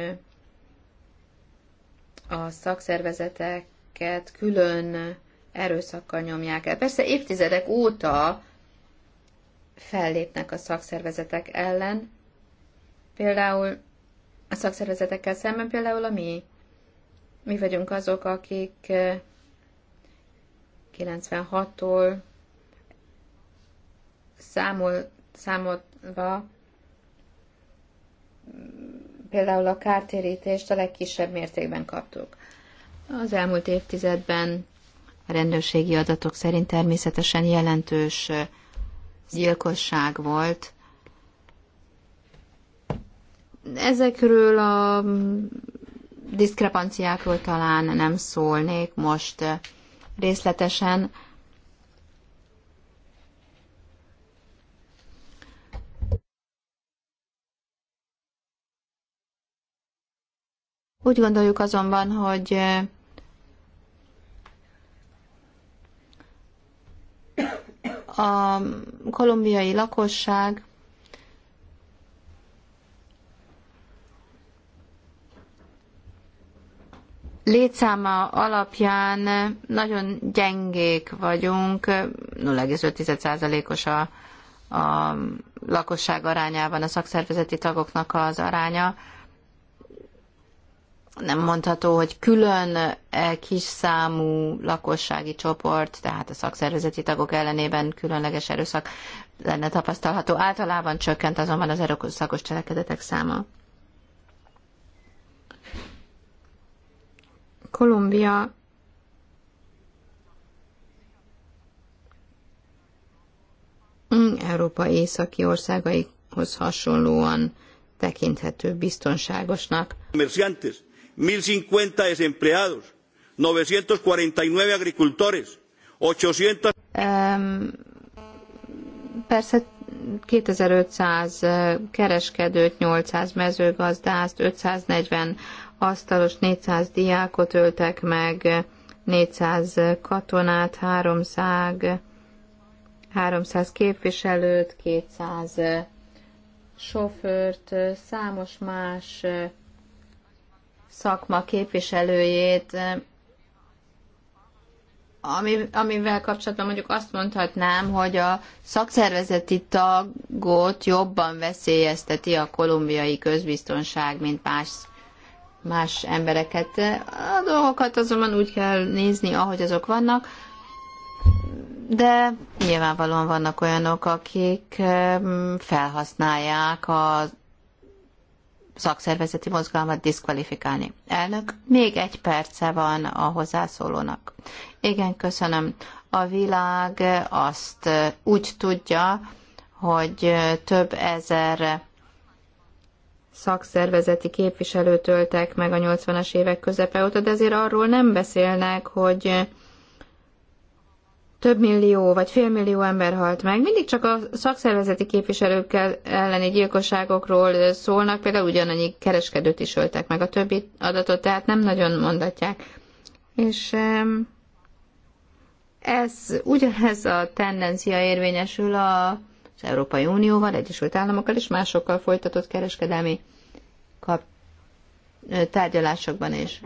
a szakszervezeteket külön erőszakkal nyomják el. Persze évtizedek óta fellépnek a szakszervezetek ellen, például a szakszervezetekkel szemben, például a mi. Mi vagyunk azok, akik 96-tól eh, számol, számolva például a kártérítést a legkisebb mértékben kaptuk. Az elmúlt évtizedben a rendőrségi adatok szerint természetesen jelentős eh, gyilkosság volt. Ezekről a diszkrepanciákról talán nem szólnék most részletesen. Úgy gondoljuk azonban, hogy a kolumbiai lakosság létszáma alapján nagyon gyengék vagyunk, 0,5%-os a, a lakosság arányában a szakszervezeti tagoknak az aránya nem mondható, hogy külön eh, kis számú lakossági csoport, tehát a szakszervezeti tagok ellenében különleges erőszak lenne tapasztalható. Általában csökkent azonban az erőszakos cselekedetek száma. Kolumbia mm, Európa északi országaihoz hasonlóan tekinthető biztonságosnak uno cincuenta desempleados novecientos cuarenta y nueve agricultores ochocientos persze 2500 eh, kereskedőt, 800 mezőgazdást, 540 asztalos, 400 diákot öltek meg, 400 katonát, 300, 300 képviselőt, 200 eh, sofőrt, eh, számos más szakma képviselőjét, ami, amivel kapcsolatban mondjuk azt mondhatnám, hogy a szakszervezeti tagot jobban veszélyezteti a kolumbiai közbiztonság, mint más, más embereket. A dolgokat azonban úgy kell nézni, ahogy azok vannak, de nyilvánvalóan vannak olyanok, akik felhasználják a szakszervezeti mozgalmat diszkvalifikálni. Elnök, még egy perce van a hozzászólónak. Igen, köszönöm. A világ azt úgy tudja, hogy több ezer szakszervezeti képviselőt öltek meg a 80-as évek közepe óta, de azért arról nem beszélnek, hogy több millió vagy félmillió ember halt meg. Mindig csak a szakszervezeti képviselőkkel elleni gyilkosságokról szólnak, például ugyanannyi kereskedőt is öltek meg a többi adatot, tehát nem nagyon mondatják. És ez ugyanez a tendencia érvényesül a az Európai Unióval, Egyesült Államokkal és másokkal folytatott kereskedelmi kap, tárgyalásokban is.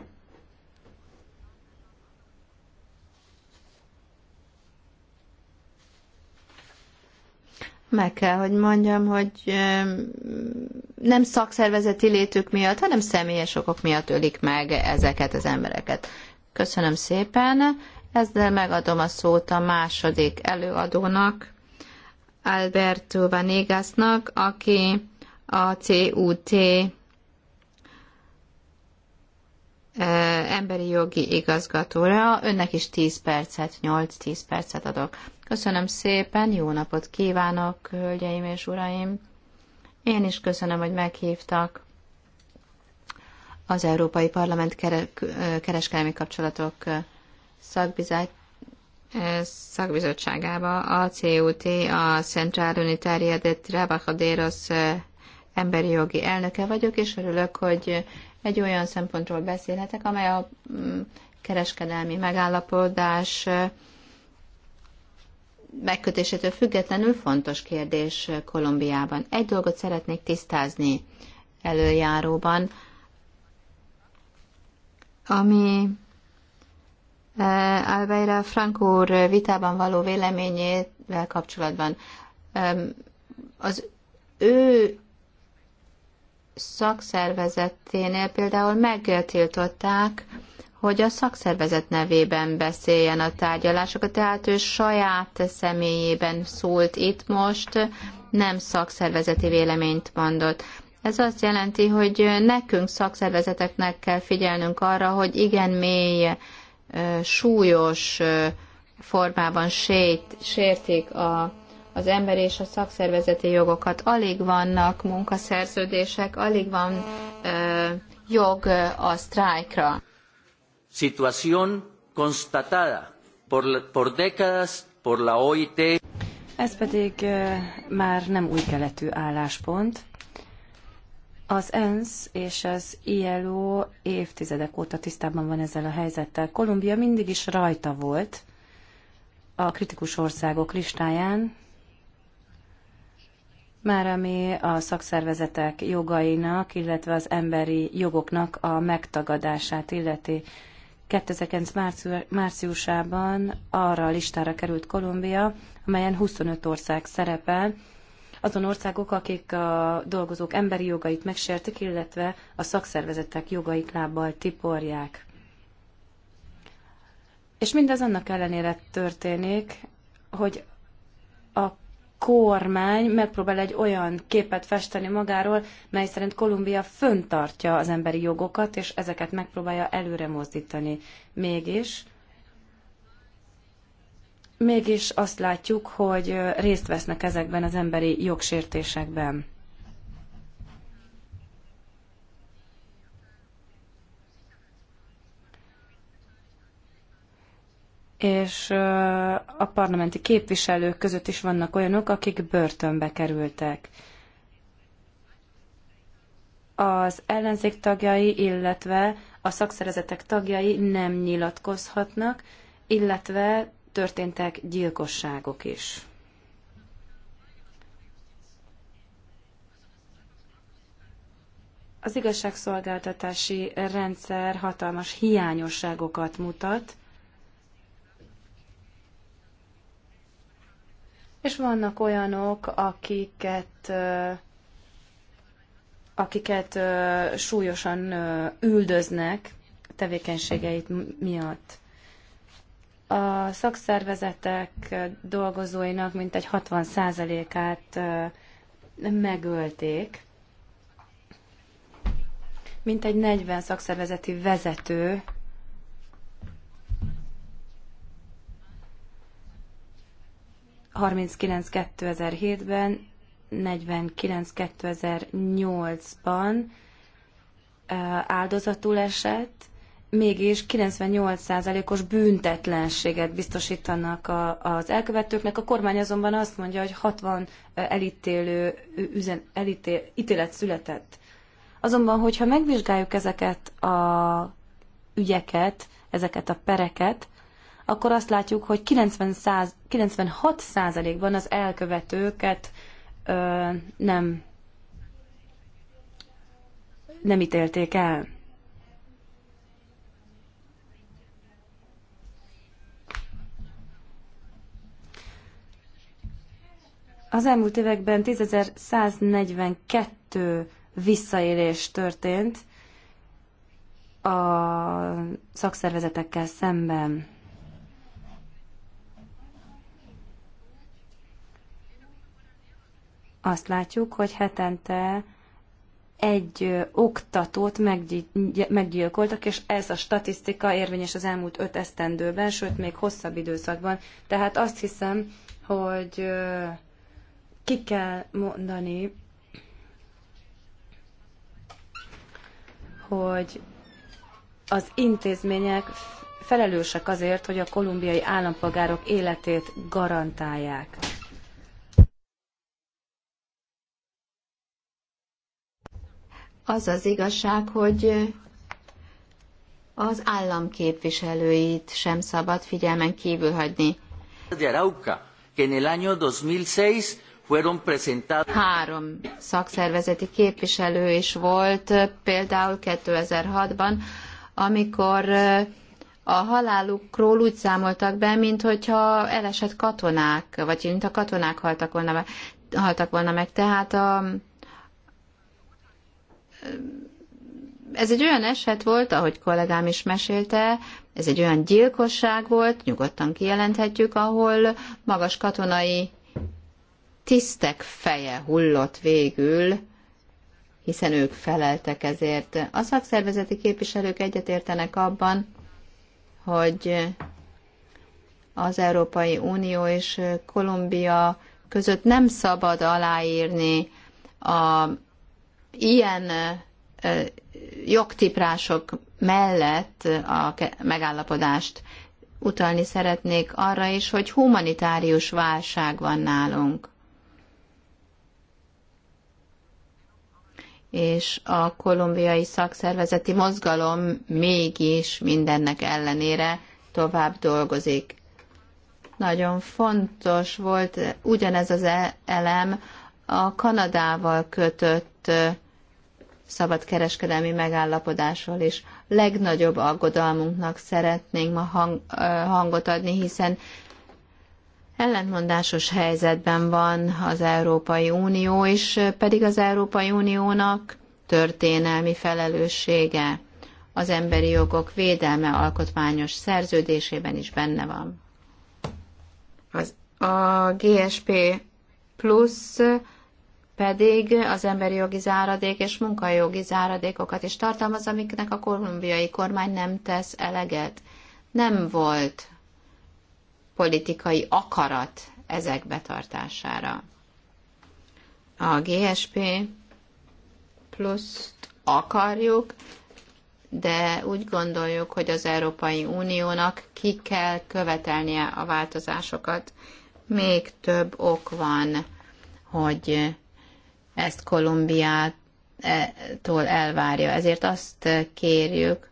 meg kell, hogy mondjam, hogy nem szakszervezeti létük miatt, hanem személyes okok miatt ölik meg ezeket az embereket. Köszönöm szépen. Ezzel megadom a szót a második előadónak, Alberto Vanegasnak, aki a CUT emberi jogi igazgatóra. Önnek is 10 percet, 8-10 percet adok. Köszönöm szépen, jó napot kívánok, hölgyeim és uraim! Én is köszönöm, hogy meghívtak az Európai Parlament kereskedelmi kapcsolatok szakbizottságába a CUT, a Central Unitaria de Trabajaderos emberi jogi elnöke vagyok, és örülök, hogy egy olyan szempontról beszélhetek, amely a mm, kereskedelmi megállapodás megkötésétől függetlenül fontos kérdés Kolumbiában. Egy dolgot szeretnék tisztázni előjáróban, ami Alveira Frank úr vitában való véleményével kapcsolatban. Az ő szakszervezeténél például megtiltották, hogy a szakszervezet nevében beszéljen a tárgyalásokat, tehát ő saját személyében szólt itt most, nem szakszervezeti véleményt mondott. Ez azt jelenti, hogy nekünk szakszervezeteknek kell figyelnünk arra, hogy igen mély, súlyos formában sét, sértik a az ember és a szakszervezeti jogokat. Alig vannak munkaszerződések, alig van ö, jog a sztrájkra. Situación constatada por, por décadas por la OIT. Ez pedig már nem új keletű álláspont. Az ENSZ és az ILO évtizedek óta tisztában van ezzel a helyzettel. Kolumbia mindig is rajta volt a kritikus országok listáján, már ami a szakszervezetek jogainak, illetve az emberi jogoknak a megtagadását illeti. 2009 márciusában arra a listára került Kolumbia, amelyen 25 ország szerepel, azon országok, akik a dolgozók emberi jogait megsértik, illetve a szakszervezetek jogait lábbal tiporják. És mindez annak ellenére történik, hogy kormány megpróbál egy olyan képet festeni magáról, mely szerint Kolumbia föntartja az emberi jogokat, és ezeket megpróbálja előre mozdítani. Mégis, mégis azt látjuk, hogy részt vesznek ezekben az emberi jogsértésekben. és a parlamenti képviselők között is vannak olyanok, akik börtönbe kerültek. Az ellenzék tagjai, illetve a szakszerezetek tagjai nem nyilatkozhatnak, illetve történtek gyilkosságok is. Az igazságszolgáltatási rendszer hatalmas hiányosságokat mutat, és vannak olyanok, akiket akiket súlyosan üldöznek tevékenységeit miatt. A szakszervezetek dolgozóinak mintegy 60%-át megölték. Mintegy 40 szakszervezeti vezető 39-2007-ben, 49-2008-ban áldozatul esett, mégis 98%-os büntetlenséget biztosítanak a, az elkövetőknek. A kormány azonban azt mondja, hogy 60 elítélő üzen, elítél, ítélet született. Azonban, hogyha megvizsgáljuk ezeket a ügyeket, ezeket a pereket, akkor azt látjuk, hogy 90 száz, 96%-ban az elkövetőket ö, nem, nem ítélték el. Az elmúlt években 10.142 visszaélés történt a szakszervezetekkel szemben. azt látjuk, hogy hetente egy oktatót meggyilkoltak, és ez a statisztika érvényes az elmúlt öt esztendőben, sőt, még hosszabb időszakban. Tehát azt hiszem, hogy ki kell mondani, hogy az intézmények felelősek azért, hogy a kolumbiai állampolgárok életét garantálják. Az az igazság, hogy az állam képviselőit sem szabad figyelmen kívül hagyni. De 2006 Három szakszervezeti képviselő is volt, például 2006-ban, amikor eh, a halálukról úgy számoltak be, mint hogyha elesett katonák, vagy mint a katonák haltak volna, haltak volna meg. Tehát a, ez egy olyan eset volt, ahogy kollégám is mesélte, ez egy olyan gyilkosság volt, nyugodtan kijelenthetjük, ahol magas katonai tisztek feje hullott végül, hiszen ők feleltek ezért. A szakszervezeti képviselők egyetértenek abban, hogy az Európai Unió és Kolumbia között nem szabad aláírni a ilyen jogtiprások mellett a megállapodást utalni szeretnék arra is, hogy humanitárius válság van nálunk. És a kolumbiai szakszervezeti mozgalom mégis mindennek ellenére tovább dolgozik. Nagyon fontos volt ugyanez az e-, elem a Kanadával kötött szabadkereskedelmi megállapodásról is. Legnagyobb aggodalmunknak szeretnénk ma hang, hangot adni, hiszen ellentmondásos helyzetben van az Európai Unió, és pedig az Európai Uniónak történelmi felelőssége az emberi jogok védelme alkotmányos szerződésében is benne van. Az, a GSP plusz pedig az emberi jogi záradék és munkajogi záradékokat is tartalmaz, amiknek a kolumbiai kormány nem tesz eleget. Nem volt politikai akarat ezek betartására. A GSP pluszt akarjuk, de úgy gondoljuk, hogy az Európai Uniónak ki kell követelnie a változásokat. Még több ok van, hogy ezt Kolumbiától elvárja. Ezért azt kérjük,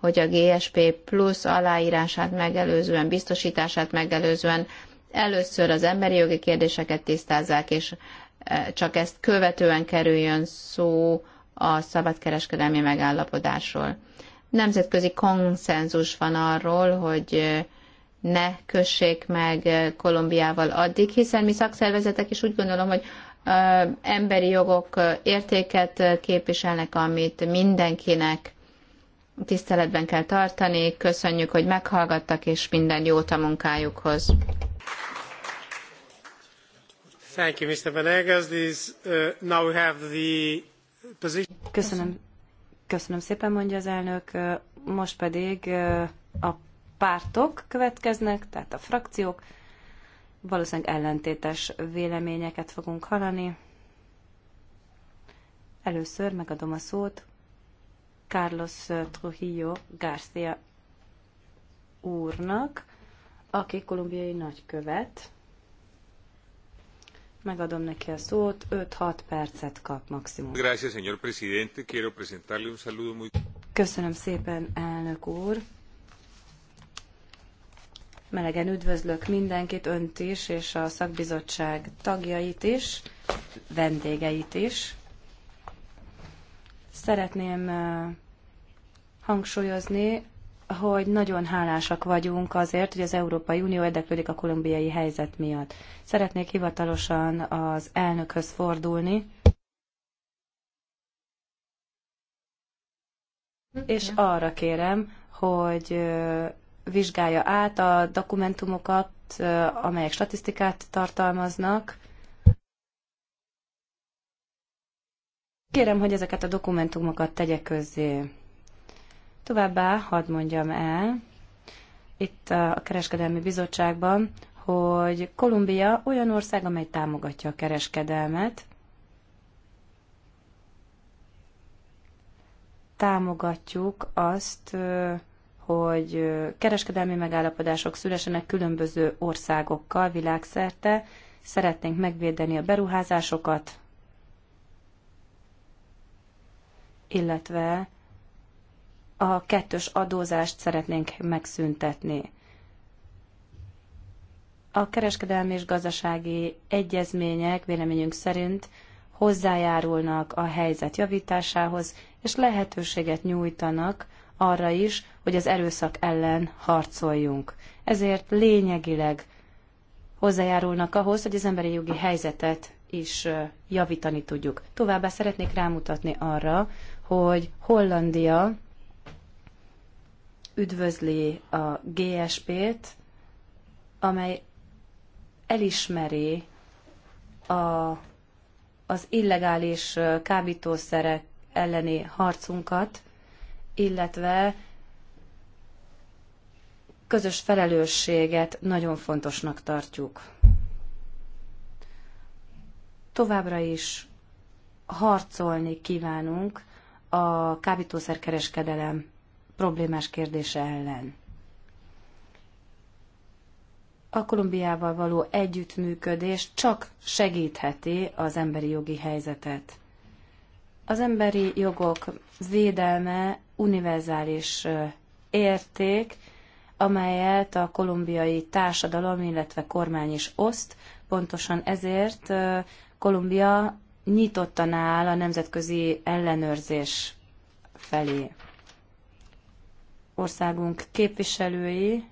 hogy a GSP plusz aláírását megelőzően, biztosítását megelőzően először az emberi jogi kérdéseket tisztázzák, és e, csak ezt követően kerüljön szó a szabadkereskedelmi megállapodásról. Nemzetközi konszenzus van arról, hogy e, ne kössék meg Kolumbiával addig, hiszen mi szakszervezetek is úgy gondolom, hogy emberi jogok értéket képviselnek, amit mindenkinek tiszteletben kell tartani. Köszönjük, hogy meghallgattak, és minden jót a munkájukhoz. Thank you, Mr. Venegas. This, uh, now we have the position. Köszönöm. Köszönöm szépen, mondja az elnök. Most pedig uh, a pártok következnek, tehát a frakciók valószínűleg ellentétes véleményeket fogunk hallani. Először megadom a szót Carlos Trujillo García úrnak, aki kolumbiai nagykövet. Megadom neki a szót, 5-6 percet kap maximum. Gracias, señor presidente. Quiero presentarle un saludo muy... Köszönöm szépen, elnök úr. Melegen üdvözlök mindenkit, önt is, és a szakbizottság tagjait is, vendégeit is. Szeretném hangsúlyozni, hogy nagyon hálásak vagyunk azért, hogy az Európai Unió érdeklődik a kolumbiai helyzet miatt. Szeretnék hivatalosan az elnökhöz fordulni, és arra kérem, hogy vizsgálja át a dokumentumokat, amelyek statisztikát tartalmaznak. Kérem, hogy ezeket a dokumentumokat tegye közzé. Továbbá hadd mondjam el, itt a Kereskedelmi Bizottságban, hogy Kolumbia olyan ország, amely támogatja a kereskedelmet, támogatjuk azt, hogy kereskedelmi megállapodások szülesenek különböző országokkal világszerte. Szeretnénk megvédeni a beruházásokat, illetve a kettős adózást szeretnénk megszüntetni. A kereskedelmi és gazdasági egyezmények véleményünk szerint hozzájárulnak a helyzet javításához, és lehetőséget nyújtanak arra is, hogy az erőszak ellen harcoljunk. Ezért lényegileg hozzájárulnak ahhoz, hogy az emberi jogi helyzetet is javítani tudjuk. Továbbá szeretnék rámutatni arra, hogy Hollandia üdvözli a GSP-t, amely elismeri a, az illegális kábítószerek elleni harcunkat, illetve közös felelősséget nagyon fontosnak tartjuk. Továbbra is harcolni kívánunk a kábítószerkereskedelem problémás kérdése ellen. A Kolumbiával való együttműködés csak segítheti az emberi jogi helyzetet. Az emberi jogok védelme univerzális érték, amelyet a kolumbiai társadalom, illetve kormány is oszt. Pontosan ezért Kolumbia nyitottan áll a nemzetközi ellenőrzés felé. Országunk képviselői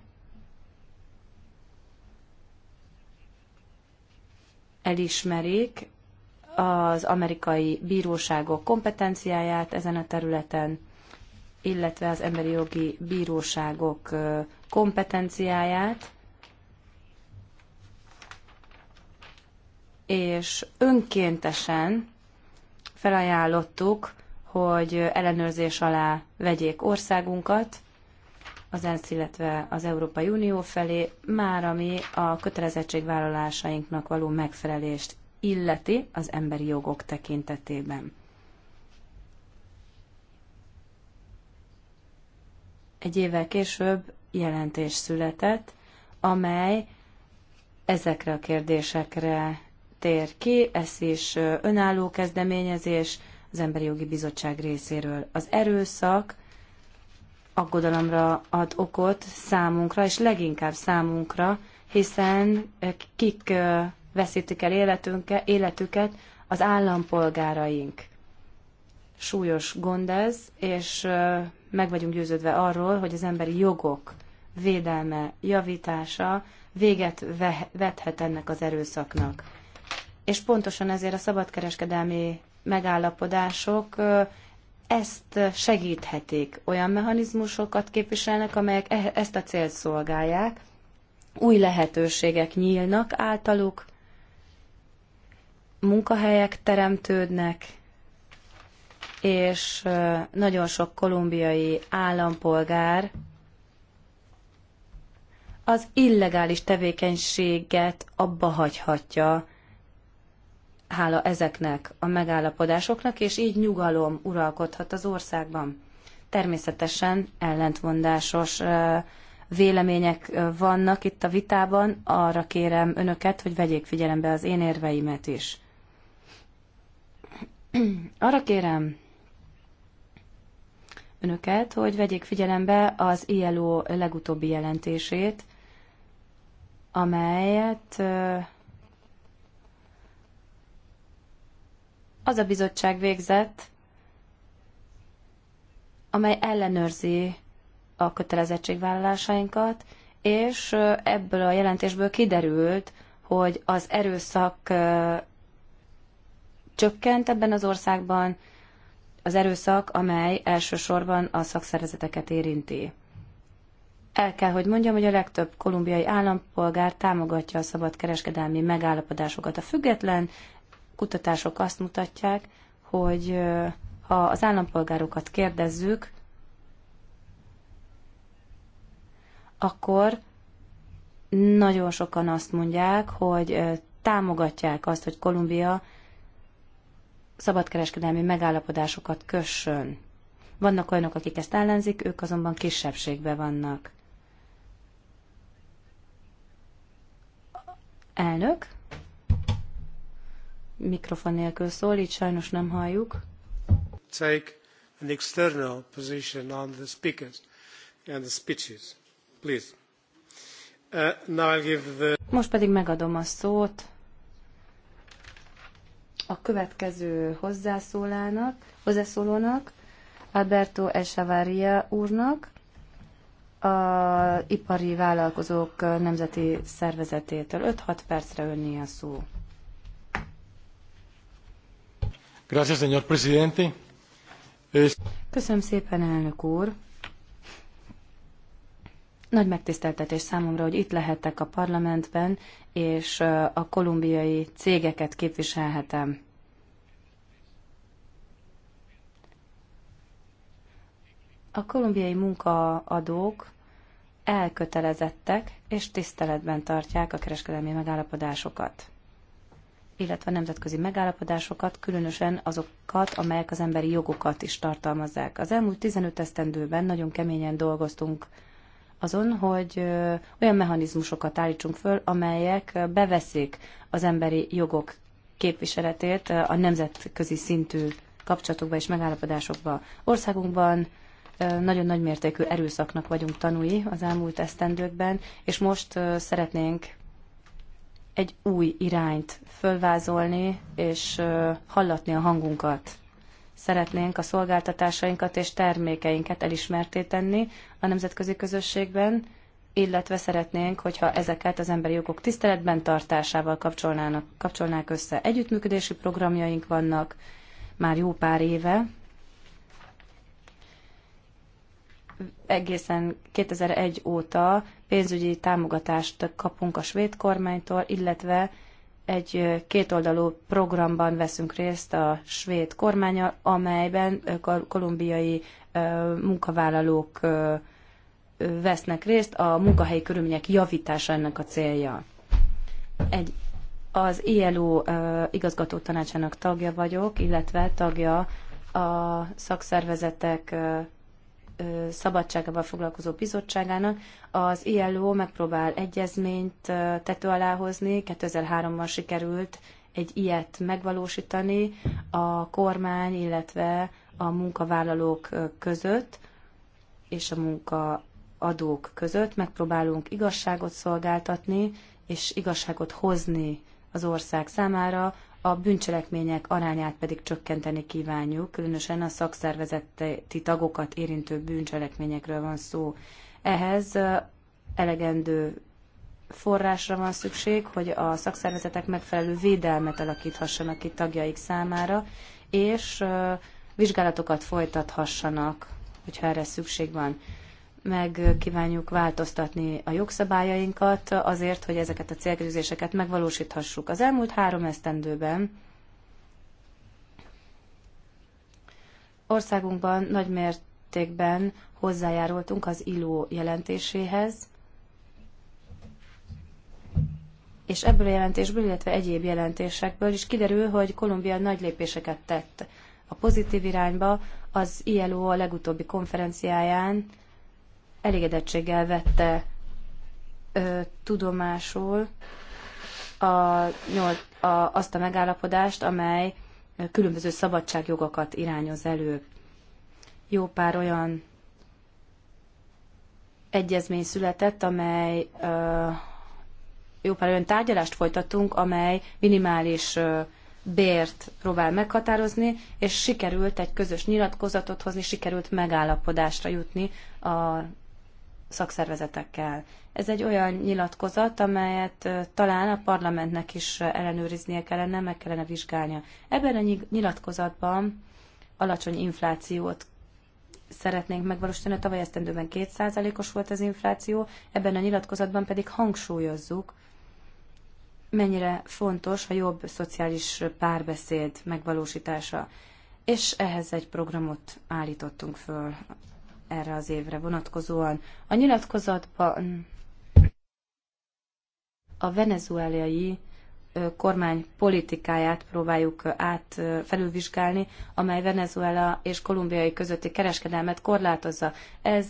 elismerik az amerikai bíróságok kompetenciáját ezen a területen, illetve az emberi jogi bíróságok kompetenciáját, és önkéntesen felajánlottuk, hogy ellenőrzés alá vegyék országunkat, az ENSZ, illetve az Európai Unió felé, már ami a kötelezettségvállalásainknak való megfelelést illeti az emberi jogok tekintetében. Egy évvel később jelentés született, amely ezekre a kérdésekre tér ki, ez is önálló kezdeményezés az Emberi Jogi Bizottság részéről. Az erőszak aggodalomra ad okot számunkra, és leginkább számunkra, hiszen kik veszítik el életüket az állampolgáraink. Súlyos gond ez, és meg vagyunk győződve arról, hogy az emberi jogok védelme, javítása véget vethet ennek az erőszaknak. És pontosan ezért a szabadkereskedelmi megállapodások ezt segíthetik, olyan mechanizmusokat képviselnek, amelyek e- ezt a célt szolgálják, új lehetőségek nyílnak általuk, munkahelyek teremtődnek, és nagyon sok kolumbiai állampolgár az illegális tevékenységet abba hagyhatja, hála ezeknek a megállapodásoknak, és így nyugalom uralkodhat az országban. Természetesen ellentmondásos vélemények vannak itt a vitában, arra kérem önöket, hogy vegyék figyelembe az én érveimet is. Arra kérem önöket, hogy vegyék figyelembe az ILO legutóbbi jelentését, amelyet az a bizottság végzett, amely ellenőrzi a kötelezettségvállalásainkat, és ebből a jelentésből kiderült, hogy az erőszak csökkent ebben az országban az erőszak, amely elsősorban a szakszervezeteket érinti. El kell, hogy mondjam, hogy a legtöbb kolumbiai állampolgár támogatja a szabadkereskedelmi megállapodásokat. A független kutatások azt mutatják, hogy ha az állampolgárokat kérdezzük, akkor nagyon sokan azt mondják, hogy támogatják azt, hogy Kolumbia szabadkereskedelmi megállapodásokat kössön. Vannak olyanok, akik ezt ellenzik, ők azonban kisebbségben vannak. Elnök? Mikrofon nélkül szól, így sajnos nem halljuk. Take an external position on the speakers and the speeches, please. Uh, now I'll give the... Most pedig megadom a szót a következő hozzászólának, hozzászólónak, Alberto Esavaria úrnak, a Ipari Vállalkozók Nemzeti Szervezetétől. 5-6 percre önni a szó. Köszönöm szépen, elnök úr. Nagy megtiszteltetés számomra, hogy itt lehetek a parlamentben, és a kolumbiai cégeket képviselhetem. A kolumbiai munkaadók elkötelezettek és tiszteletben tartják a kereskedelmi megállapodásokat, illetve nemzetközi megállapodásokat, különösen azokat, amelyek az emberi jogokat is tartalmazzák. Az elmúlt 15 esztendőben nagyon keményen dolgoztunk azon, hogy olyan mechanizmusokat állítsunk föl, amelyek beveszik az emberi jogok képviseletét a nemzetközi szintű kapcsolatokba és megállapodásokba. Országunkban nagyon nagy mértékű erőszaknak vagyunk tanúi az elmúlt esztendőkben, és most szeretnénk egy új irányt fölvázolni, és hallatni a hangunkat szeretnénk a szolgáltatásainkat és termékeinket elismerté tenni a nemzetközi közösségben, illetve szeretnénk, hogyha ezeket az emberi jogok tiszteletben tartásával kapcsolnának, kapcsolnák össze. Együttműködési programjaink vannak már jó pár éve, egészen 2001 óta pénzügyi támogatást kapunk a svéd kormánytól, illetve egy kétoldalú programban veszünk részt a svéd kormányal, amelyben kolumbiai munkavállalók vesznek részt, a munkahelyi körülmények javítása ennek a célja. Egy, az ILO igazgató tanácsának tagja vagyok, illetve tagja a szakszervezetek szabadságával foglalkozó bizottságának az ILO megpróbál egyezményt tető alá hozni, 2003-ban sikerült egy ilyet megvalósítani a kormány, illetve a munkavállalók között és a munkaadók között. Megpróbálunk igazságot szolgáltatni, és igazságot hozni az ország számára a bűncselekmények arányát pedig csökkenteni kívánjuk, különösen a szakszervezeti tagokat érintő bűncselekményekről van szó. Ehhez elegendő forrásra van szükség, hogy a szakszervezetek megfelelő védelmet alakíthassanak ki tagjaik számára, és vizsgálatokat folytathassanak, hogyha erre szükség van meg kívánjuk változtatni a jogszabályainkat azért, hogy ezeket a célközéseket megvalósíthassuk. Az elmúlt három esztendőben országunkban nagymértékben hozzájárultunk az ILO jelentéséhez, és ebből a jelentésből, illetve egyéb jelentésekből is kiderül, hogy Kolumbia nagy lépéseket tett a pozitív irányba. Az ILO a legutóbbi konferenciáján elégedettséggel vette ö, tudomásul a, nyolc, a, azt a megállapodást, amely különböző szabadságjogokat irányoz elő. Jó pár olyan egyezmény született, amely ö, jó pár olyan tárgyalást folytattunk, amely minimális ö, bért próbál meghatározni, és sikerült egy közös nyilatkozatot hozni, sikerült megállapodásra jutni a szakszervezetekkel. Ez egy olyan nyilatkozat, amelyet talán a parlamentnek is ellenőriznie kellene, meg kellene vizsgálnia. Ebben a nyilatkozatban alacsony inflációt szeretnénk megvalósítani. A tavaly esztendőben 2%-os volt az infláció, ebben a nyilatkozatban pedig hangsúlyozzuk, mennyire fontos a jobb szociális párbeszéd megvalósítása. És ehhez egy programot állítottunk föl erre az évre vonatkozóan. A nyilatkozatban mm, a venezuelai kormány politikáját próbáljuk át felülvizsgálni, amely Venezuela és kolumbiai közötti kereskedelmet korlátozza. Ez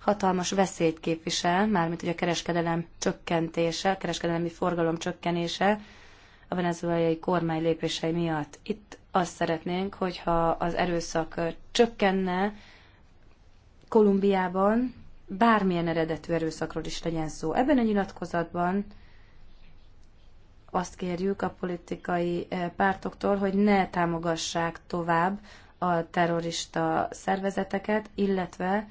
hatalmas veszélyt képvisel, mármint hogy a kereskedelem csökkentése, a kereskedelmi forgalom csökkenése a venezuelai kormány lépései miatt. Itt azt szeretnénk, hogyha az erőszak csökkenne, Kolumbiában bármilyen eredetű erőszakról is legyen szó. Ebben a nyilatkozatban azt kérjük a politikai eh, pártoktól, hogy ne támogassák tovább a terrorista szervezeteket, illetve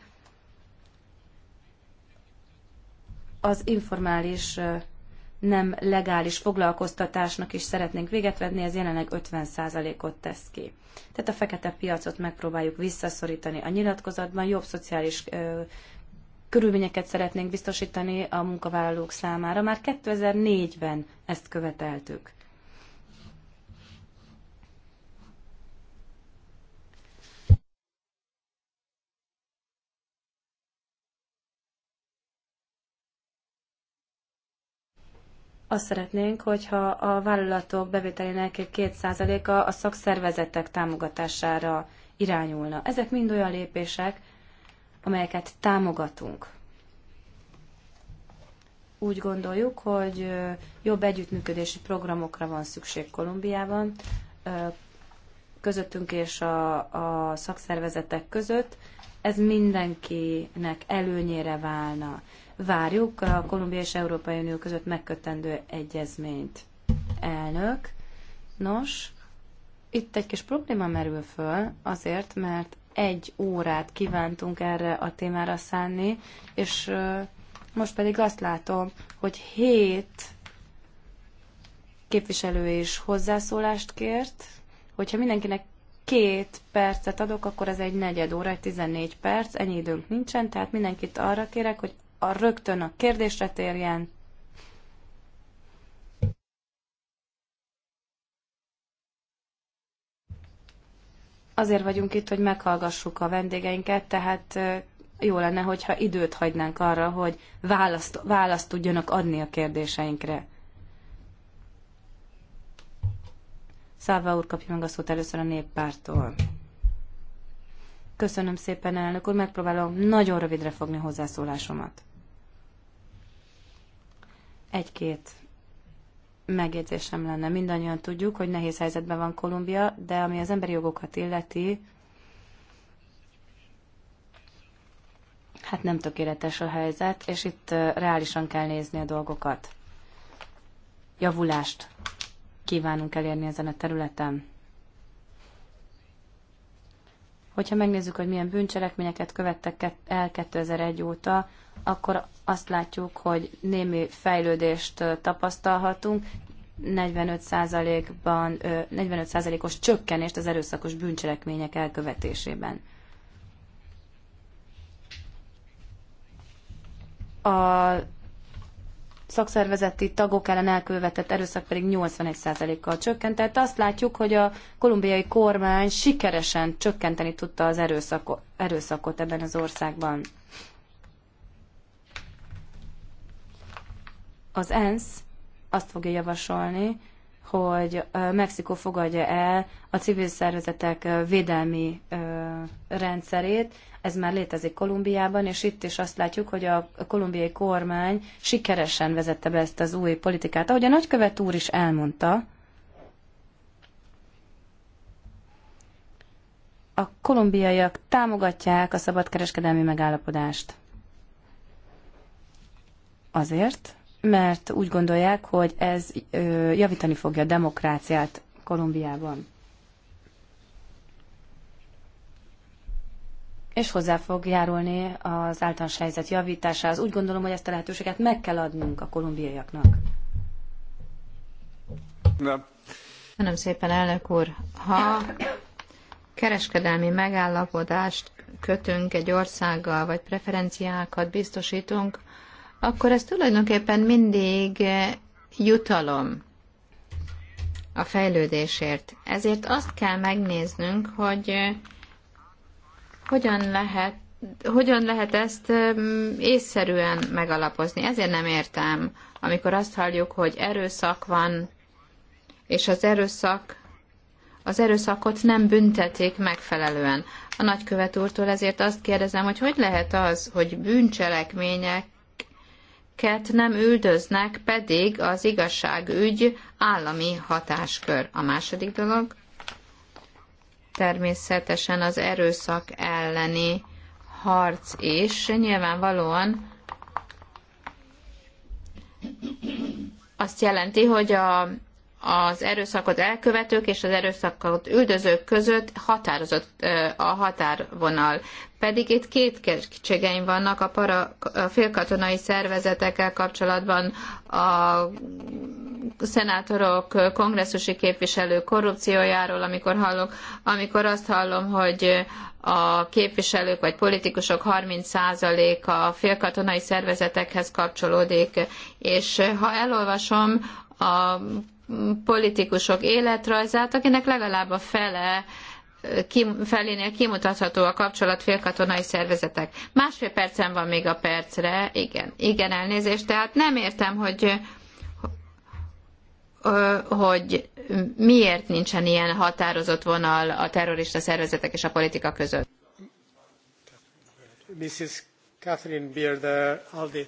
az informális eh, nem legális foglalkoztatásnak is szeretnénk véget vedni, ez jelenleg 50%-ot tesz ki. Tehát a fekete piacot megpróbáljuk visszaszorítani. A nyilatkozatban jobb szociális ö, körülményeket szeretnénk biztosítani a munkavállalók számára. Már 2004-ben ezt követeltük. Azt szeretnénk, hogyha a vállalatok bevételének két százaléka a szakszervezetek támogatására irányulna. Ezek mind olyan lépések, amelyeket támogatunk. Úgy gondoljuk, hogy jobb együttműködési programokra van szükség Kolumbiában, közöttünk és a, a szakszervezetek között. Ez mindenkinek előnyére válna várjuk a Kolumbia és Európai Unió között megkötendő egyezményt. Elnök, nos, itt egy kis probléma merül föl, azért, mert egy órát kívántunk erre a témára szánni, és most pedig azt látom, hogy hét képviselő is hozzászólást kért, hogyha mindenkinek két percet adok, akkor ez egy negyed óra, egy 14 perc, ennyi időnk nincsen, tehát mindenkit arra kérek, hogy a rögtön a kérdésre térjen. Azért vagyunk itt, hogy meghallgassuk a vendégeinket, tehát jó lenne, hogyha időt hagynánk arra, hogy választ, választ tudjanak adni a kérdéseinkre. Szává úr kapja meg a szót először a néppártól. Köszönöm szépen, elnök úr, megpróbálom nagyon rövidre fogni hozzászólásomat. Egy-két megjegyzésem lenne. Mindannyian tudjuk, hogy nehéz helyzetben van Kolumbia, de ami az emberi jogokat illeti, hát nem tökéletes a helyzet, és itt reálisan kell nézni a dolgokat. Javulást kívánunk elérni ezen a területen. Hogyha megnézzük, hogy milyen bűncselekményeket követtek el 2001 óta, akkor azt látjuk, hogy némi fejlődést tapasztalhatunk, 45%-ban, 45%-os csökkenést az erőszakos bűncselekmények elkövetésében. A szakszervezeti tagok ellen elkövetett erőszak pedig 81%-kal csökkent. Tehát azt látjuk, hogy a kolumbiai kormány sikeresen csökkenteni tudta az erőszakot, erőszakot ebben az országban. Az ENSZ azt fogja javasolni, hogy Mexikó fogadja el a civil szervezetek védelmi rendszerét. Ez már létezik Kolumbiában, és itt is azt látjuk, hogy a kolumbiai kormány sikeresen vezette be ezt az új politikát. Ahogy a nagykövet úr is elmondta, a kolumbiaiak támogatják a szabadkereskedelmi megállapodást. Azért, mert úgy gondolják, hogy ez javítani fogja a demokráciát Kolumbiában. És hozzá fog járulni az általános helyzet javításához. Úgy gondolom, hogy ezt a lehetőséget meg kell adnunk a kolumbiaiaknak. Nem. Köszönöm szépen, elnök úr. Ha kereskedelmi megállapodást kötünk egy országgal, vagy preferenciákat biztosítunk, akkor ez tulajdonképpen mindig eh, jutalom a fejlődésért. Ezért azt kell megnéznünk, hogy eh, hogyan lehet hogyan lehet ezt eh, észszerűen megalapozni. Ezért nem értem, amikor azt halljuk, hogy erőszak van, és az erőszak az erőszakot nem büntetik megfelelően. A nagykövet úrtól ezért azt kérdezem, hogy hogy lehet az, hogy bűncselekmények akiket nem üldöznek, pedig az igazságügy állami hatáskör. A második dolog természetesen az erőszak elleni harc is. Nyilvánvalóan azt jelenti, hogy a, az erőszakot elkövetők és az erőszakot üldözők között határozott a határvonal. Pedig itt két kétségeim vannak a, para, a félkatonai szervezetekkel kapcsolatban a szenátorok, kongresszusi képviselők korrupciójáról, amikor hallok, amikor azt hallom, hogy a képviselők vagy politikusok 30%-a félkatonai szervezetekhez kapcsolódik, és ha elolvasom a politikusok életrajzát, akinek legalább a fele kim, felénél kimutatható a kapcsolat félkatonai szervezetek. Másfél percen van még a percre, igen, igen, elnézést, tehát nem értem, hogy hogy miért nincsen ilyen határozott vonal a terrorista szervezetek és a politika között. Mrs. Catherine Beard, Aldi.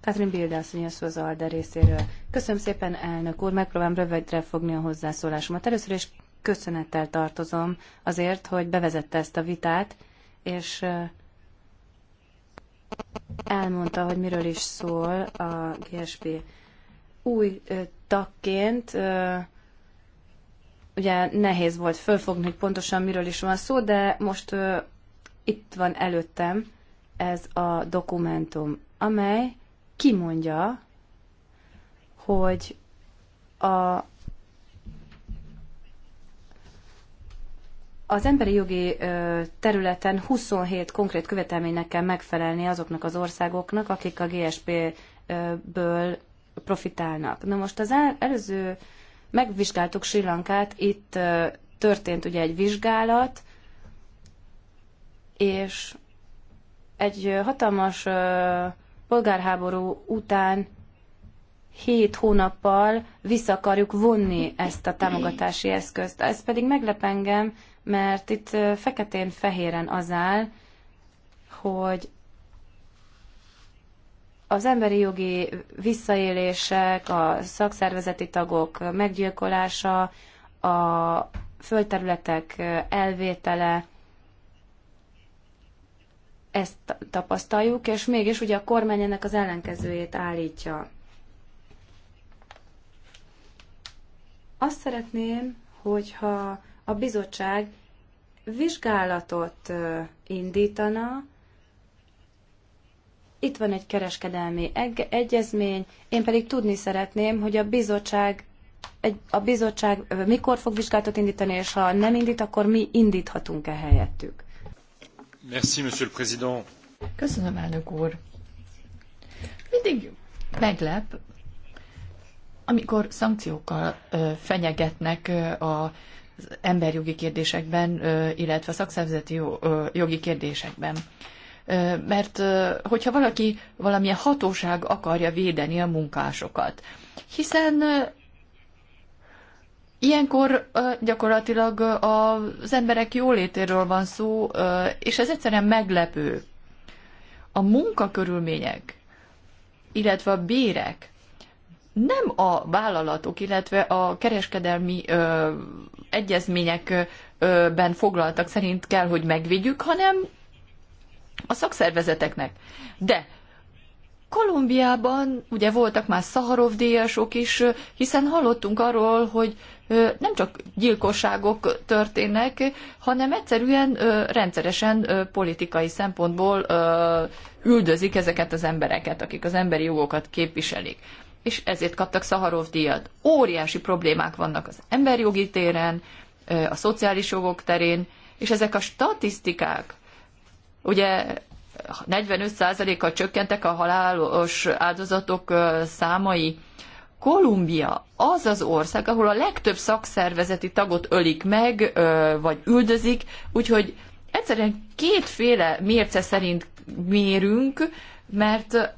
Katrin asszony, a szó az ALDE részéről. Köszönöm szépen, elnök úr, megpróbálom rövidre fogni a hozzászólásomat. Először is köszönettel tartozom azért, hogy bevezette ezt a vitát, és elmondta, hogy miről is szól a GSP. Új tagként ugye nehéz volt fölfogni, hogy pontosan miről is van szó, de most itt van előttem ez a dokumentum, amely kimondja, hogy a Az emberi jogi területen 27 konkrét követelménynek kell megfelelni azoknak az országoknak, akik a GSP-ből profitálnak. Na most az előző megvizsgáltuk Sri Lankát, itt történt ugye egy vizsgálat, és egy hatalmas polgárháború után hét hónappal vissza akarjuk vonni ezt a támogatási eszközt. Ez pedig meglep engem, mert itt feketén-fehéren az áll, hogy az emberi jogi visszaélések, a szakszervezeti tagok meggyilkolása, a földterületek elvétele, ezt tapasztaljuk, és mégis ugye a kormány ennek az ellenkezőjét állítja. Azt szeretném, hogyha a bizottság vizsgálatot indítana, itt van egy kereskedelmi egyezmény, én pedig tudni szeretném, hogy a bizottság egy, a bizottság mikor fog vizsgálatot indítani, és ha nem indít, akkor mi indíthatunk-e helyettük? Merci, Monsieur le Président. Köszönöm, elnök úr. Mindig meglep, amikor szankciókkal fenyegetnek a emberi emberjogi kérdésekben, illetve a szakszervezeti jogi kérdésekben. Mert hogyha valaki valamilyen hatóság akarja védeni a munkásokat, hiszen Ilyenkor gyakorlatilag az emberek jólétéről van szó, és ez egyszerűen meglepő. A munkakörülmények, illetve a bérek nem a vállalatok, illetve a kereskedelmi ö, egyezményekben foglaltak szerint kell, hogy megvédjük, hanem a szakszervezeteknek. De Kolumbiában ugye voltak már Szaharov díjasok is, hiszen hallottunk arról, hogy nem csak gyilkosságok történnek, hanem egyszerűen rendszeresen politikai szempontból üldözik ezeket az embereket, akik az emberi jogokat képviselik. És ezért kaptak Szaharov díjat. Óriási problémák vannak az emberjogi téren, a szociális jogok terén, és ezek a statisztikák, ugye 45%-kal csökkentek a halálos áldozatok számai. Kolumbia az az ország, ahol a legtöbb szakszervezeti tagot ölik meg, vagy üldözik, úgyhogy egyszerűen kétféle mérce szerint mérünk, mert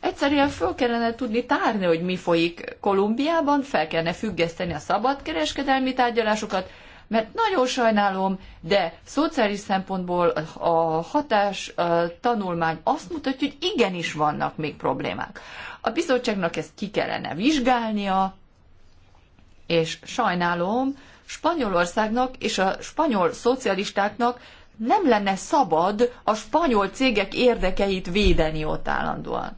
egyszerűen föl kellene tudni tárni, hogy mi folyik Kolumbiában, fel kellene függeszteni a szabadkereskedelmi tárgyalásokat, mert nagyon sajnálom, de szociális szempontból a hatás a tanulmány azt mutatja, hogy igenis vannak még problémák. A bizottságnak ezt ki kellene vizsgálnia, és sajnálom, Spanyolországnak és a spanyol szocialistáknak nem lenne szabad a spanyol cégek érdekeit védeni ott állandóan.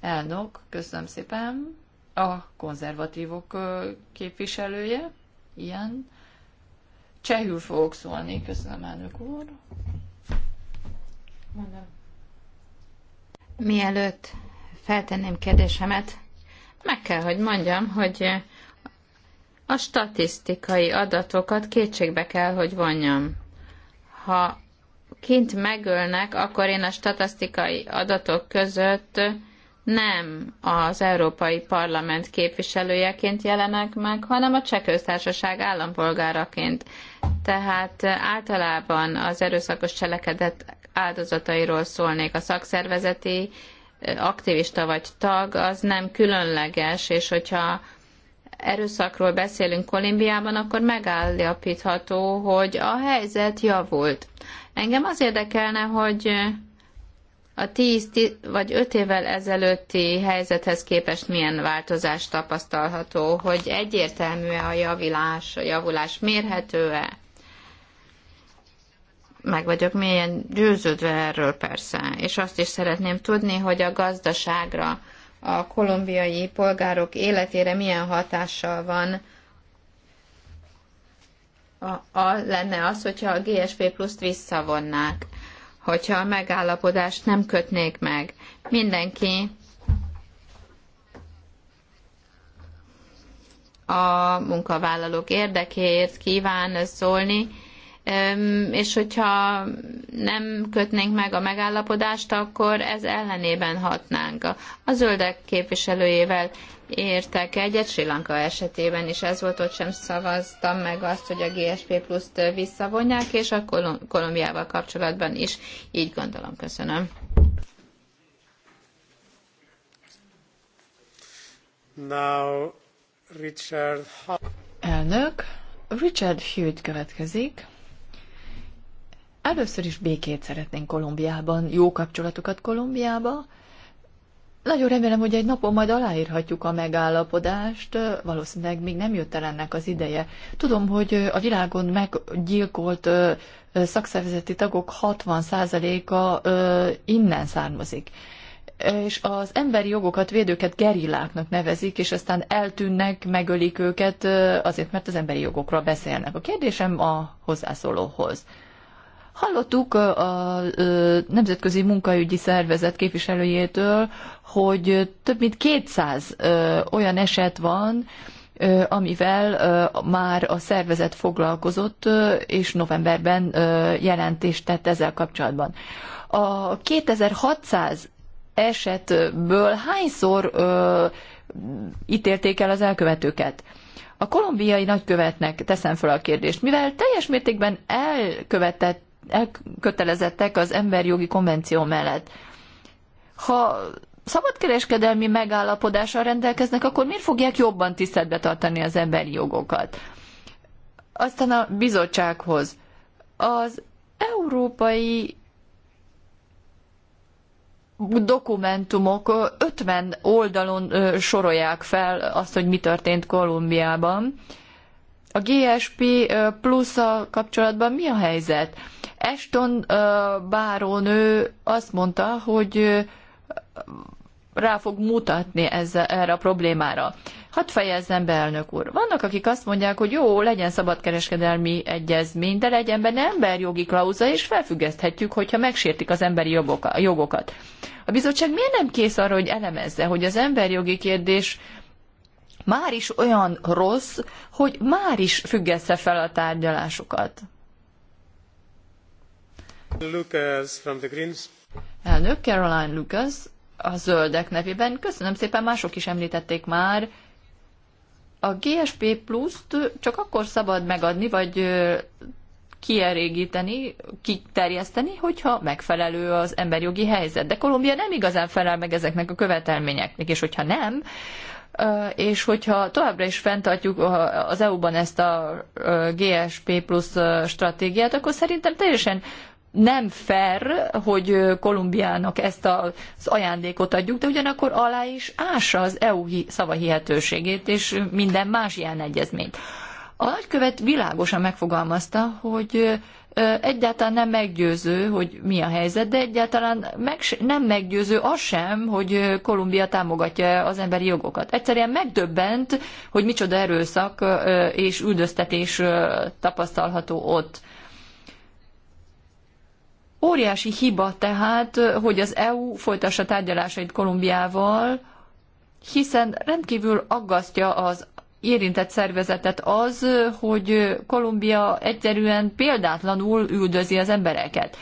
Elnök, köszönöm szépen. A konzervatívok képviselője ilyen. Csehül fogok szólni, köszönöm elnök úr. Mondom. Mielőtt feltenném kérdésemet, meg kell, hogy mondjam, hogy a statisztikai adatokat kétségbe kell, hogy vonjam. Ha kint megölnek, akkor én a statisztikai adatok között nem az Európai Parlament képviselőjeként jelenek meg, hanem a Cseh Köztársaság állampolgáraként. Tehát általában az erőszakos cselekedet áldozatairól szólnék. A szakszervezeti aktivista vagy tag, az nem különleges, és hogyha erőszakról beszélünk Kolumbiában, akkor megállapítható, hogy a helyzet javult. Engem az érdekelne, hogy a 10, vagy 5 évvel ezelőtti helyzethez képest milyen változás tapasztalható, hogy egyértelmű-e a javulás, a javulás mérhető-e? Meg vagyok mélyen győződve erről persze, és azt is szeretném tudni, hogy a gazdaságra, a kolumbiai polgárok életére milyen hatással van a, a, lenne az, hogyha a GSP pluszt visszavonnák hogyha a megállapodást nem kötnék meg. Mindenki a munkavállalók érdekéért kíván szólni, és hogyha nem kötnénk meg a megállapodást, akkor ez ellenében hatnánk. A zöldek képviselőjével értek egyet, Sri Lanka esetében is ez volt, ott sem szavaztam meg azt, hogy a GSP pluszt visszavonják, és a Kolumbiával kapcsolatban is így gondolom. Köszönöm. Now, Richard... Elnök, Richard Hughes következik. Először is békét szeretnénk Kolumbiában, jó kapcsolatokat Kolumbiába, nagyon remélem, hogy egy napon majd aláírhatjuk a megállapodást, valószínűleg még nem jött el ennek az ideje. Tudom, hogy a világon meggyilkolt szakszervezeti tagok 60%-a innen származik és az emberi jogokat védőket gerilláknak nevezik, és aztán eltűnnek, megölik őket azért, mert az emberi jogokra beszélnek. A kérdésem a hozzászólóhoz. Hallottuk a Nemzetközi Munkaügyi Szervezet képviselőjétől, hogy több mint 200 olyan eset van, amivel már a szervezet foglalkozott, és novemberben jelentést tett ezzel kapcsolatban. A 2600 esetből hányszor ítélték el az elkövetőket? A kolumbiai nagykövetnek teszem fel a kérdést, mivel teljes mértékben elkövetett, elkötelezettek az emberjogi konvenció mellett. Ha szabadkereskedelmi megállapodással rendelkeznek, akkor miért fogják jobban tiszteletbe tartani az emberi jogokat? Aztán a bizottsághoz. Az európai dokumentumok 50 oldalon sorolják fel azt, hogy mi történt Kolumbiában. A GSP plusz kapcsolatban mi a helyzet? Eston bárónő azt mondta, hogy rá fog mutatni ez erre a problémára. Hadd fejezzem be, elnök úr. Vannak, akik azt mondják, hogy jó, legyen szabadkereskedelmi egyezmény, de legyen benne emberjogi klauza, és felfüggeszthetjük, hogyha megsértik az emberi jogokat. A bizottság miért nem kész arra, hogy elemezze, hogy az emberjogi kérdés már is olyan rossz, hogy már is függesse fel a tárgyalásokat? Lucas from the Greens. Elnök Caroline Lucas a zöldek nevében. Köszönöm szépen, mások is említették már. A GSP pluszt csak akkor szabad megadni, vagy kierégíteni, kiterjeszteni, hogyha megfelelő az emberjogi helyzet. De Kolumbia nem igazán felel meg ezeknek a követelményeknek, és hogyha nem, és hogyha továbbra is fenntartjuk az EU-ban ezt a GSP plusz stratégiát, akkor szerintem teljesen nem fair, hogy Kolumbiának ezt az ajándékot adjuk, de ugyanakkor alá is ássa az EU szavahihetőségét és minden más ilyen egyezményt. A nagykövet világosan megfogalmazta, hogy egyáltalán nem meggyőző, hogy mi a helyzet, de egyáltalán meg, nem meggyőző az sem, hogy Kolumbia támogatja az emberi jogokat. Egyszerűen megdöbbent, hogy micsoda erőszak és üldöztetés tapasztalható ott. Óriási hiba tehát, hogy az EU folytassa tárgyalásait Kolumbiával, hiszen rendkívül aggasztja az érintett szervezetet az, hogy Kolumbia egyszerűen példátlanul üldözi az embereket.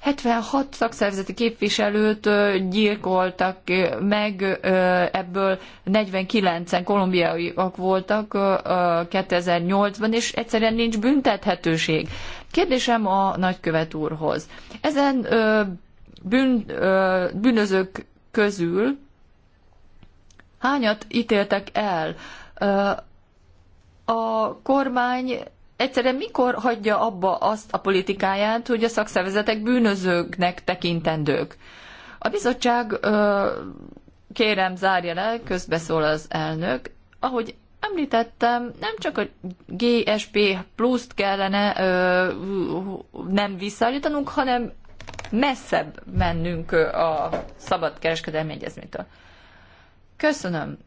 76 szakszervezeti képviselőt gyilkoltak meg, ebből 49-en kolumbiaiak voltak 2008-ban, és egyszerűen nincs büntethetőség. Kérdésem a nagykövet úrhoz. Ezen ö, bűn, ö, bűnözők közül hányat ítéltek el? Ö, a kormány egyszerűen mikor hagyja abba azt a politikáját, hogy a szakszervezetek bűnözőknek tekintendők? A bizottság, kérem zárja le, közbeszól az elnök, ahogy említettem, nem csak a GSP pluszt kellene ö, nem visszaállítanunk, hanem messzebb mennünk a szabad kereskedelmi egyezménytől. Köszönöm.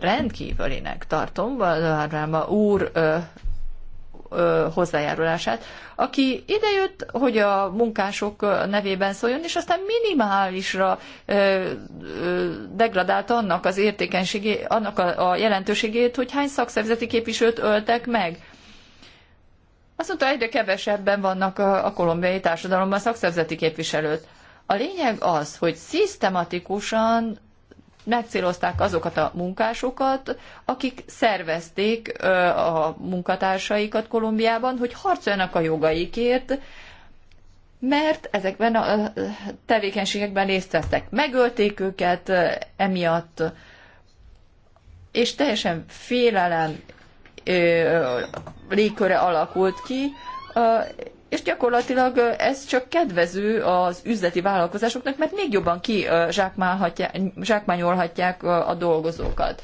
Rendkívülinek tartom Valdárváma úr ö, hozzájárulását, aki idejött, hogy a munkások nevében szóljon, és aztán minimálisra degradált annak az értékenységét, annak a, a jelentőségét, hogy hány szakszervezeti képviselőt öltek meg. Azt mondta, egyre kevesebben vannak a, a kolumbiai társadalomban szakszervezeti képviselőt. A lényeg az, hogy szisztematikusan megcélozták azokat a munkásokat, akik szervezték a munkatársaikat Kolumbiában, hogy harcoljanak a jogaikért, mert ezekben a tevékenységekben részt vesztek. Megölték őket emiatt, és teljesen félelem légköre alakult ki, és gyakorlatilag ez csak kedvező az üzleti vállalkozásoknak, mert még jobban ki zsákmányolhatják a dolgozókat.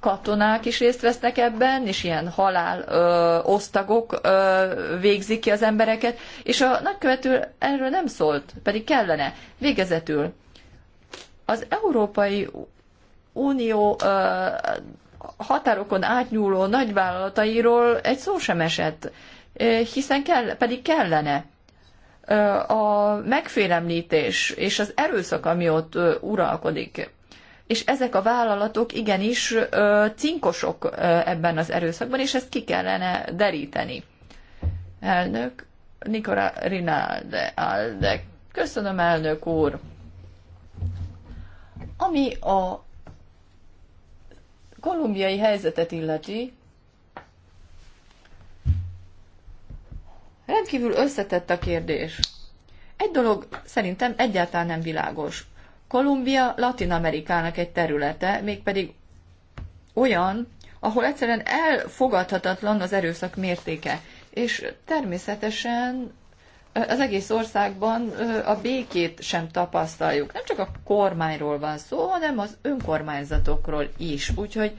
Katonák is részt vesznek ebben, és ilyen halál ö, osztagok ö, végzik ki az embereket, és a nagykövető erről nem szólt, pedig kellene. Végezetül az Európai Unió ö, határokon átnyúló nagyvállalatairól egy szó sem esett hiszen kell, pedig kellene. A megfélemlítés és az erőszak, ami ott uralkodik, és ezek a vállalatok igenis cinkosok ebben az erőszakban, és ezt ki kellene deríteni. Elnök Nikola Rinalde Alde. Köszönöm, elnök úr. Ami a kolumbiai helyzetet illeti, Rendkívül összetett a kérdés. Egy dolog szerintem egyáltalán nem világos. Kolumbia Latin Amerikának egy területe, mégpedig olyan, ahol egyszerűen elfogadhatatlan az erőszak mértéke. És természetesen az egész országban a békét sem tapasztaljuk. Nem csak a kormányról van szó, hanem az önkormányzatokról is. Úgyhogy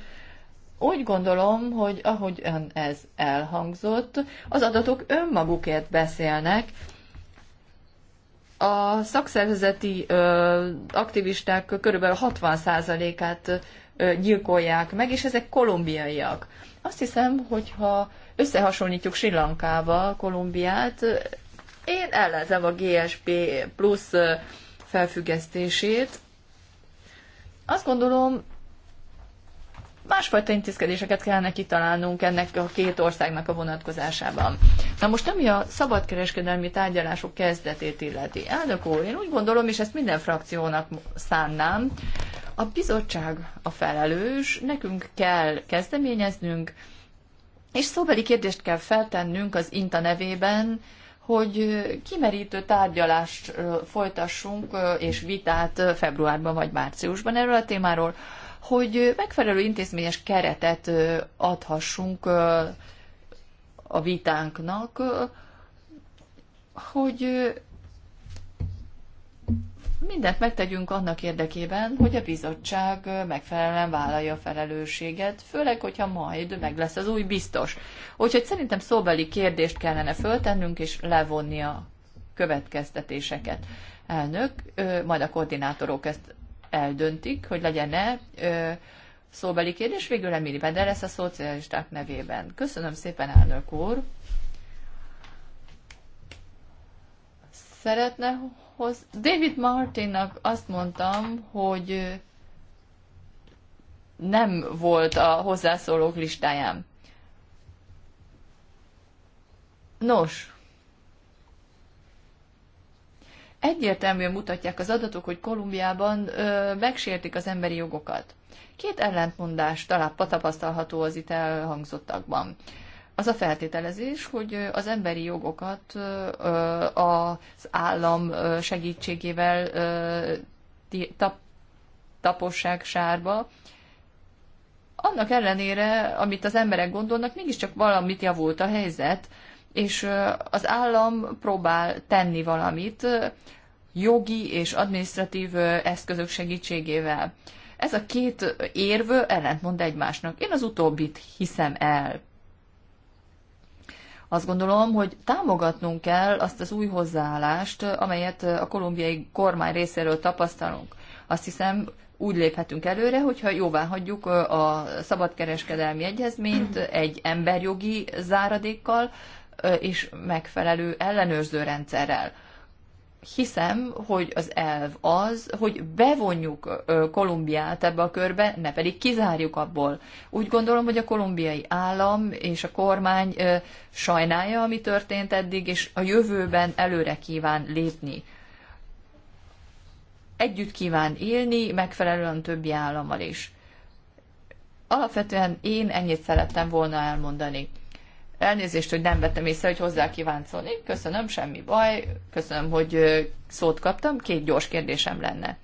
úgy gondolom, hogy ahogy ön ez elhangzott, az adatok önmagukért beszélnek. A szakszervezeti ö, aktivisták körülbelül 60%-át gyilkolják meg, és ezek kolumbiaiak. Azt hiszem, hogyha összehasonlítjuk Sri Lankával Kolumbiát, én ellenzem a GSP plusz felfüggesztését. Azt gondolom, másfajta intézkedéseket kellene kitalálnunk ennek a két országnak a vonatkozásában. Na most ami a szabadkereskedelmi tárgyalások kezdetét illeti. Elnök úr, én úgy gondolom, és ezt minden frakciónak szánnám, a bizottság a felelős, nekünk kell kezdeményeznünk, és szóbeli kérdést kell feltennünk az INTA nevében, hogy kimerítő tárgyalást folytassunk és vitát februárban vagy márciusban erről a témáról, hogy megfelelő intézményes keretet adhassunk a vitánknak, hogy mindent megtegyünk annak érdekében, hogy a bizottság megfelelően vállalja a felelősséget, főleg, hogyha majd meg lesz az új biztos. Úgyhogy szerintem szóbeli kérdést kellene föltennünk és levonni a következtetéseket. Elnök, majd a koordinátorok ezt eldöntik, hogy legyen-e szóbeli kérdés. Végül Emili Bender lesz a szocialisták nevében. Köszönöm szépen, elnök úr! szeretne hoz. David Martinnak azt mondtam, hogy nem volt a hozzászólók listáján. Nos, egyértelműen mutatják az adatok, hogy Kolumbiában ö, megsértik az emberi jogokat. Két ellentmondás talán tapasztalható az itt elhangzottakban az a feltételezés, hogy az emberi jogokat az állam segítségével tapossák sárba, annak ellenére, amit az emberek gondolnak, mégiscsak valamit javult a helyzet, és az állam próbál tenni valamit jogi és administratív eszközök segítségével. Ez a két érv ellentmond egymásnak. Én az utóbbit hiszem el. Azt gondolom, hogy támogatnunk kell azt az új hozzáállást, amelyet a kolumbiai kormány részéről tapasztalunk. Azt hiszem, úgy léphetünk előre, hogyha jóvá hagyjuk a szabadkereskedelmi egyezményt egy emberjogi záradékkal és megfelelő ellenőrző rendszerrel hiszem, hogy az elv az, hogy bevonjuk Kolumbiát ebbe a körbe, ne pedig kizárjuk abból. Úgy gondolom, hogy a kolumbiai állam és a kormány sajnálja, ami történt eddig, és a jövőben előre kíván lépni. Együtt kíván élni, megfelelően többi állammal is. Alapvetően én ennyit szerettem volna elmondani. Elnézést, hogy nem vettem észre, hogy hozzá kívánt szólni. Köszönöm, semmi baj. Köszönöm, hogy szót kaptam. Két gyors kérdésem lenne.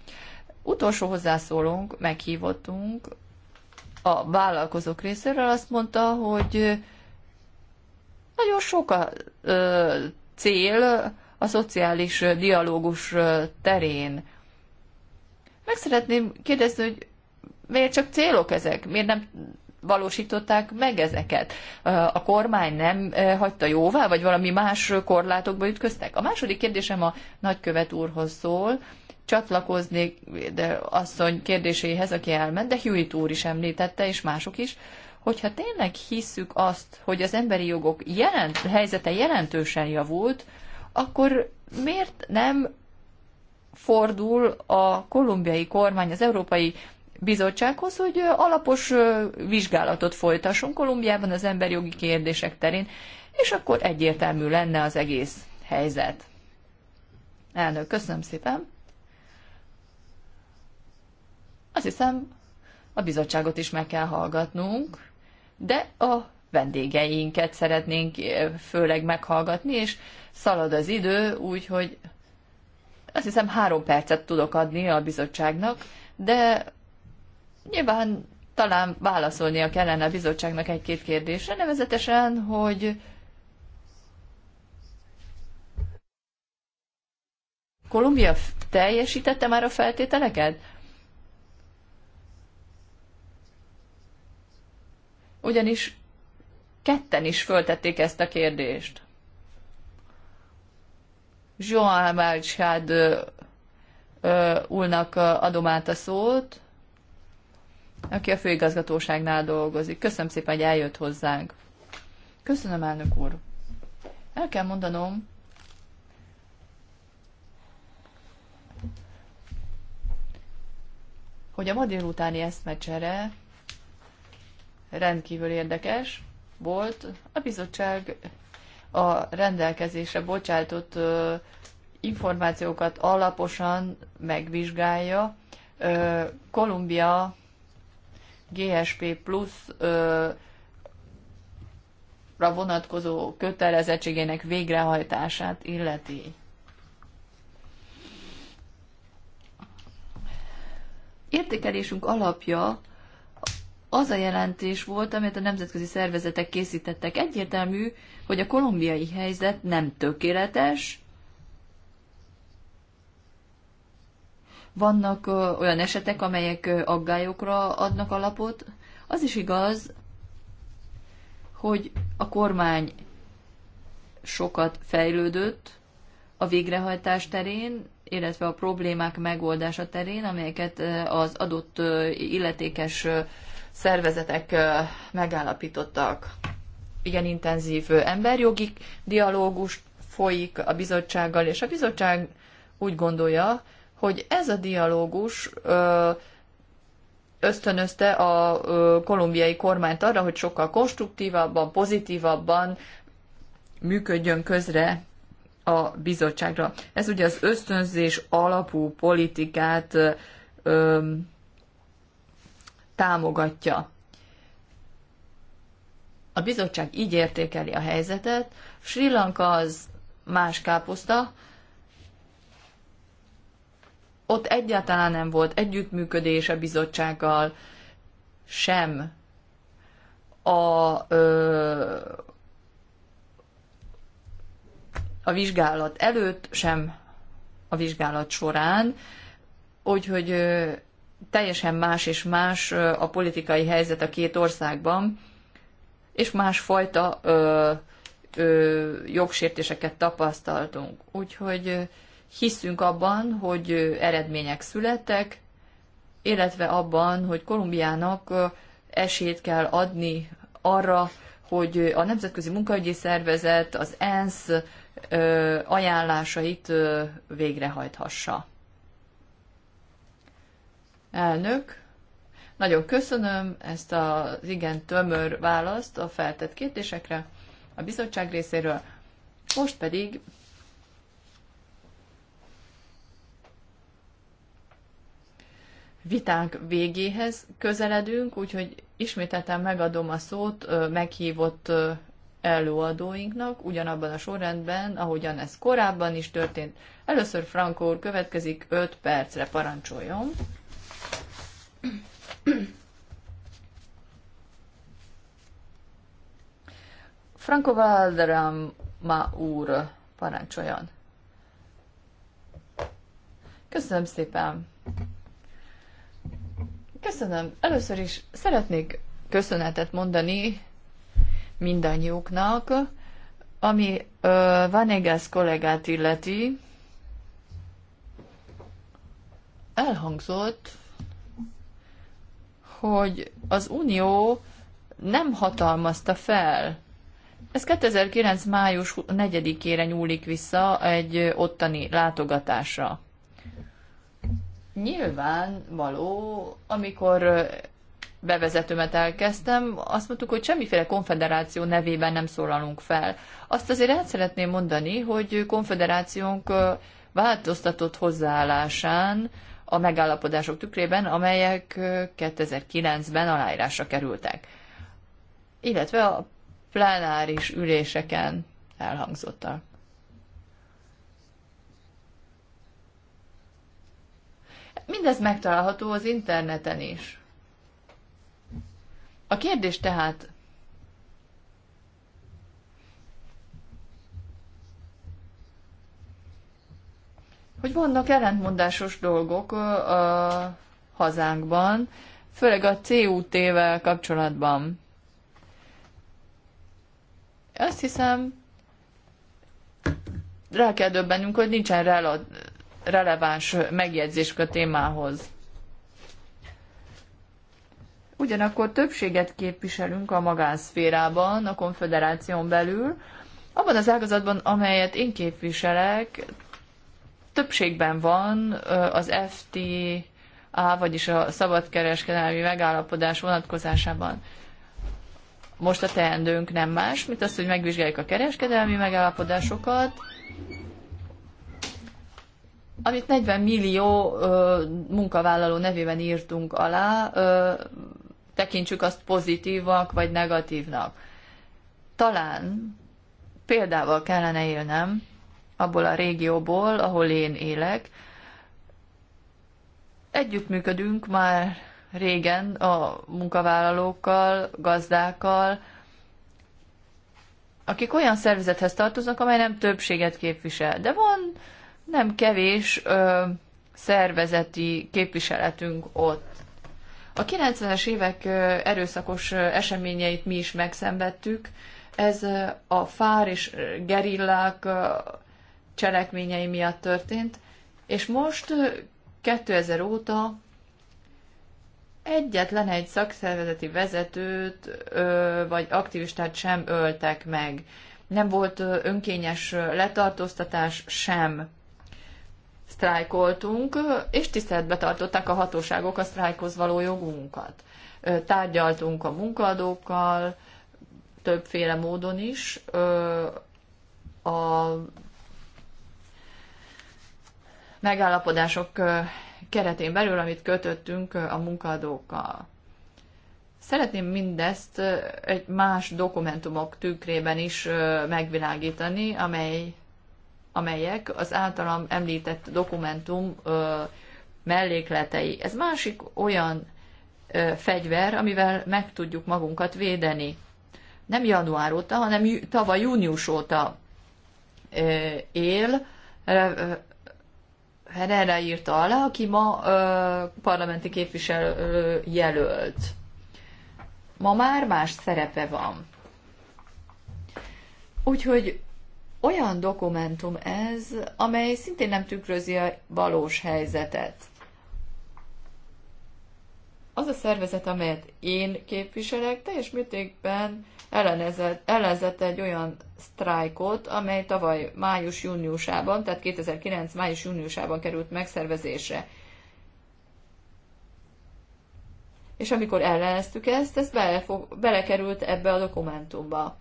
Utolsó hozzászólónk, meghívottunk a vállalkozók részéről, azt mondta, hogy nagyon sok a ö, cél a szociális dialógus terén. Meg szeretném kérdezni, hogy miért csak célok ezek? Miért nem valósították meg ezeket? A kormány nem hagyta jóvá, vagy valami más korlátokba ütköztek? A második kérdésem a nagykövet úrhoz szól. Csatlakoznék de asszony kérdéséhez, aki elment, de Hewitt úr is említette, és mások is, hogyha tényleg hisszük azt, hogy az emberi jogok jelent, helyzete jelentősen javult, akkor miért nem fordul a kolumbiai kormány az Európai bizottsághoz, hogy alapos vizsgálatot folytasson Kolumbiában az emberjogi kérdések terén, és akkor egyértelmű lenne az egész helyzet. Elnök, köszönöm szépen. Azt hiszem, a bizottságot is meg kell hallgatnunk, de a vendégeinket szeretnénk főleg meghallgatni, és szalad az idő, úgyhogy azt hiszem három percet tudok adni a bizottságnak, de Nyilván talán válaszolnia kellene a bizottságnak egy-két kérdésre, nevezetesen, hogy Kolumbia teljesítette már a feltételeket? Ugyanis ketten is föltették ezt a kérdést. Joan Melcsád úrnak adom át a szót aki a főigazgatóságnál dolgozik. Köszönöm szépen, hogy eljött hozzánk. Köszönöm, elnök úr. El kell mondanom, hogy a ma délutáni eszmecsere rendkívül érdekes volt. A bizottság a rendelkezésre bocsátott információkat alaposan megvizsgálja. Kolumbia GSP ra vonatkozó kötelezettségének végrehajtását illeti. Értékelésünk alapja az a jelentés volt, amit a nemzetközi szervezetek készítettek. Egyértelmű, hogy a kolumbiai helyzet nem tökéletes, Vannak olyan esetek, amelyek aggályokra adnak alapot. Az is igaz, hogy a kormány sokat fejlődött a végrehajtás terén, illetve a problémák megoldása terén, amelyeket az adott illetékes szervezetek megállapítottak. Igen, intenzív emberjogi dialógus folyik a bizottsággal, és a bizottság úgy gondolja, hogy ez a dialógus ösztönözte a kolumbiai kormányt arra, hogy sokkal konstruktívabban, pozitívabban működjön közre a bizottságra. Ez ugye az ösztönzés alapú politikát ö, támogatja. A bizottság így értékeli a helyzetet. Sri Lanka az más káposzta, ott egyáltalán nem volt együttműködés a bizottsággal, sem a, ö, a vizsgálat előtt, sem a vizsgálat során, úgyhogy ö, teljesen más és más ö, a politikai helyzet a két országban, és másfajta ö, ö, jogsértéseket tapasztaltunk. Úgyhogy ö, hiszünk abban, hogy eredmények születtek, illetve abban, hogy Kolumbiának esélyt kell adni arra, hogy a Nemzetközi Munkaügyi Szervezet, az ENSZ ajánlásait végrehajthassa. Elnök, nagyon köszönöm ezt az igen tömör választ a feltett kérdésekre a bizottság részéről. Most pedig vitánk végéhez közeledünk, úgyhogy ismételten megadom a szót meghívott előadóinknak, ugyanabban a sorrendben, ahogyan ez korábban is történt. Először Franco úr következik 5 percre, parancsoljon. Franco Valderrama úr, parancsoljon. Köszönöm szépen. Köszönöm. Először is szeretnék köszönetet mondani mindannyiuknak, ami uh, Vanegas kollégát illeti, elhangzott, hogy az Unió nem hatalmazta fel. Ez 2009. május 4-ére nyúlik vissza egy ottani látogatásra nyilván való, amikor bevezetőmet elkezdtem, azt mondtuk, hogy semmiféle konfederáció nevében nem szólalunk fel. Azt azért el szeretném mondani, hogy konfederációnk változtatott hozzáállásán a megállapodások tükrében, amelyek 2009-ben aláírásra kerültek. Illetve a plenáris üléseken elhangzottak. Mindez megtalálható az interneten is. A kérdés tehát, hogy vannak ellentmondásos dolgok a hazánkban, főleg a CUT-vel kapcsolatban. Azt hiszem, rá kell döbbennünk, hogy nincsen releváns megjegyzésük a témához. Ugyanakkor többséget képviselünk a magánszférában, a konfederáción belül. Abban az ágazatban, amelyet én képviselek, többségben van az FTA, vagyis a szabadkereskedelmi megállapodás vonatkozásában. Most a teendőnk nem más, mint az, hogy megvizsgáljuk a kereskedelmi megállapodásokat, amit 40 millió ö, munkavállaló nevében írtunk alá, ö, tekintsük azt pozitívnak vagy negatívnak. Talán példával kellene élnem abból a régióból, ahol én élek. Együttműködünk már régen a munkavállalókkal, gazdákkal, akik olyan szervezethez tartoznak, amely nem többséget képvisel. De van nem kevés ö, szervezeti képviseletünk ott. A 90-es évek erőszakos eseményeit mi is megszenvedtük. Ez a fár és gerillák cselekményei miatt történt, és most 2000 óta egyetlen egy szakszervezeti vezetőt vagy aktivistát sem öltek meg. Nem volt önkényes letartóztatás sem sztrájkoltunk, és tiszteletbe tartották a hatóságok a sztrájkhoz való jogunkat. Tárgyaltunk a munkadókkal, többféle módon is. A megállapodások keretén belül, amit kötöttünk a munkadókkal. Szeretném mindezt egy más dokumentumok tükrében is megvilágítani, amely amelyek az általam említett dokumentum mellékletei. Ez másik olyan fegyver, amivel meg tudjuk magunkat védeni. Nem január óta, hanem tavaly június óta él. Herrera írta alá, aki ma parlamenti képviselő jelölt. Ma már más szerepe van. Úgyhogy olyan dokumentum ez, amely szintén nem tükrözi a valós helyzetet. Az a szervezet, amelyet én képviselek, teljes mértékben ellenezett, ellenezett egy olyan sztrájkot, amely tavaly május-júniusában, tehát 2009 május-júniusában került megszervezésre. És amikor elleneztük ezt, ez belekerült ebbe a dokumentumba.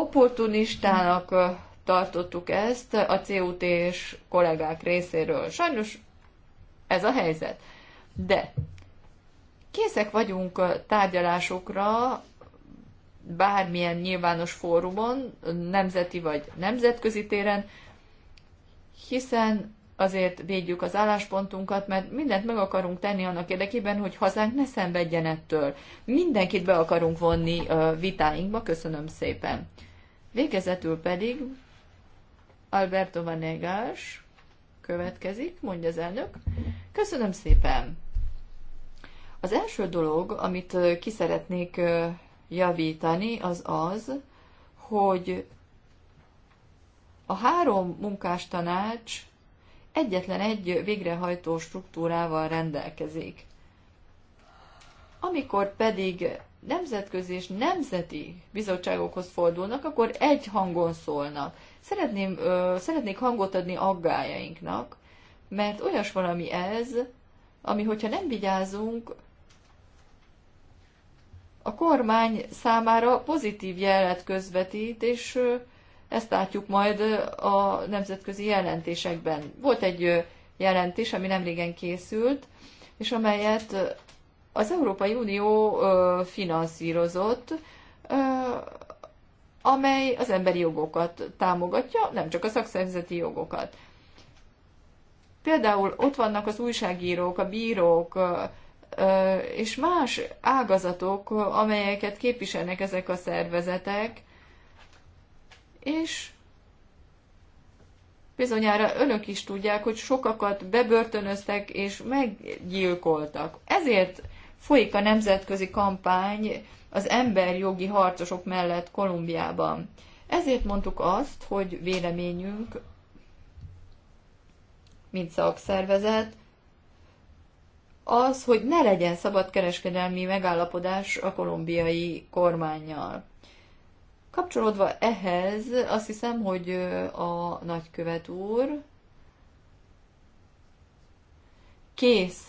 opportunistának tartottuk ezt a CUT és kollégák részéről. Sajnos ez a helyzet. De készek vagyunk tárgyalásokra bármilyen nyilvános fórumon, nemzeti vagy nemzetközi téren, hiszen azért védjük az álláspontunkat, mert mindent meg akarunk tenni annak érdekében, hogy hazánk ne szenvedjen ettől. Mindenkit be akarunk vonni vitáinkba. Köszönöm szépen. Végezetül pedig Alberto Vanegas következik, mondja az elnök. Köszönöm szépen! Az első dolog, amit ki szeretnék javítani, az az, hogy a három munkástanács egyetlen egy végrehajtó struktúrával rendelkezik. Amikor pedig nemzetközi és nemzeti bizottságokhoz fordulnak, akkor egy hangon szólnak. Szeretném, ö, szeretnék hangot adni aggájainknak, mert olyas valami ez, ami hogyha nem vigyázunk, a kormány számára pozitív jelet közvetít, és ö, ezt látjuk majd a nemzetközi jelentésekben. Volt egy jelentés, ami nemrégen készült, és amelyet az Európai Unió finanszírozott, amely az emberi jogokat támogatja, nem csak a szakszervezeti jogokat. Például ott vannak az újságírók, a bírók, és más ágazatok, amelyeket képviselnek ezek a szervezetek, és bizonyára önök is tudják, hogy sokakat bebörtönöztek és meggyilkoltak. Ezért Folyik a nemzetközi kampány az emberjogi harcosok mellett Kolumbiában. Ezért mondtuk azt, hogy véleményünk, mint szakszervezet, az, hogy ne legyen szabadkereskedelmi megállapodás a kolumbiai kormányjal. Kapcsolódva ehhez, azt hiszem, hogy a nagykövet úr kész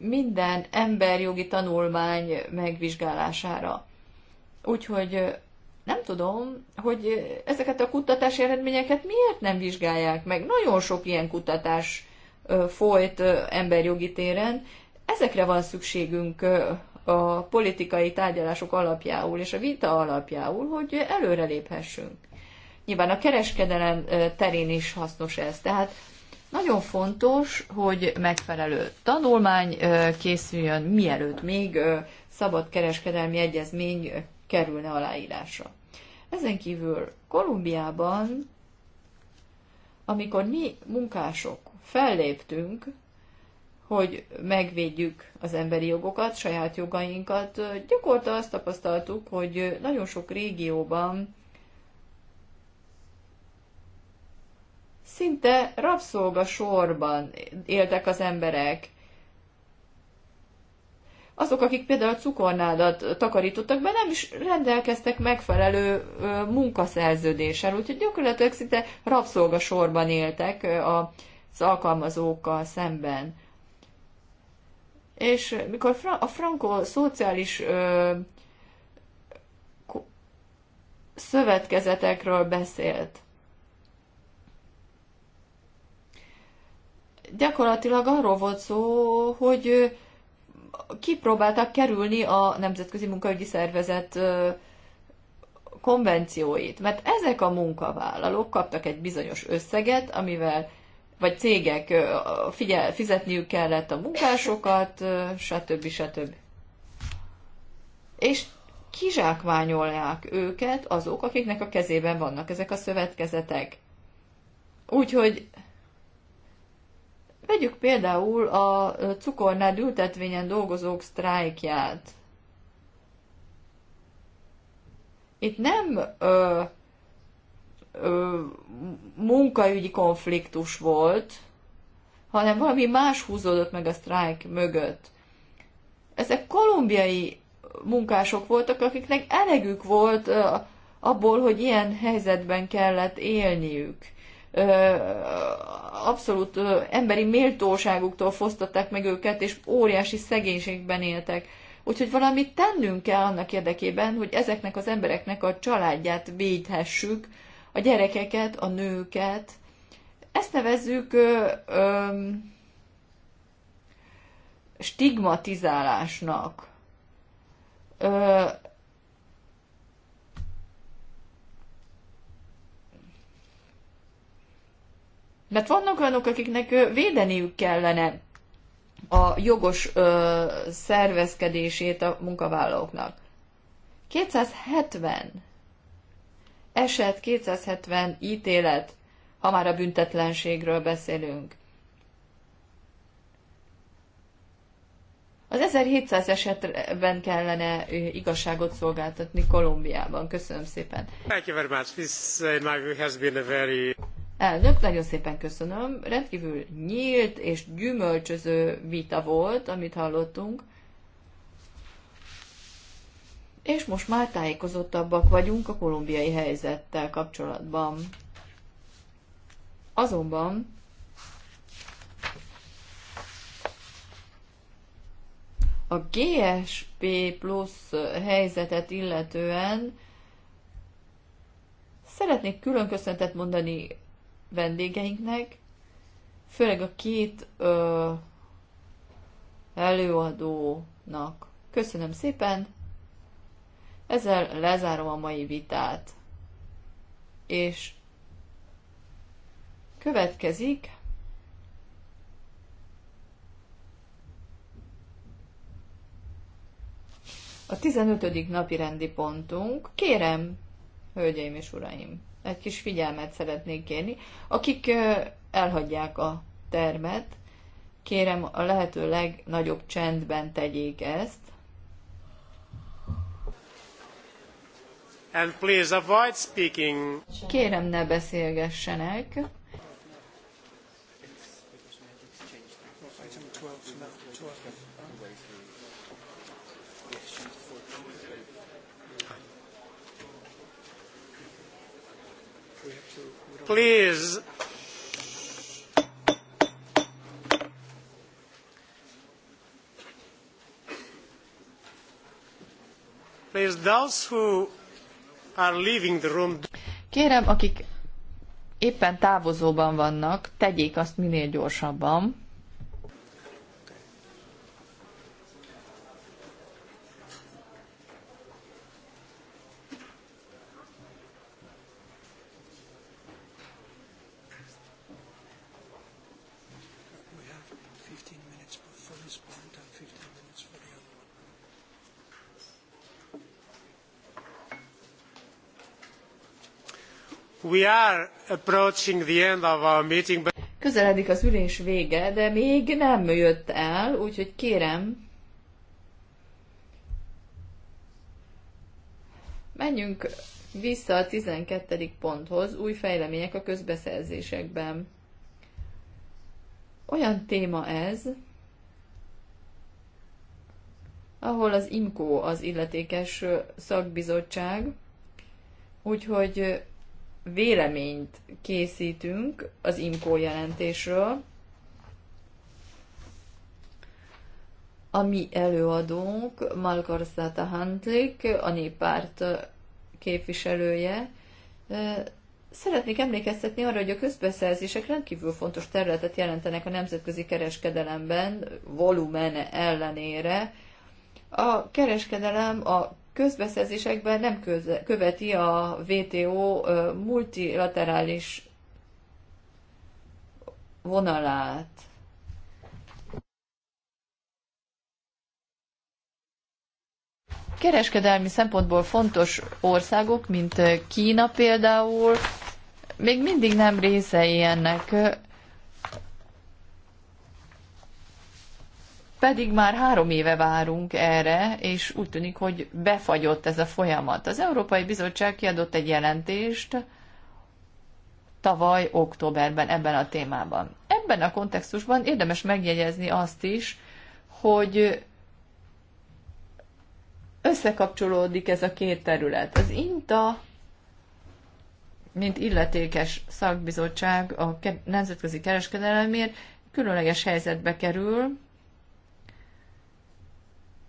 minden emberjogi tanulmány megvizsgálására. Úgyhogy nem tudom, hogy ezeket a kutatási eredményeket miért nem vizsgálják meg. Nagyon sok ilyen kutatás folyt emberjogi téren. Ezekre van szükségünk a politikai tárgyalások alapjául és a vita alapjául, hogy előreléphessünk. Nyilván a kereskedelem terén is hasznos ez. Tehát nagyon fontos, hogy megfelelő tanulmány készüljön, mielőtt még szabad kereskedelmi egyezmény kerülne aláírásra. Ezen kívül Kolumbiában, amikor mi munkások felléptünk, hogy megvédjük az emberi jogokat, saját jogainkat, gyakorta azt tapasztaltuk, hogy nagyon sok régióban szinte rabszolga sorban éltek az emberek. Azok, akik például cukornádat takarítottak be, nem is rendelkeztek megfelelő munkaszerződéssel, úgyhogy gyakorlatilag szinte rabszolga sorban éltek az alkalmazókkal szemben. És mikor a franco szociális szövetkezetekről beszélt, gyakorlatilag arról volt szó, hogy kipróbáltak kerülni a Nemzetközi Munkaügyi Szervezet konvencióit, mert ezek a munkavállalók kaptak egy bizonyos összeget, amivel vagy cégek figyel, fizetniük kellett a munkásokat, stb. stb. És kizsákmányolják őket azok, akiknek a kezében vannak ezek a szövetkezetek. Úgyhogy Vegyük például a cukornád ültetvényen dolgozók sztrájkját. Itt nem ö, ö, munkaügyi konfliktus volt, hanem valami más húzódott meg a sztrájk mögött. Ezek kolumbiai munkások voltak, akiknek elegük volt abból, hogy ilyen helyzetben kellett élniük abszolút emberi méltóságuktól fosztották meg őket, és óriási szegénységben éltek. Úgyhogy valamit tennünk kell annak érdekében, hogy ezeknek az embereknek a családját védhessük, a gyerekeket, a nőket. Ezt nevezzük ö, ö, stigmatizálásnak. Ö, Mert vannak olyanok, akiknek védeniük kellene a jogos ö, szervezkedését a munkavállalóknak. 270 eset, 270 ítélet, ha már a büntetlenségről beszélünk. Az 1700 esetben kellene igazságot szolgáltatni Kolumbiában. Köszönöm szépen. Uh, Elnök, nagyon szépen köszönöm. Rendkívül nyílt és gyümölcsöző vita volt, amit hallottunk. És most már tájékozottabbak vagyunk a kolumbiai helyzettel kapcsolatban. Azonban a GSP plusz helyzetet illetően szeretnék külön köszöntet mondani vendégeinknek, főleg a két ö, előadónak. Köszönöm szépen, ezzel lezárom a mai vitát, és következik a 15. napi rendi pontunk. Kérem, hölgyeim és uraim! egy kis figyelmet szeretnék kérni. Akik elhagyják a termet, kérem a lehető legnagyobb csendben tegyék ezt. And please avoid speaking. Kérem ne beszélgessenek. please. Please, those who are leaving the room. Kérem, akik éppen távozóban vannak, tegyék azt minél gyorsabban. Közeledik az ülés vége, de még nem jött el, úgyhogy kérem, menjünk vissza a 12. ponthoz, új fejlemények a közbeszerzésekben. Olyan téma ez, ahol az IMCO az illetékes szakbizottság, úgyhogy véleményt készítünk az IMCO jelentésről. A mi előadónk Malkor Szata Hantlik, a néppárt képviselője. Szeretnék emlékeztetni arra, hogy a közbeszerzések rendkívül fontos területet jelentenek a nemzetközi kereskedelemben, volumene ellenére. A kereskedelem a közbeszerzésekben nem követi a WTO multilaterális vonalát. Kereskedelmi szempontból fontos országok, mint Kína például, még mindig nem részei ennek pedig már három éve várunk erre, és úgy tűnik, hogy befagyott ez a folyamat. Az Európai Bizottság kiadott egy jelentést tavaly októberben ebben a témában. Ebben a kontextusban érdemes megjegyezni azt is, hogy összekapcsolódik ez a két terület. Az INTA, mint illetékes szakbizottság a nemzetközi kereskedelemért különleges helyzetbe kerül,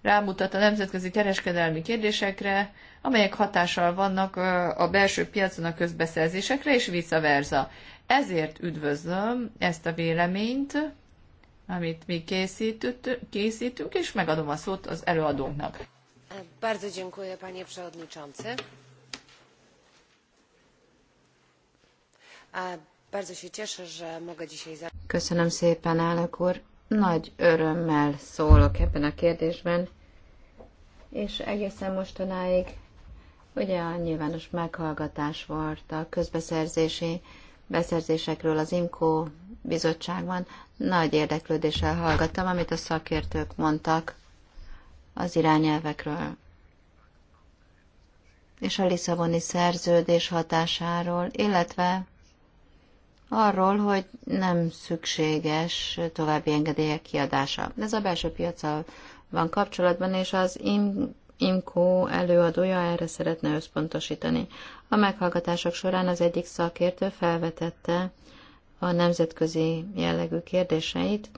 rámutat a nemzetközi kereskedelmi kérdésekre, amelyek hatással vannak a belső piacon a közbeszerzésekre, és vice versa. Ezért üdvözlöm ezt a véleményt, amit mi készítünk, és megadom a szót az előadónknak. Bardzo dziękuję, panie przewodniczący. Bardzo się cieszę, że mogę dzisiaj... Köszönöm szépen, elnök úr nagy örömmel szólok ebben a kérdésben, és egészen mostanáig ugye a nyilvános meghallgatás volt a közbeszerzési beszerzésekről az IMCO bizottságban. Nagy érdeklődéssel hallgattam, amit a szakértők mondtak az irányelvekről és a Lisszaboni szerződés hatásáról, illetve arról, hogy nem szükséges további engedélyek kiadása. Ez a belső piacsal van kapcsolatban, és az IM IMCO előadója erre szeretne összpontosítani. A meghallgatások során az egyik szakértő felvetette a nemzetközi jellegű kérdéseit,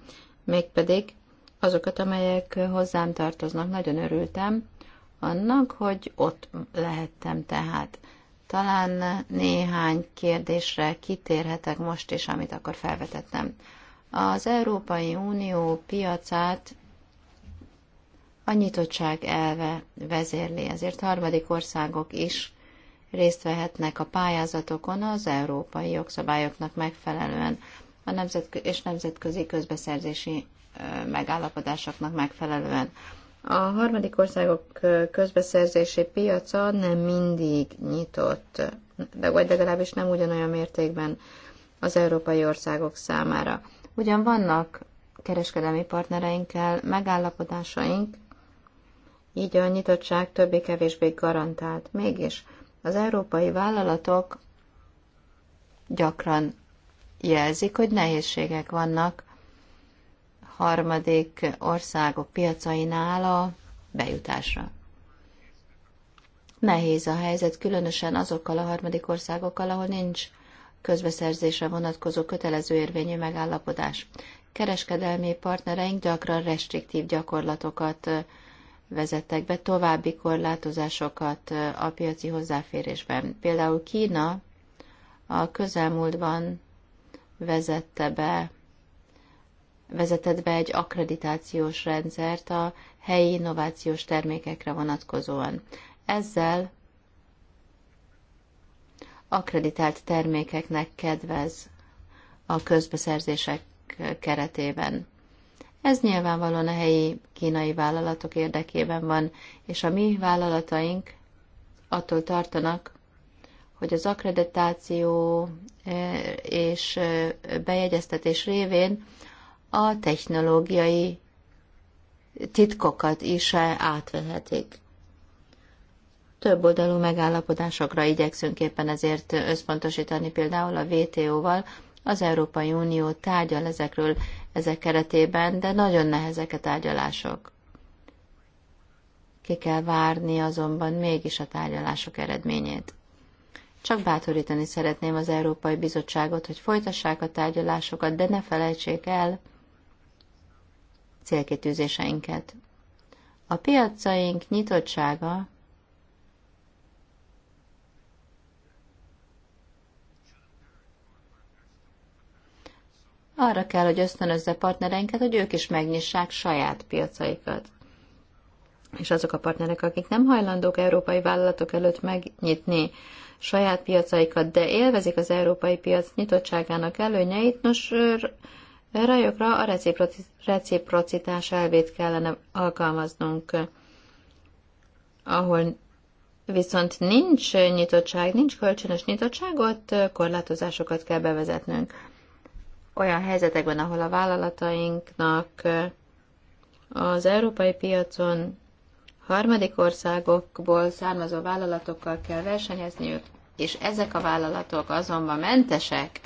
mégpedig azokat, amelyek hozzám tartoznak. Nagyon örültem annak, hogy ott lehettem tehát. Talán néhány kérdésre kitérhetek most is, amit akkor felvetettem. Az Európai Unió piacát a nyitottság elve vezérli, ezért harmadik országok is részt vehetnek a pályázatokon az európai jogszabályoknak megfelelően a nemzetközi és nemzetközi közbeszerzési megállapodásoknak megfelelően. A harmadik országok közbeszerzési piaca nem mindig nyitott, de vagy legalábbis nem ugyanolyan mértékben az európai országok számára. Ugyan vannak kereskedelmi partnereinkkel megállapodásaink, így a nyitottság többé-kevésbé garantált. Mégis az európai vállalatok gyakran jelzik, hogy nehézségek vannak harmadik országok piacainál a bejutásra. Nehéz a helyzet, különösen azokkal a harmadik országokkal, ahol nincs közbeszerzésre vonatkozó kötelező érvényű megállapodás. Kereskedelmi partnereink gyakran restriktív gyakorlatokat vezettek be, további korlátozásokat a piaci hozzáférésben. Például Kína a közelmúltban vezette be vezetett be egy akkreditációs rendszert a helyi innovációs termékekre vonatkozóan. Ezzel akkreditált termékeknek kedvez a közbeszerzések keretében. Ez nyilvánvalóan a helyi kínai vállalatok érdekében van, és a mi vállalataink attól tartanak, hogy az akkreditáció eh, és eh, bejegyeztetés révén a technológiai titkokat is átvehetik. Több oldalú megállapodásokra igyekszünk éppen ezért összpontosítani, például a WTO-val, az Európai Unió tárgyal ezekről ezek keretében, de nagyon nehezek a tárgyalások. Ki kell várni azonban mégis a tárgyalások eredményét. Csak bátorítani szeretném az Európai Bizottságot, hogy folytassák a tárgyalásokat, de ne felejtsék el, célkitűzéseinket. A piacaink nyitottsága arra kell, hogy ösztönözze partnereinket, hogy ők is megnyissák saját piacaikat. És azok a partnerek, akik nem hajlandók európai vállalatok előtt megnyitni saját piacaikat, de élvezik az európai piac nyitottságának előnyeit, nos, rajokra a reciprocitás elvét kellene alkalmaznunk, ahol viszont nincs nyitottság, nincs kölcsönös nyitottság, ott korlátozásokat kell bevezetnünk. Olyan helyzetekben, ahol a vállalatainknak az európai piacon harmadik országokból származó vállalatokkal kell versenyezniük, és ezek a vállalatok azonban mentesek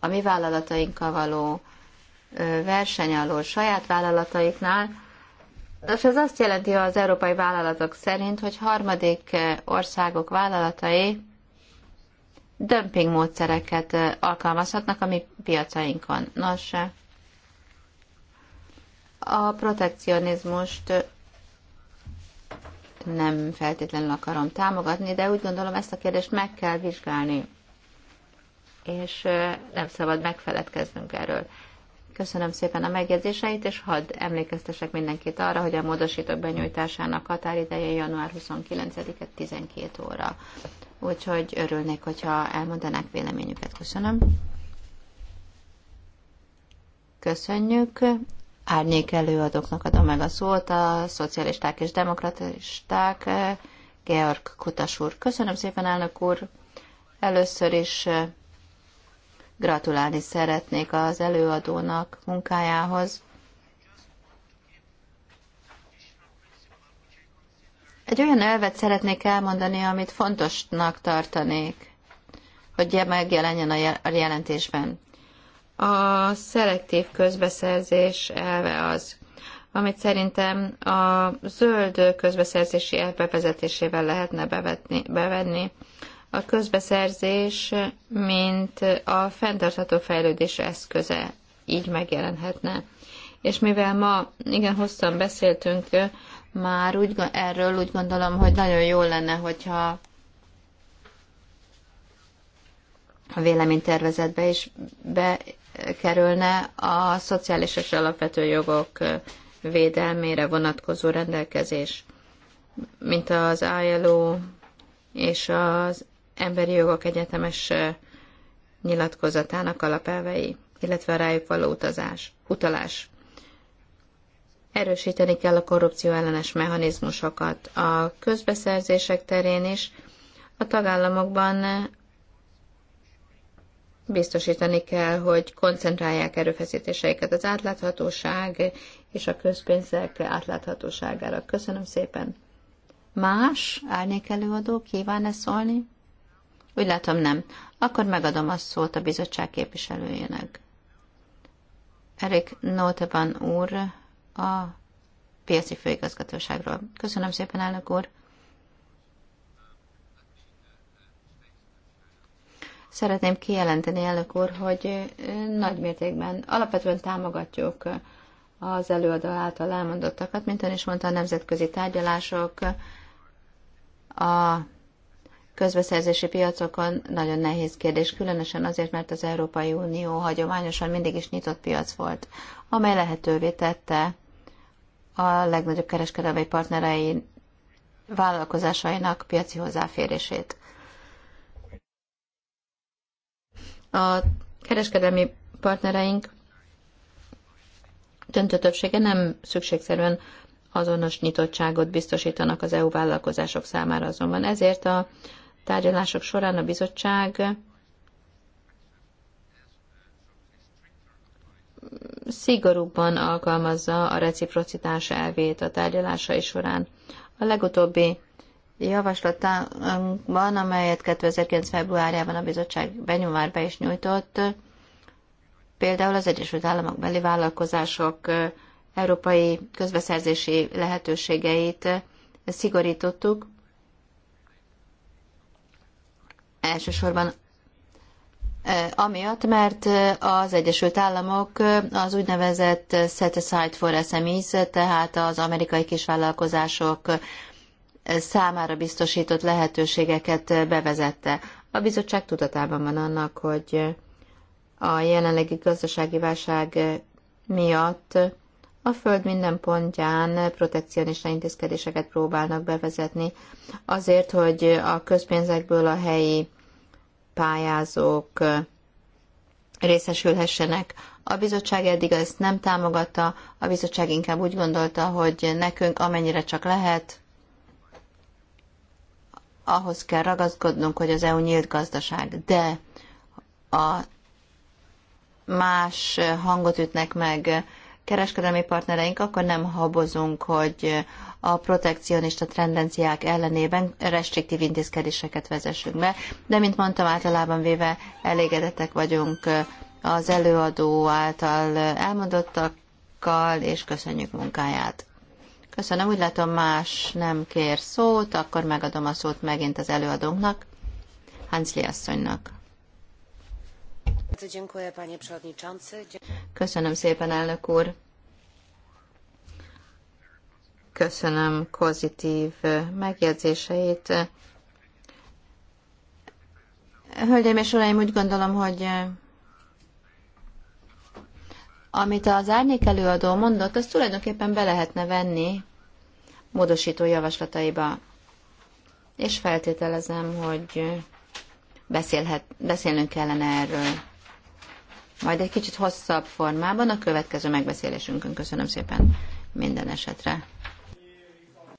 a mi vállalatainkkal való verseny alól saját vállalataiknál, és ez azt jelenti hogy az európai vállalatok szerint, hogy harmadik országok vállalatai dömping módszereket alkalmazhatnak a mi piacainkon. Nos, a protekcionizmust nem feltétlenül akarom támogatni, de úgy gondolom ezt a kérdést meg kell vizsgálni, és nem szabad megfeledkeznünk erről. Köszönöm szépen a megjegyzéseit, és hadd emlékeztesek mindenkit arra, hogy a módosítók benyújtásának határideje január 29-e 12 óra. Úgyhogy örülnék, hogyha elmondanák véleményüket. Köszönöm. Köszönjük. Árnyék előadóknak adom meg a szót, a szocialisták és demokratisták, Georg Kutas úr. Köszönöm szépen, elnök úr. Először is Gratulálni szeretnék az előadónak munkájához. Egy olyan elvet szeretnék elmondani, amit fontosnak tartanék, hogy megjelenjen a jelentésben. A szelektív közbeszerzés elve az, amit szerintem a zöld közbeszerzési elv bevezetésével lehetne bevetni, bevenni a közbeszerzés, mint a fenntartható fejlődés eszköze így megjelenhetne. És mivel ma igen hosszan beszéltünk már úgy, erről, úgy gondolom, hogy nagyon jó lenne, hogyha a véleménytervezetbe is bekerülne a szociális és alapvető jogok védelmére vonatkozó rendelkezés, mint az ILO és az Emberi Jogok Egyetemes nyilatkozatának alapelvei, illetve a rájuk való utazás, utalás. Erősíteni kell a korrupció ellenes mechanizmusokat a közbeszerzések terén is, a tagállamokban biztosítani kell, hogy koncentrálják erőfeszítéseiket az átláthatóság és a közpénzek átláthatóságára. Köszönöm szépen. Más árnyék előadó kíván-e szólni? Úgy látom nem. Akkor megadom a szót a bizottság képviselőjének. Erik Noteban úr a piaci főigazgatóságról. Köszönöm szépen, elnök úr. Szeretném kijelenteni, elnök úr, hogy nagy mértékben alapvetően támogatjuk az előadó által elmondottakat, mint ön is mondta, a nemzetközi tárgyalások, a közbeszerzési piacokon nagyon nehéz kérdés, különösen azért, mert az Európai Unió hagyományosan mindig is nyitott piac volt, amely lehetővé tette a legnagyobb kereskedelmi partnerei vállalkozásainak piaci hozzáférését. A kereskedelmi partnereink döntő többsége nem szükségszerűen azonos nyitottságot biztosítanak az EU vállalkozások számára azonban. Ezért a tárgyalások során a bizottság szigorúbban alkalmazza a reciprocitás elvét a tárgyalásai során. A legutóbbi javaslatban, amelyet 2009. februárjában a bizottság benyomárba is nyújtott, például az Egyesült Államok beli vállalkozások európai közbeszerzési lehetőségeit szigorítottuk, Elsősorban Amiatt, mert az Egyesült Államok az úgynevezett set aside for SMEs, tehát az amerikai kisvállalkozások számára biztosított lehetőségeket bevezette. A bizottság tudatában van annak, hogy a jelenlegi gazdasági válság miatt a Föld minden pontján protekcionista intézkedéseket próbálnak bevezetni, azért, hogy a közpénzekből a helyi pályázók részesülhessenek. A bizottság eddig ezt nem támogatta, a bizottság inkább úgy gondolta, hogy nekünk amennyire csak lehet, ahhoz kell ragaszkodnunk, hogy az EU nyílt gazdaság, de a más hangot ütnek meg kereskedelmi partnereink, akkor nem habozunk, hogy a protekcionista tendenciák ellenében restriktív intézkedéseket vezessünk be, de mint mondtam, általában véve elégedettek vagyunk az előadó által elmondottakkal, és köszönjük munkáját. Köszönöm, úgy látom más nem kér szót, akkor megadom a szót megint az előadónknak, Hansli asszonynak. Köszönöm szépen, elnök úr. Köszönöm pozitív megjegyzéseit. Hölgyeim és uraim, úgy gondolom, hogy amit az árnyék előadó mondott, azt tulajdonképpen be lehetne venni módosító javaslataiba. És feltételezem, hogy beszélhet, beszélnünk kellene erről majd egy kicsit hosszabb formában a következő megbeszélésünkön. Köszönöm szépen minden esetre.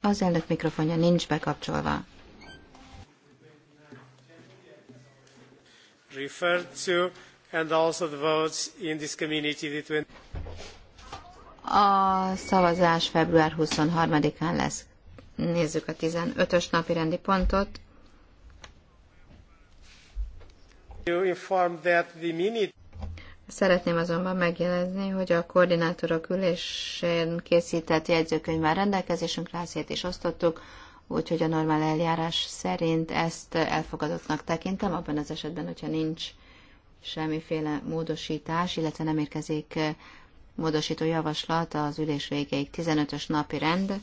Az elnök mikrofonja nincs bekapcsolva. A szavazás február 23-án lesz. Nézzük a 15-ös napi rendi pontot. You that the minute Szeretném azonban megjelezni, hogy a koordinátorok ülésén készített már rendelkezésünkre, azért is osztottuk, úgyhogy a normál eljárás szerint ezt elfogadottnak tekintem, abban az esetben, hogyha nincs semmiféle módosítás, illetve nem érkezik eh, módosító javaslat az ülés végéig 15-ös napi rend,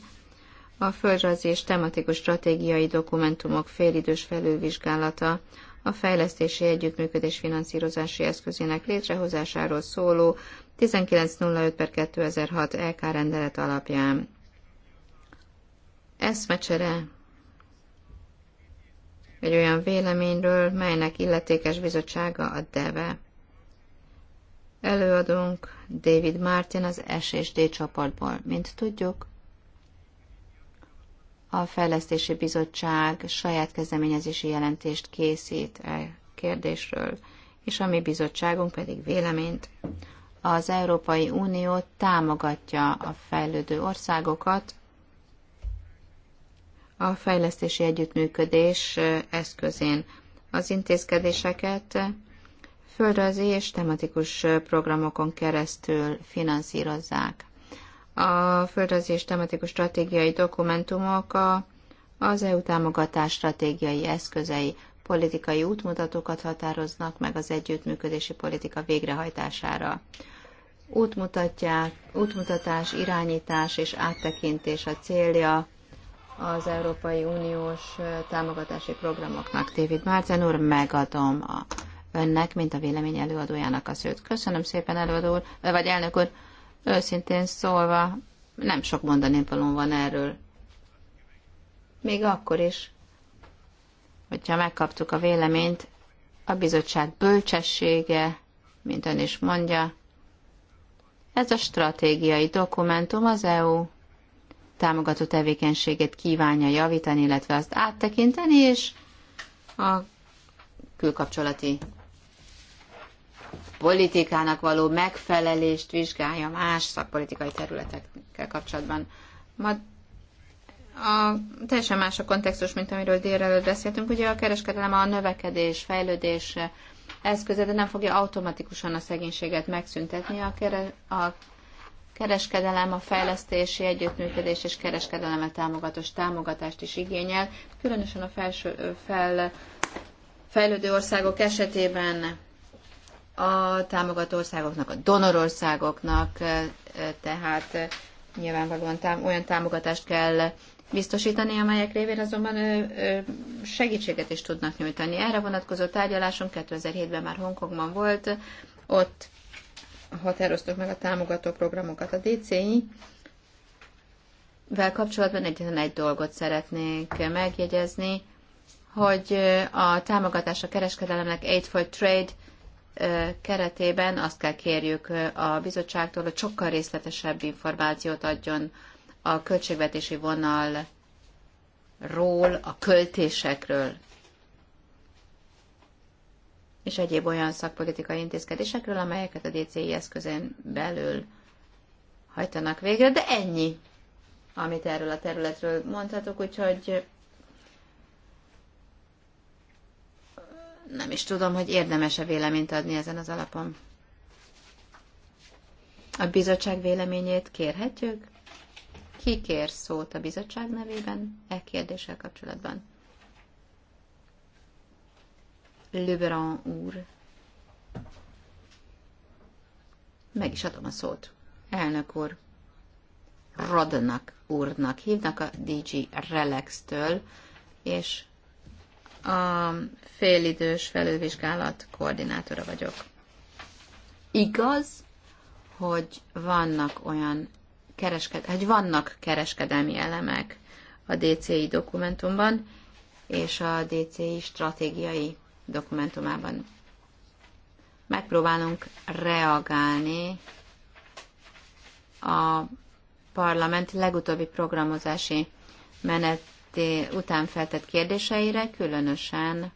a földrajzi és tematikus stratégiai dokumentumok félidős felülvizsgálata a fejlesztési együttműködés finanszírozási eszközének létrehozásáról szóló 1905 per 2006 LK rendelet alapján. Eszmecsere egy olyan véleményről, melynek illetékes bizottsága a DEVE. Előadunk David Martin az S&D csoportból. Mint tudjuk, a Fejlesztési Bizottság saját kezdeményezési jelentést készít e kérdésről, és a mi bizottságunk pedig véleményt. Az Európai Unió támogatja a fejlődő országokat a fejlesztési együttműködés eszközén. Az intézkedéseket földrajzi és tematikus programokon keresztül finanszírozzák a földrajzi és tematikus stratégiai dokumentumok a, az EU támogatás stratégiai eszközei, politikai útmutatókat határoznak meg az együttműködési politika végrehajtására. Útmutatják, útmutatás, irányítás és áttekintés a célja az Európai Uniós támogatási programoknak. David Márten úr, megadom a önnek, mint a vélemény előadójának a szőt. Köszönöm szépen, előadó úr, vagy elnök úr. Őszintén szólva, nem sok mondani van erről. Még akkor is, hogyha megkaptuk a véleményt, a bizottság bölcsessége, mint ön is mondja, ez a stratégiai dokumentum az EU támogató tevékenységét kívánja javítani, illetve azt áttekinteni, és a külkapcsolati politikának való megfelelést vizsgálja más szakpolitikai területekkel kapcsolatban. Ma a, teljesen más a kontextus, mint amiről délelőtt beszéltünk. Ugye a kereskedelem a növekedés, fejlődés eszköze, de nem fogja automatikusan a szegénységet megszüntetni. A, kere, a kereskedelem, a fejlesztési együttműködés és kereskedelemmel támogatós támogatást is igényel, különösen a felső, fel, fejlődő országok esetében a támogató országoknak, a donorországoknak, eh, eh, tehát eh, nyilvánvalóan tám- olyan támogatást kell biztosítani, amelyek révén azonban ö, ö, segítséget is tudnak nyújtani. Erre vonatkozó tárgyalásom 2007-ben már Hongkongban volt, ott határoztuk meg a támogató programokat a DCI, vel kapcsolatban egyetlen egy dolgot szeretnék megjegyezni, hogy a támogatás a kereskedelemnek Aid for Trade keretében azt kell kérjük a bizottságtól, hogy sokkal részletesebb információt adjon a költségvetési vonalról, a költésekről és egyéb olyan szakpolitikai intézkedésekről, amelyeket a DCI eszközén belül hajtanak végre, de ennyi, amit erről a területről mondhatok, úgyhogy nem is tudom, hogy érdemes-e véleményt adni ezen az alapon. A bizottság véleményét kérhetjük? Ki kér szót a bizottság nevében e kérdéssel kapcsolatban? Lebrun úr. Meg is adom a szót. Elnök úr. Rodnak úrnak hívnak a DG Relax-től, és a félidős felővizsgálat koordinátora vagyok. Igaz, hogy vannak olyan keresked, hogy vannak kereskedelmi elemek a DCI dokumentumban és a DCI stratégiai dokumentumában. Megpróbálunk reagálni a parlament legutóbbi programozási menet után feltett kérdéseire, különösen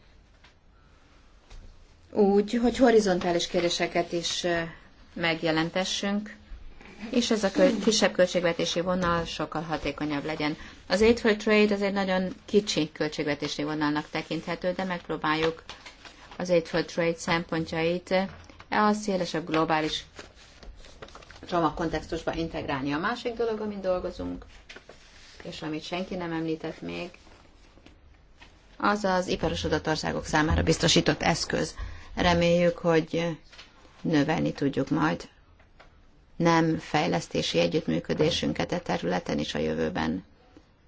úgy, hogy horizontális kérdéseket is megjelentessünk, és ez a kisebb költségvetési vonal sokkal hatékonyabb legyen. Az Aid for Trade az egy nagyon kicsi költségvetési vonalnak tekinthető, de megpróbáljuk az Aid for Trade szempontjait e a szélesebb globális csomagkontextusba integrálni. A másik dolog, amin dolgozunk, és amit senki nem említett még, az az iparosodott országok számára biztosított eszköz. Reméljük, hogy növelni tudjuk majd nem fejlesztési együttműködésünket e területen is a jövőben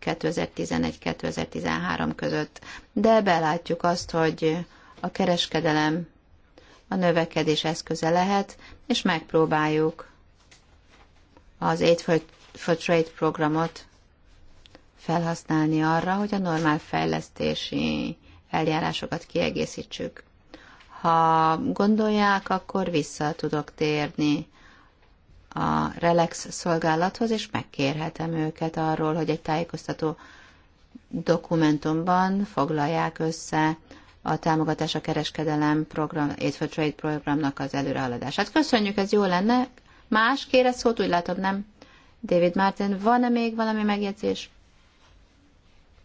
2011-2013 között. De belátjuk azt, hogy a kereskedelem a növekedés eszköze lehet, és megpróbáljuk az Aid for, for Trade programot felhasználni arra, hogy a normál fejlesztési eljárásokat kiegészítsük. Ha gondolják, akkor vissza tudok térni a Relax szolgálathoz, és megkérhetem őket arról, hogy egy tájékoztató dokumentumban foglalják össze a támogatás a kereskedelem program, Aid for Trade programnak az előrehaladását. Köszönjük, ez jó lenne. Más kére szót, úgy látom, nem? David Martin, van-e még valami megjegyzés?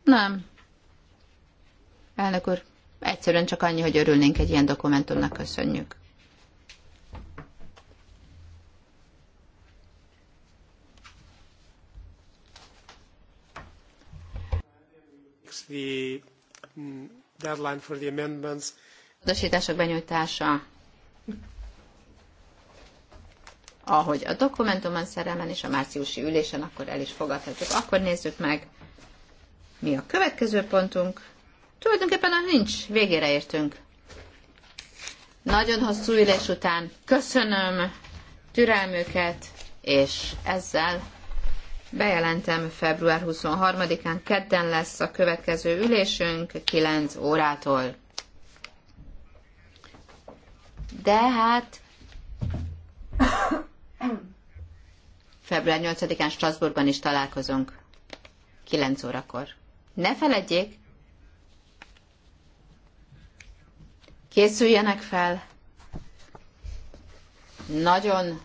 Nem. Elnök úr, egyszerűen csak annyi, hogy örülnénk egy ilyen dokumentumnak, köszönjük. Mm, deadline for the amendments. Módosítások benyújtása ahogy a dokumentumon szerelmen és a márciusi ülésen, akkor el is fogadhatjuk. Akkor nézzük meg mi a következő pontunk? Tulajdonképpen nincs, végére értünk. Nagyon hosszú ülés után köszönöm türelmüket, és ezzel bejelentem február 23-án kedden lesz a következő ülésünk 9 órától. De hát február 8-án Strasbourgban is találkozunk 9 órakor. Ne feledjék, készüljenek fel. Nagyon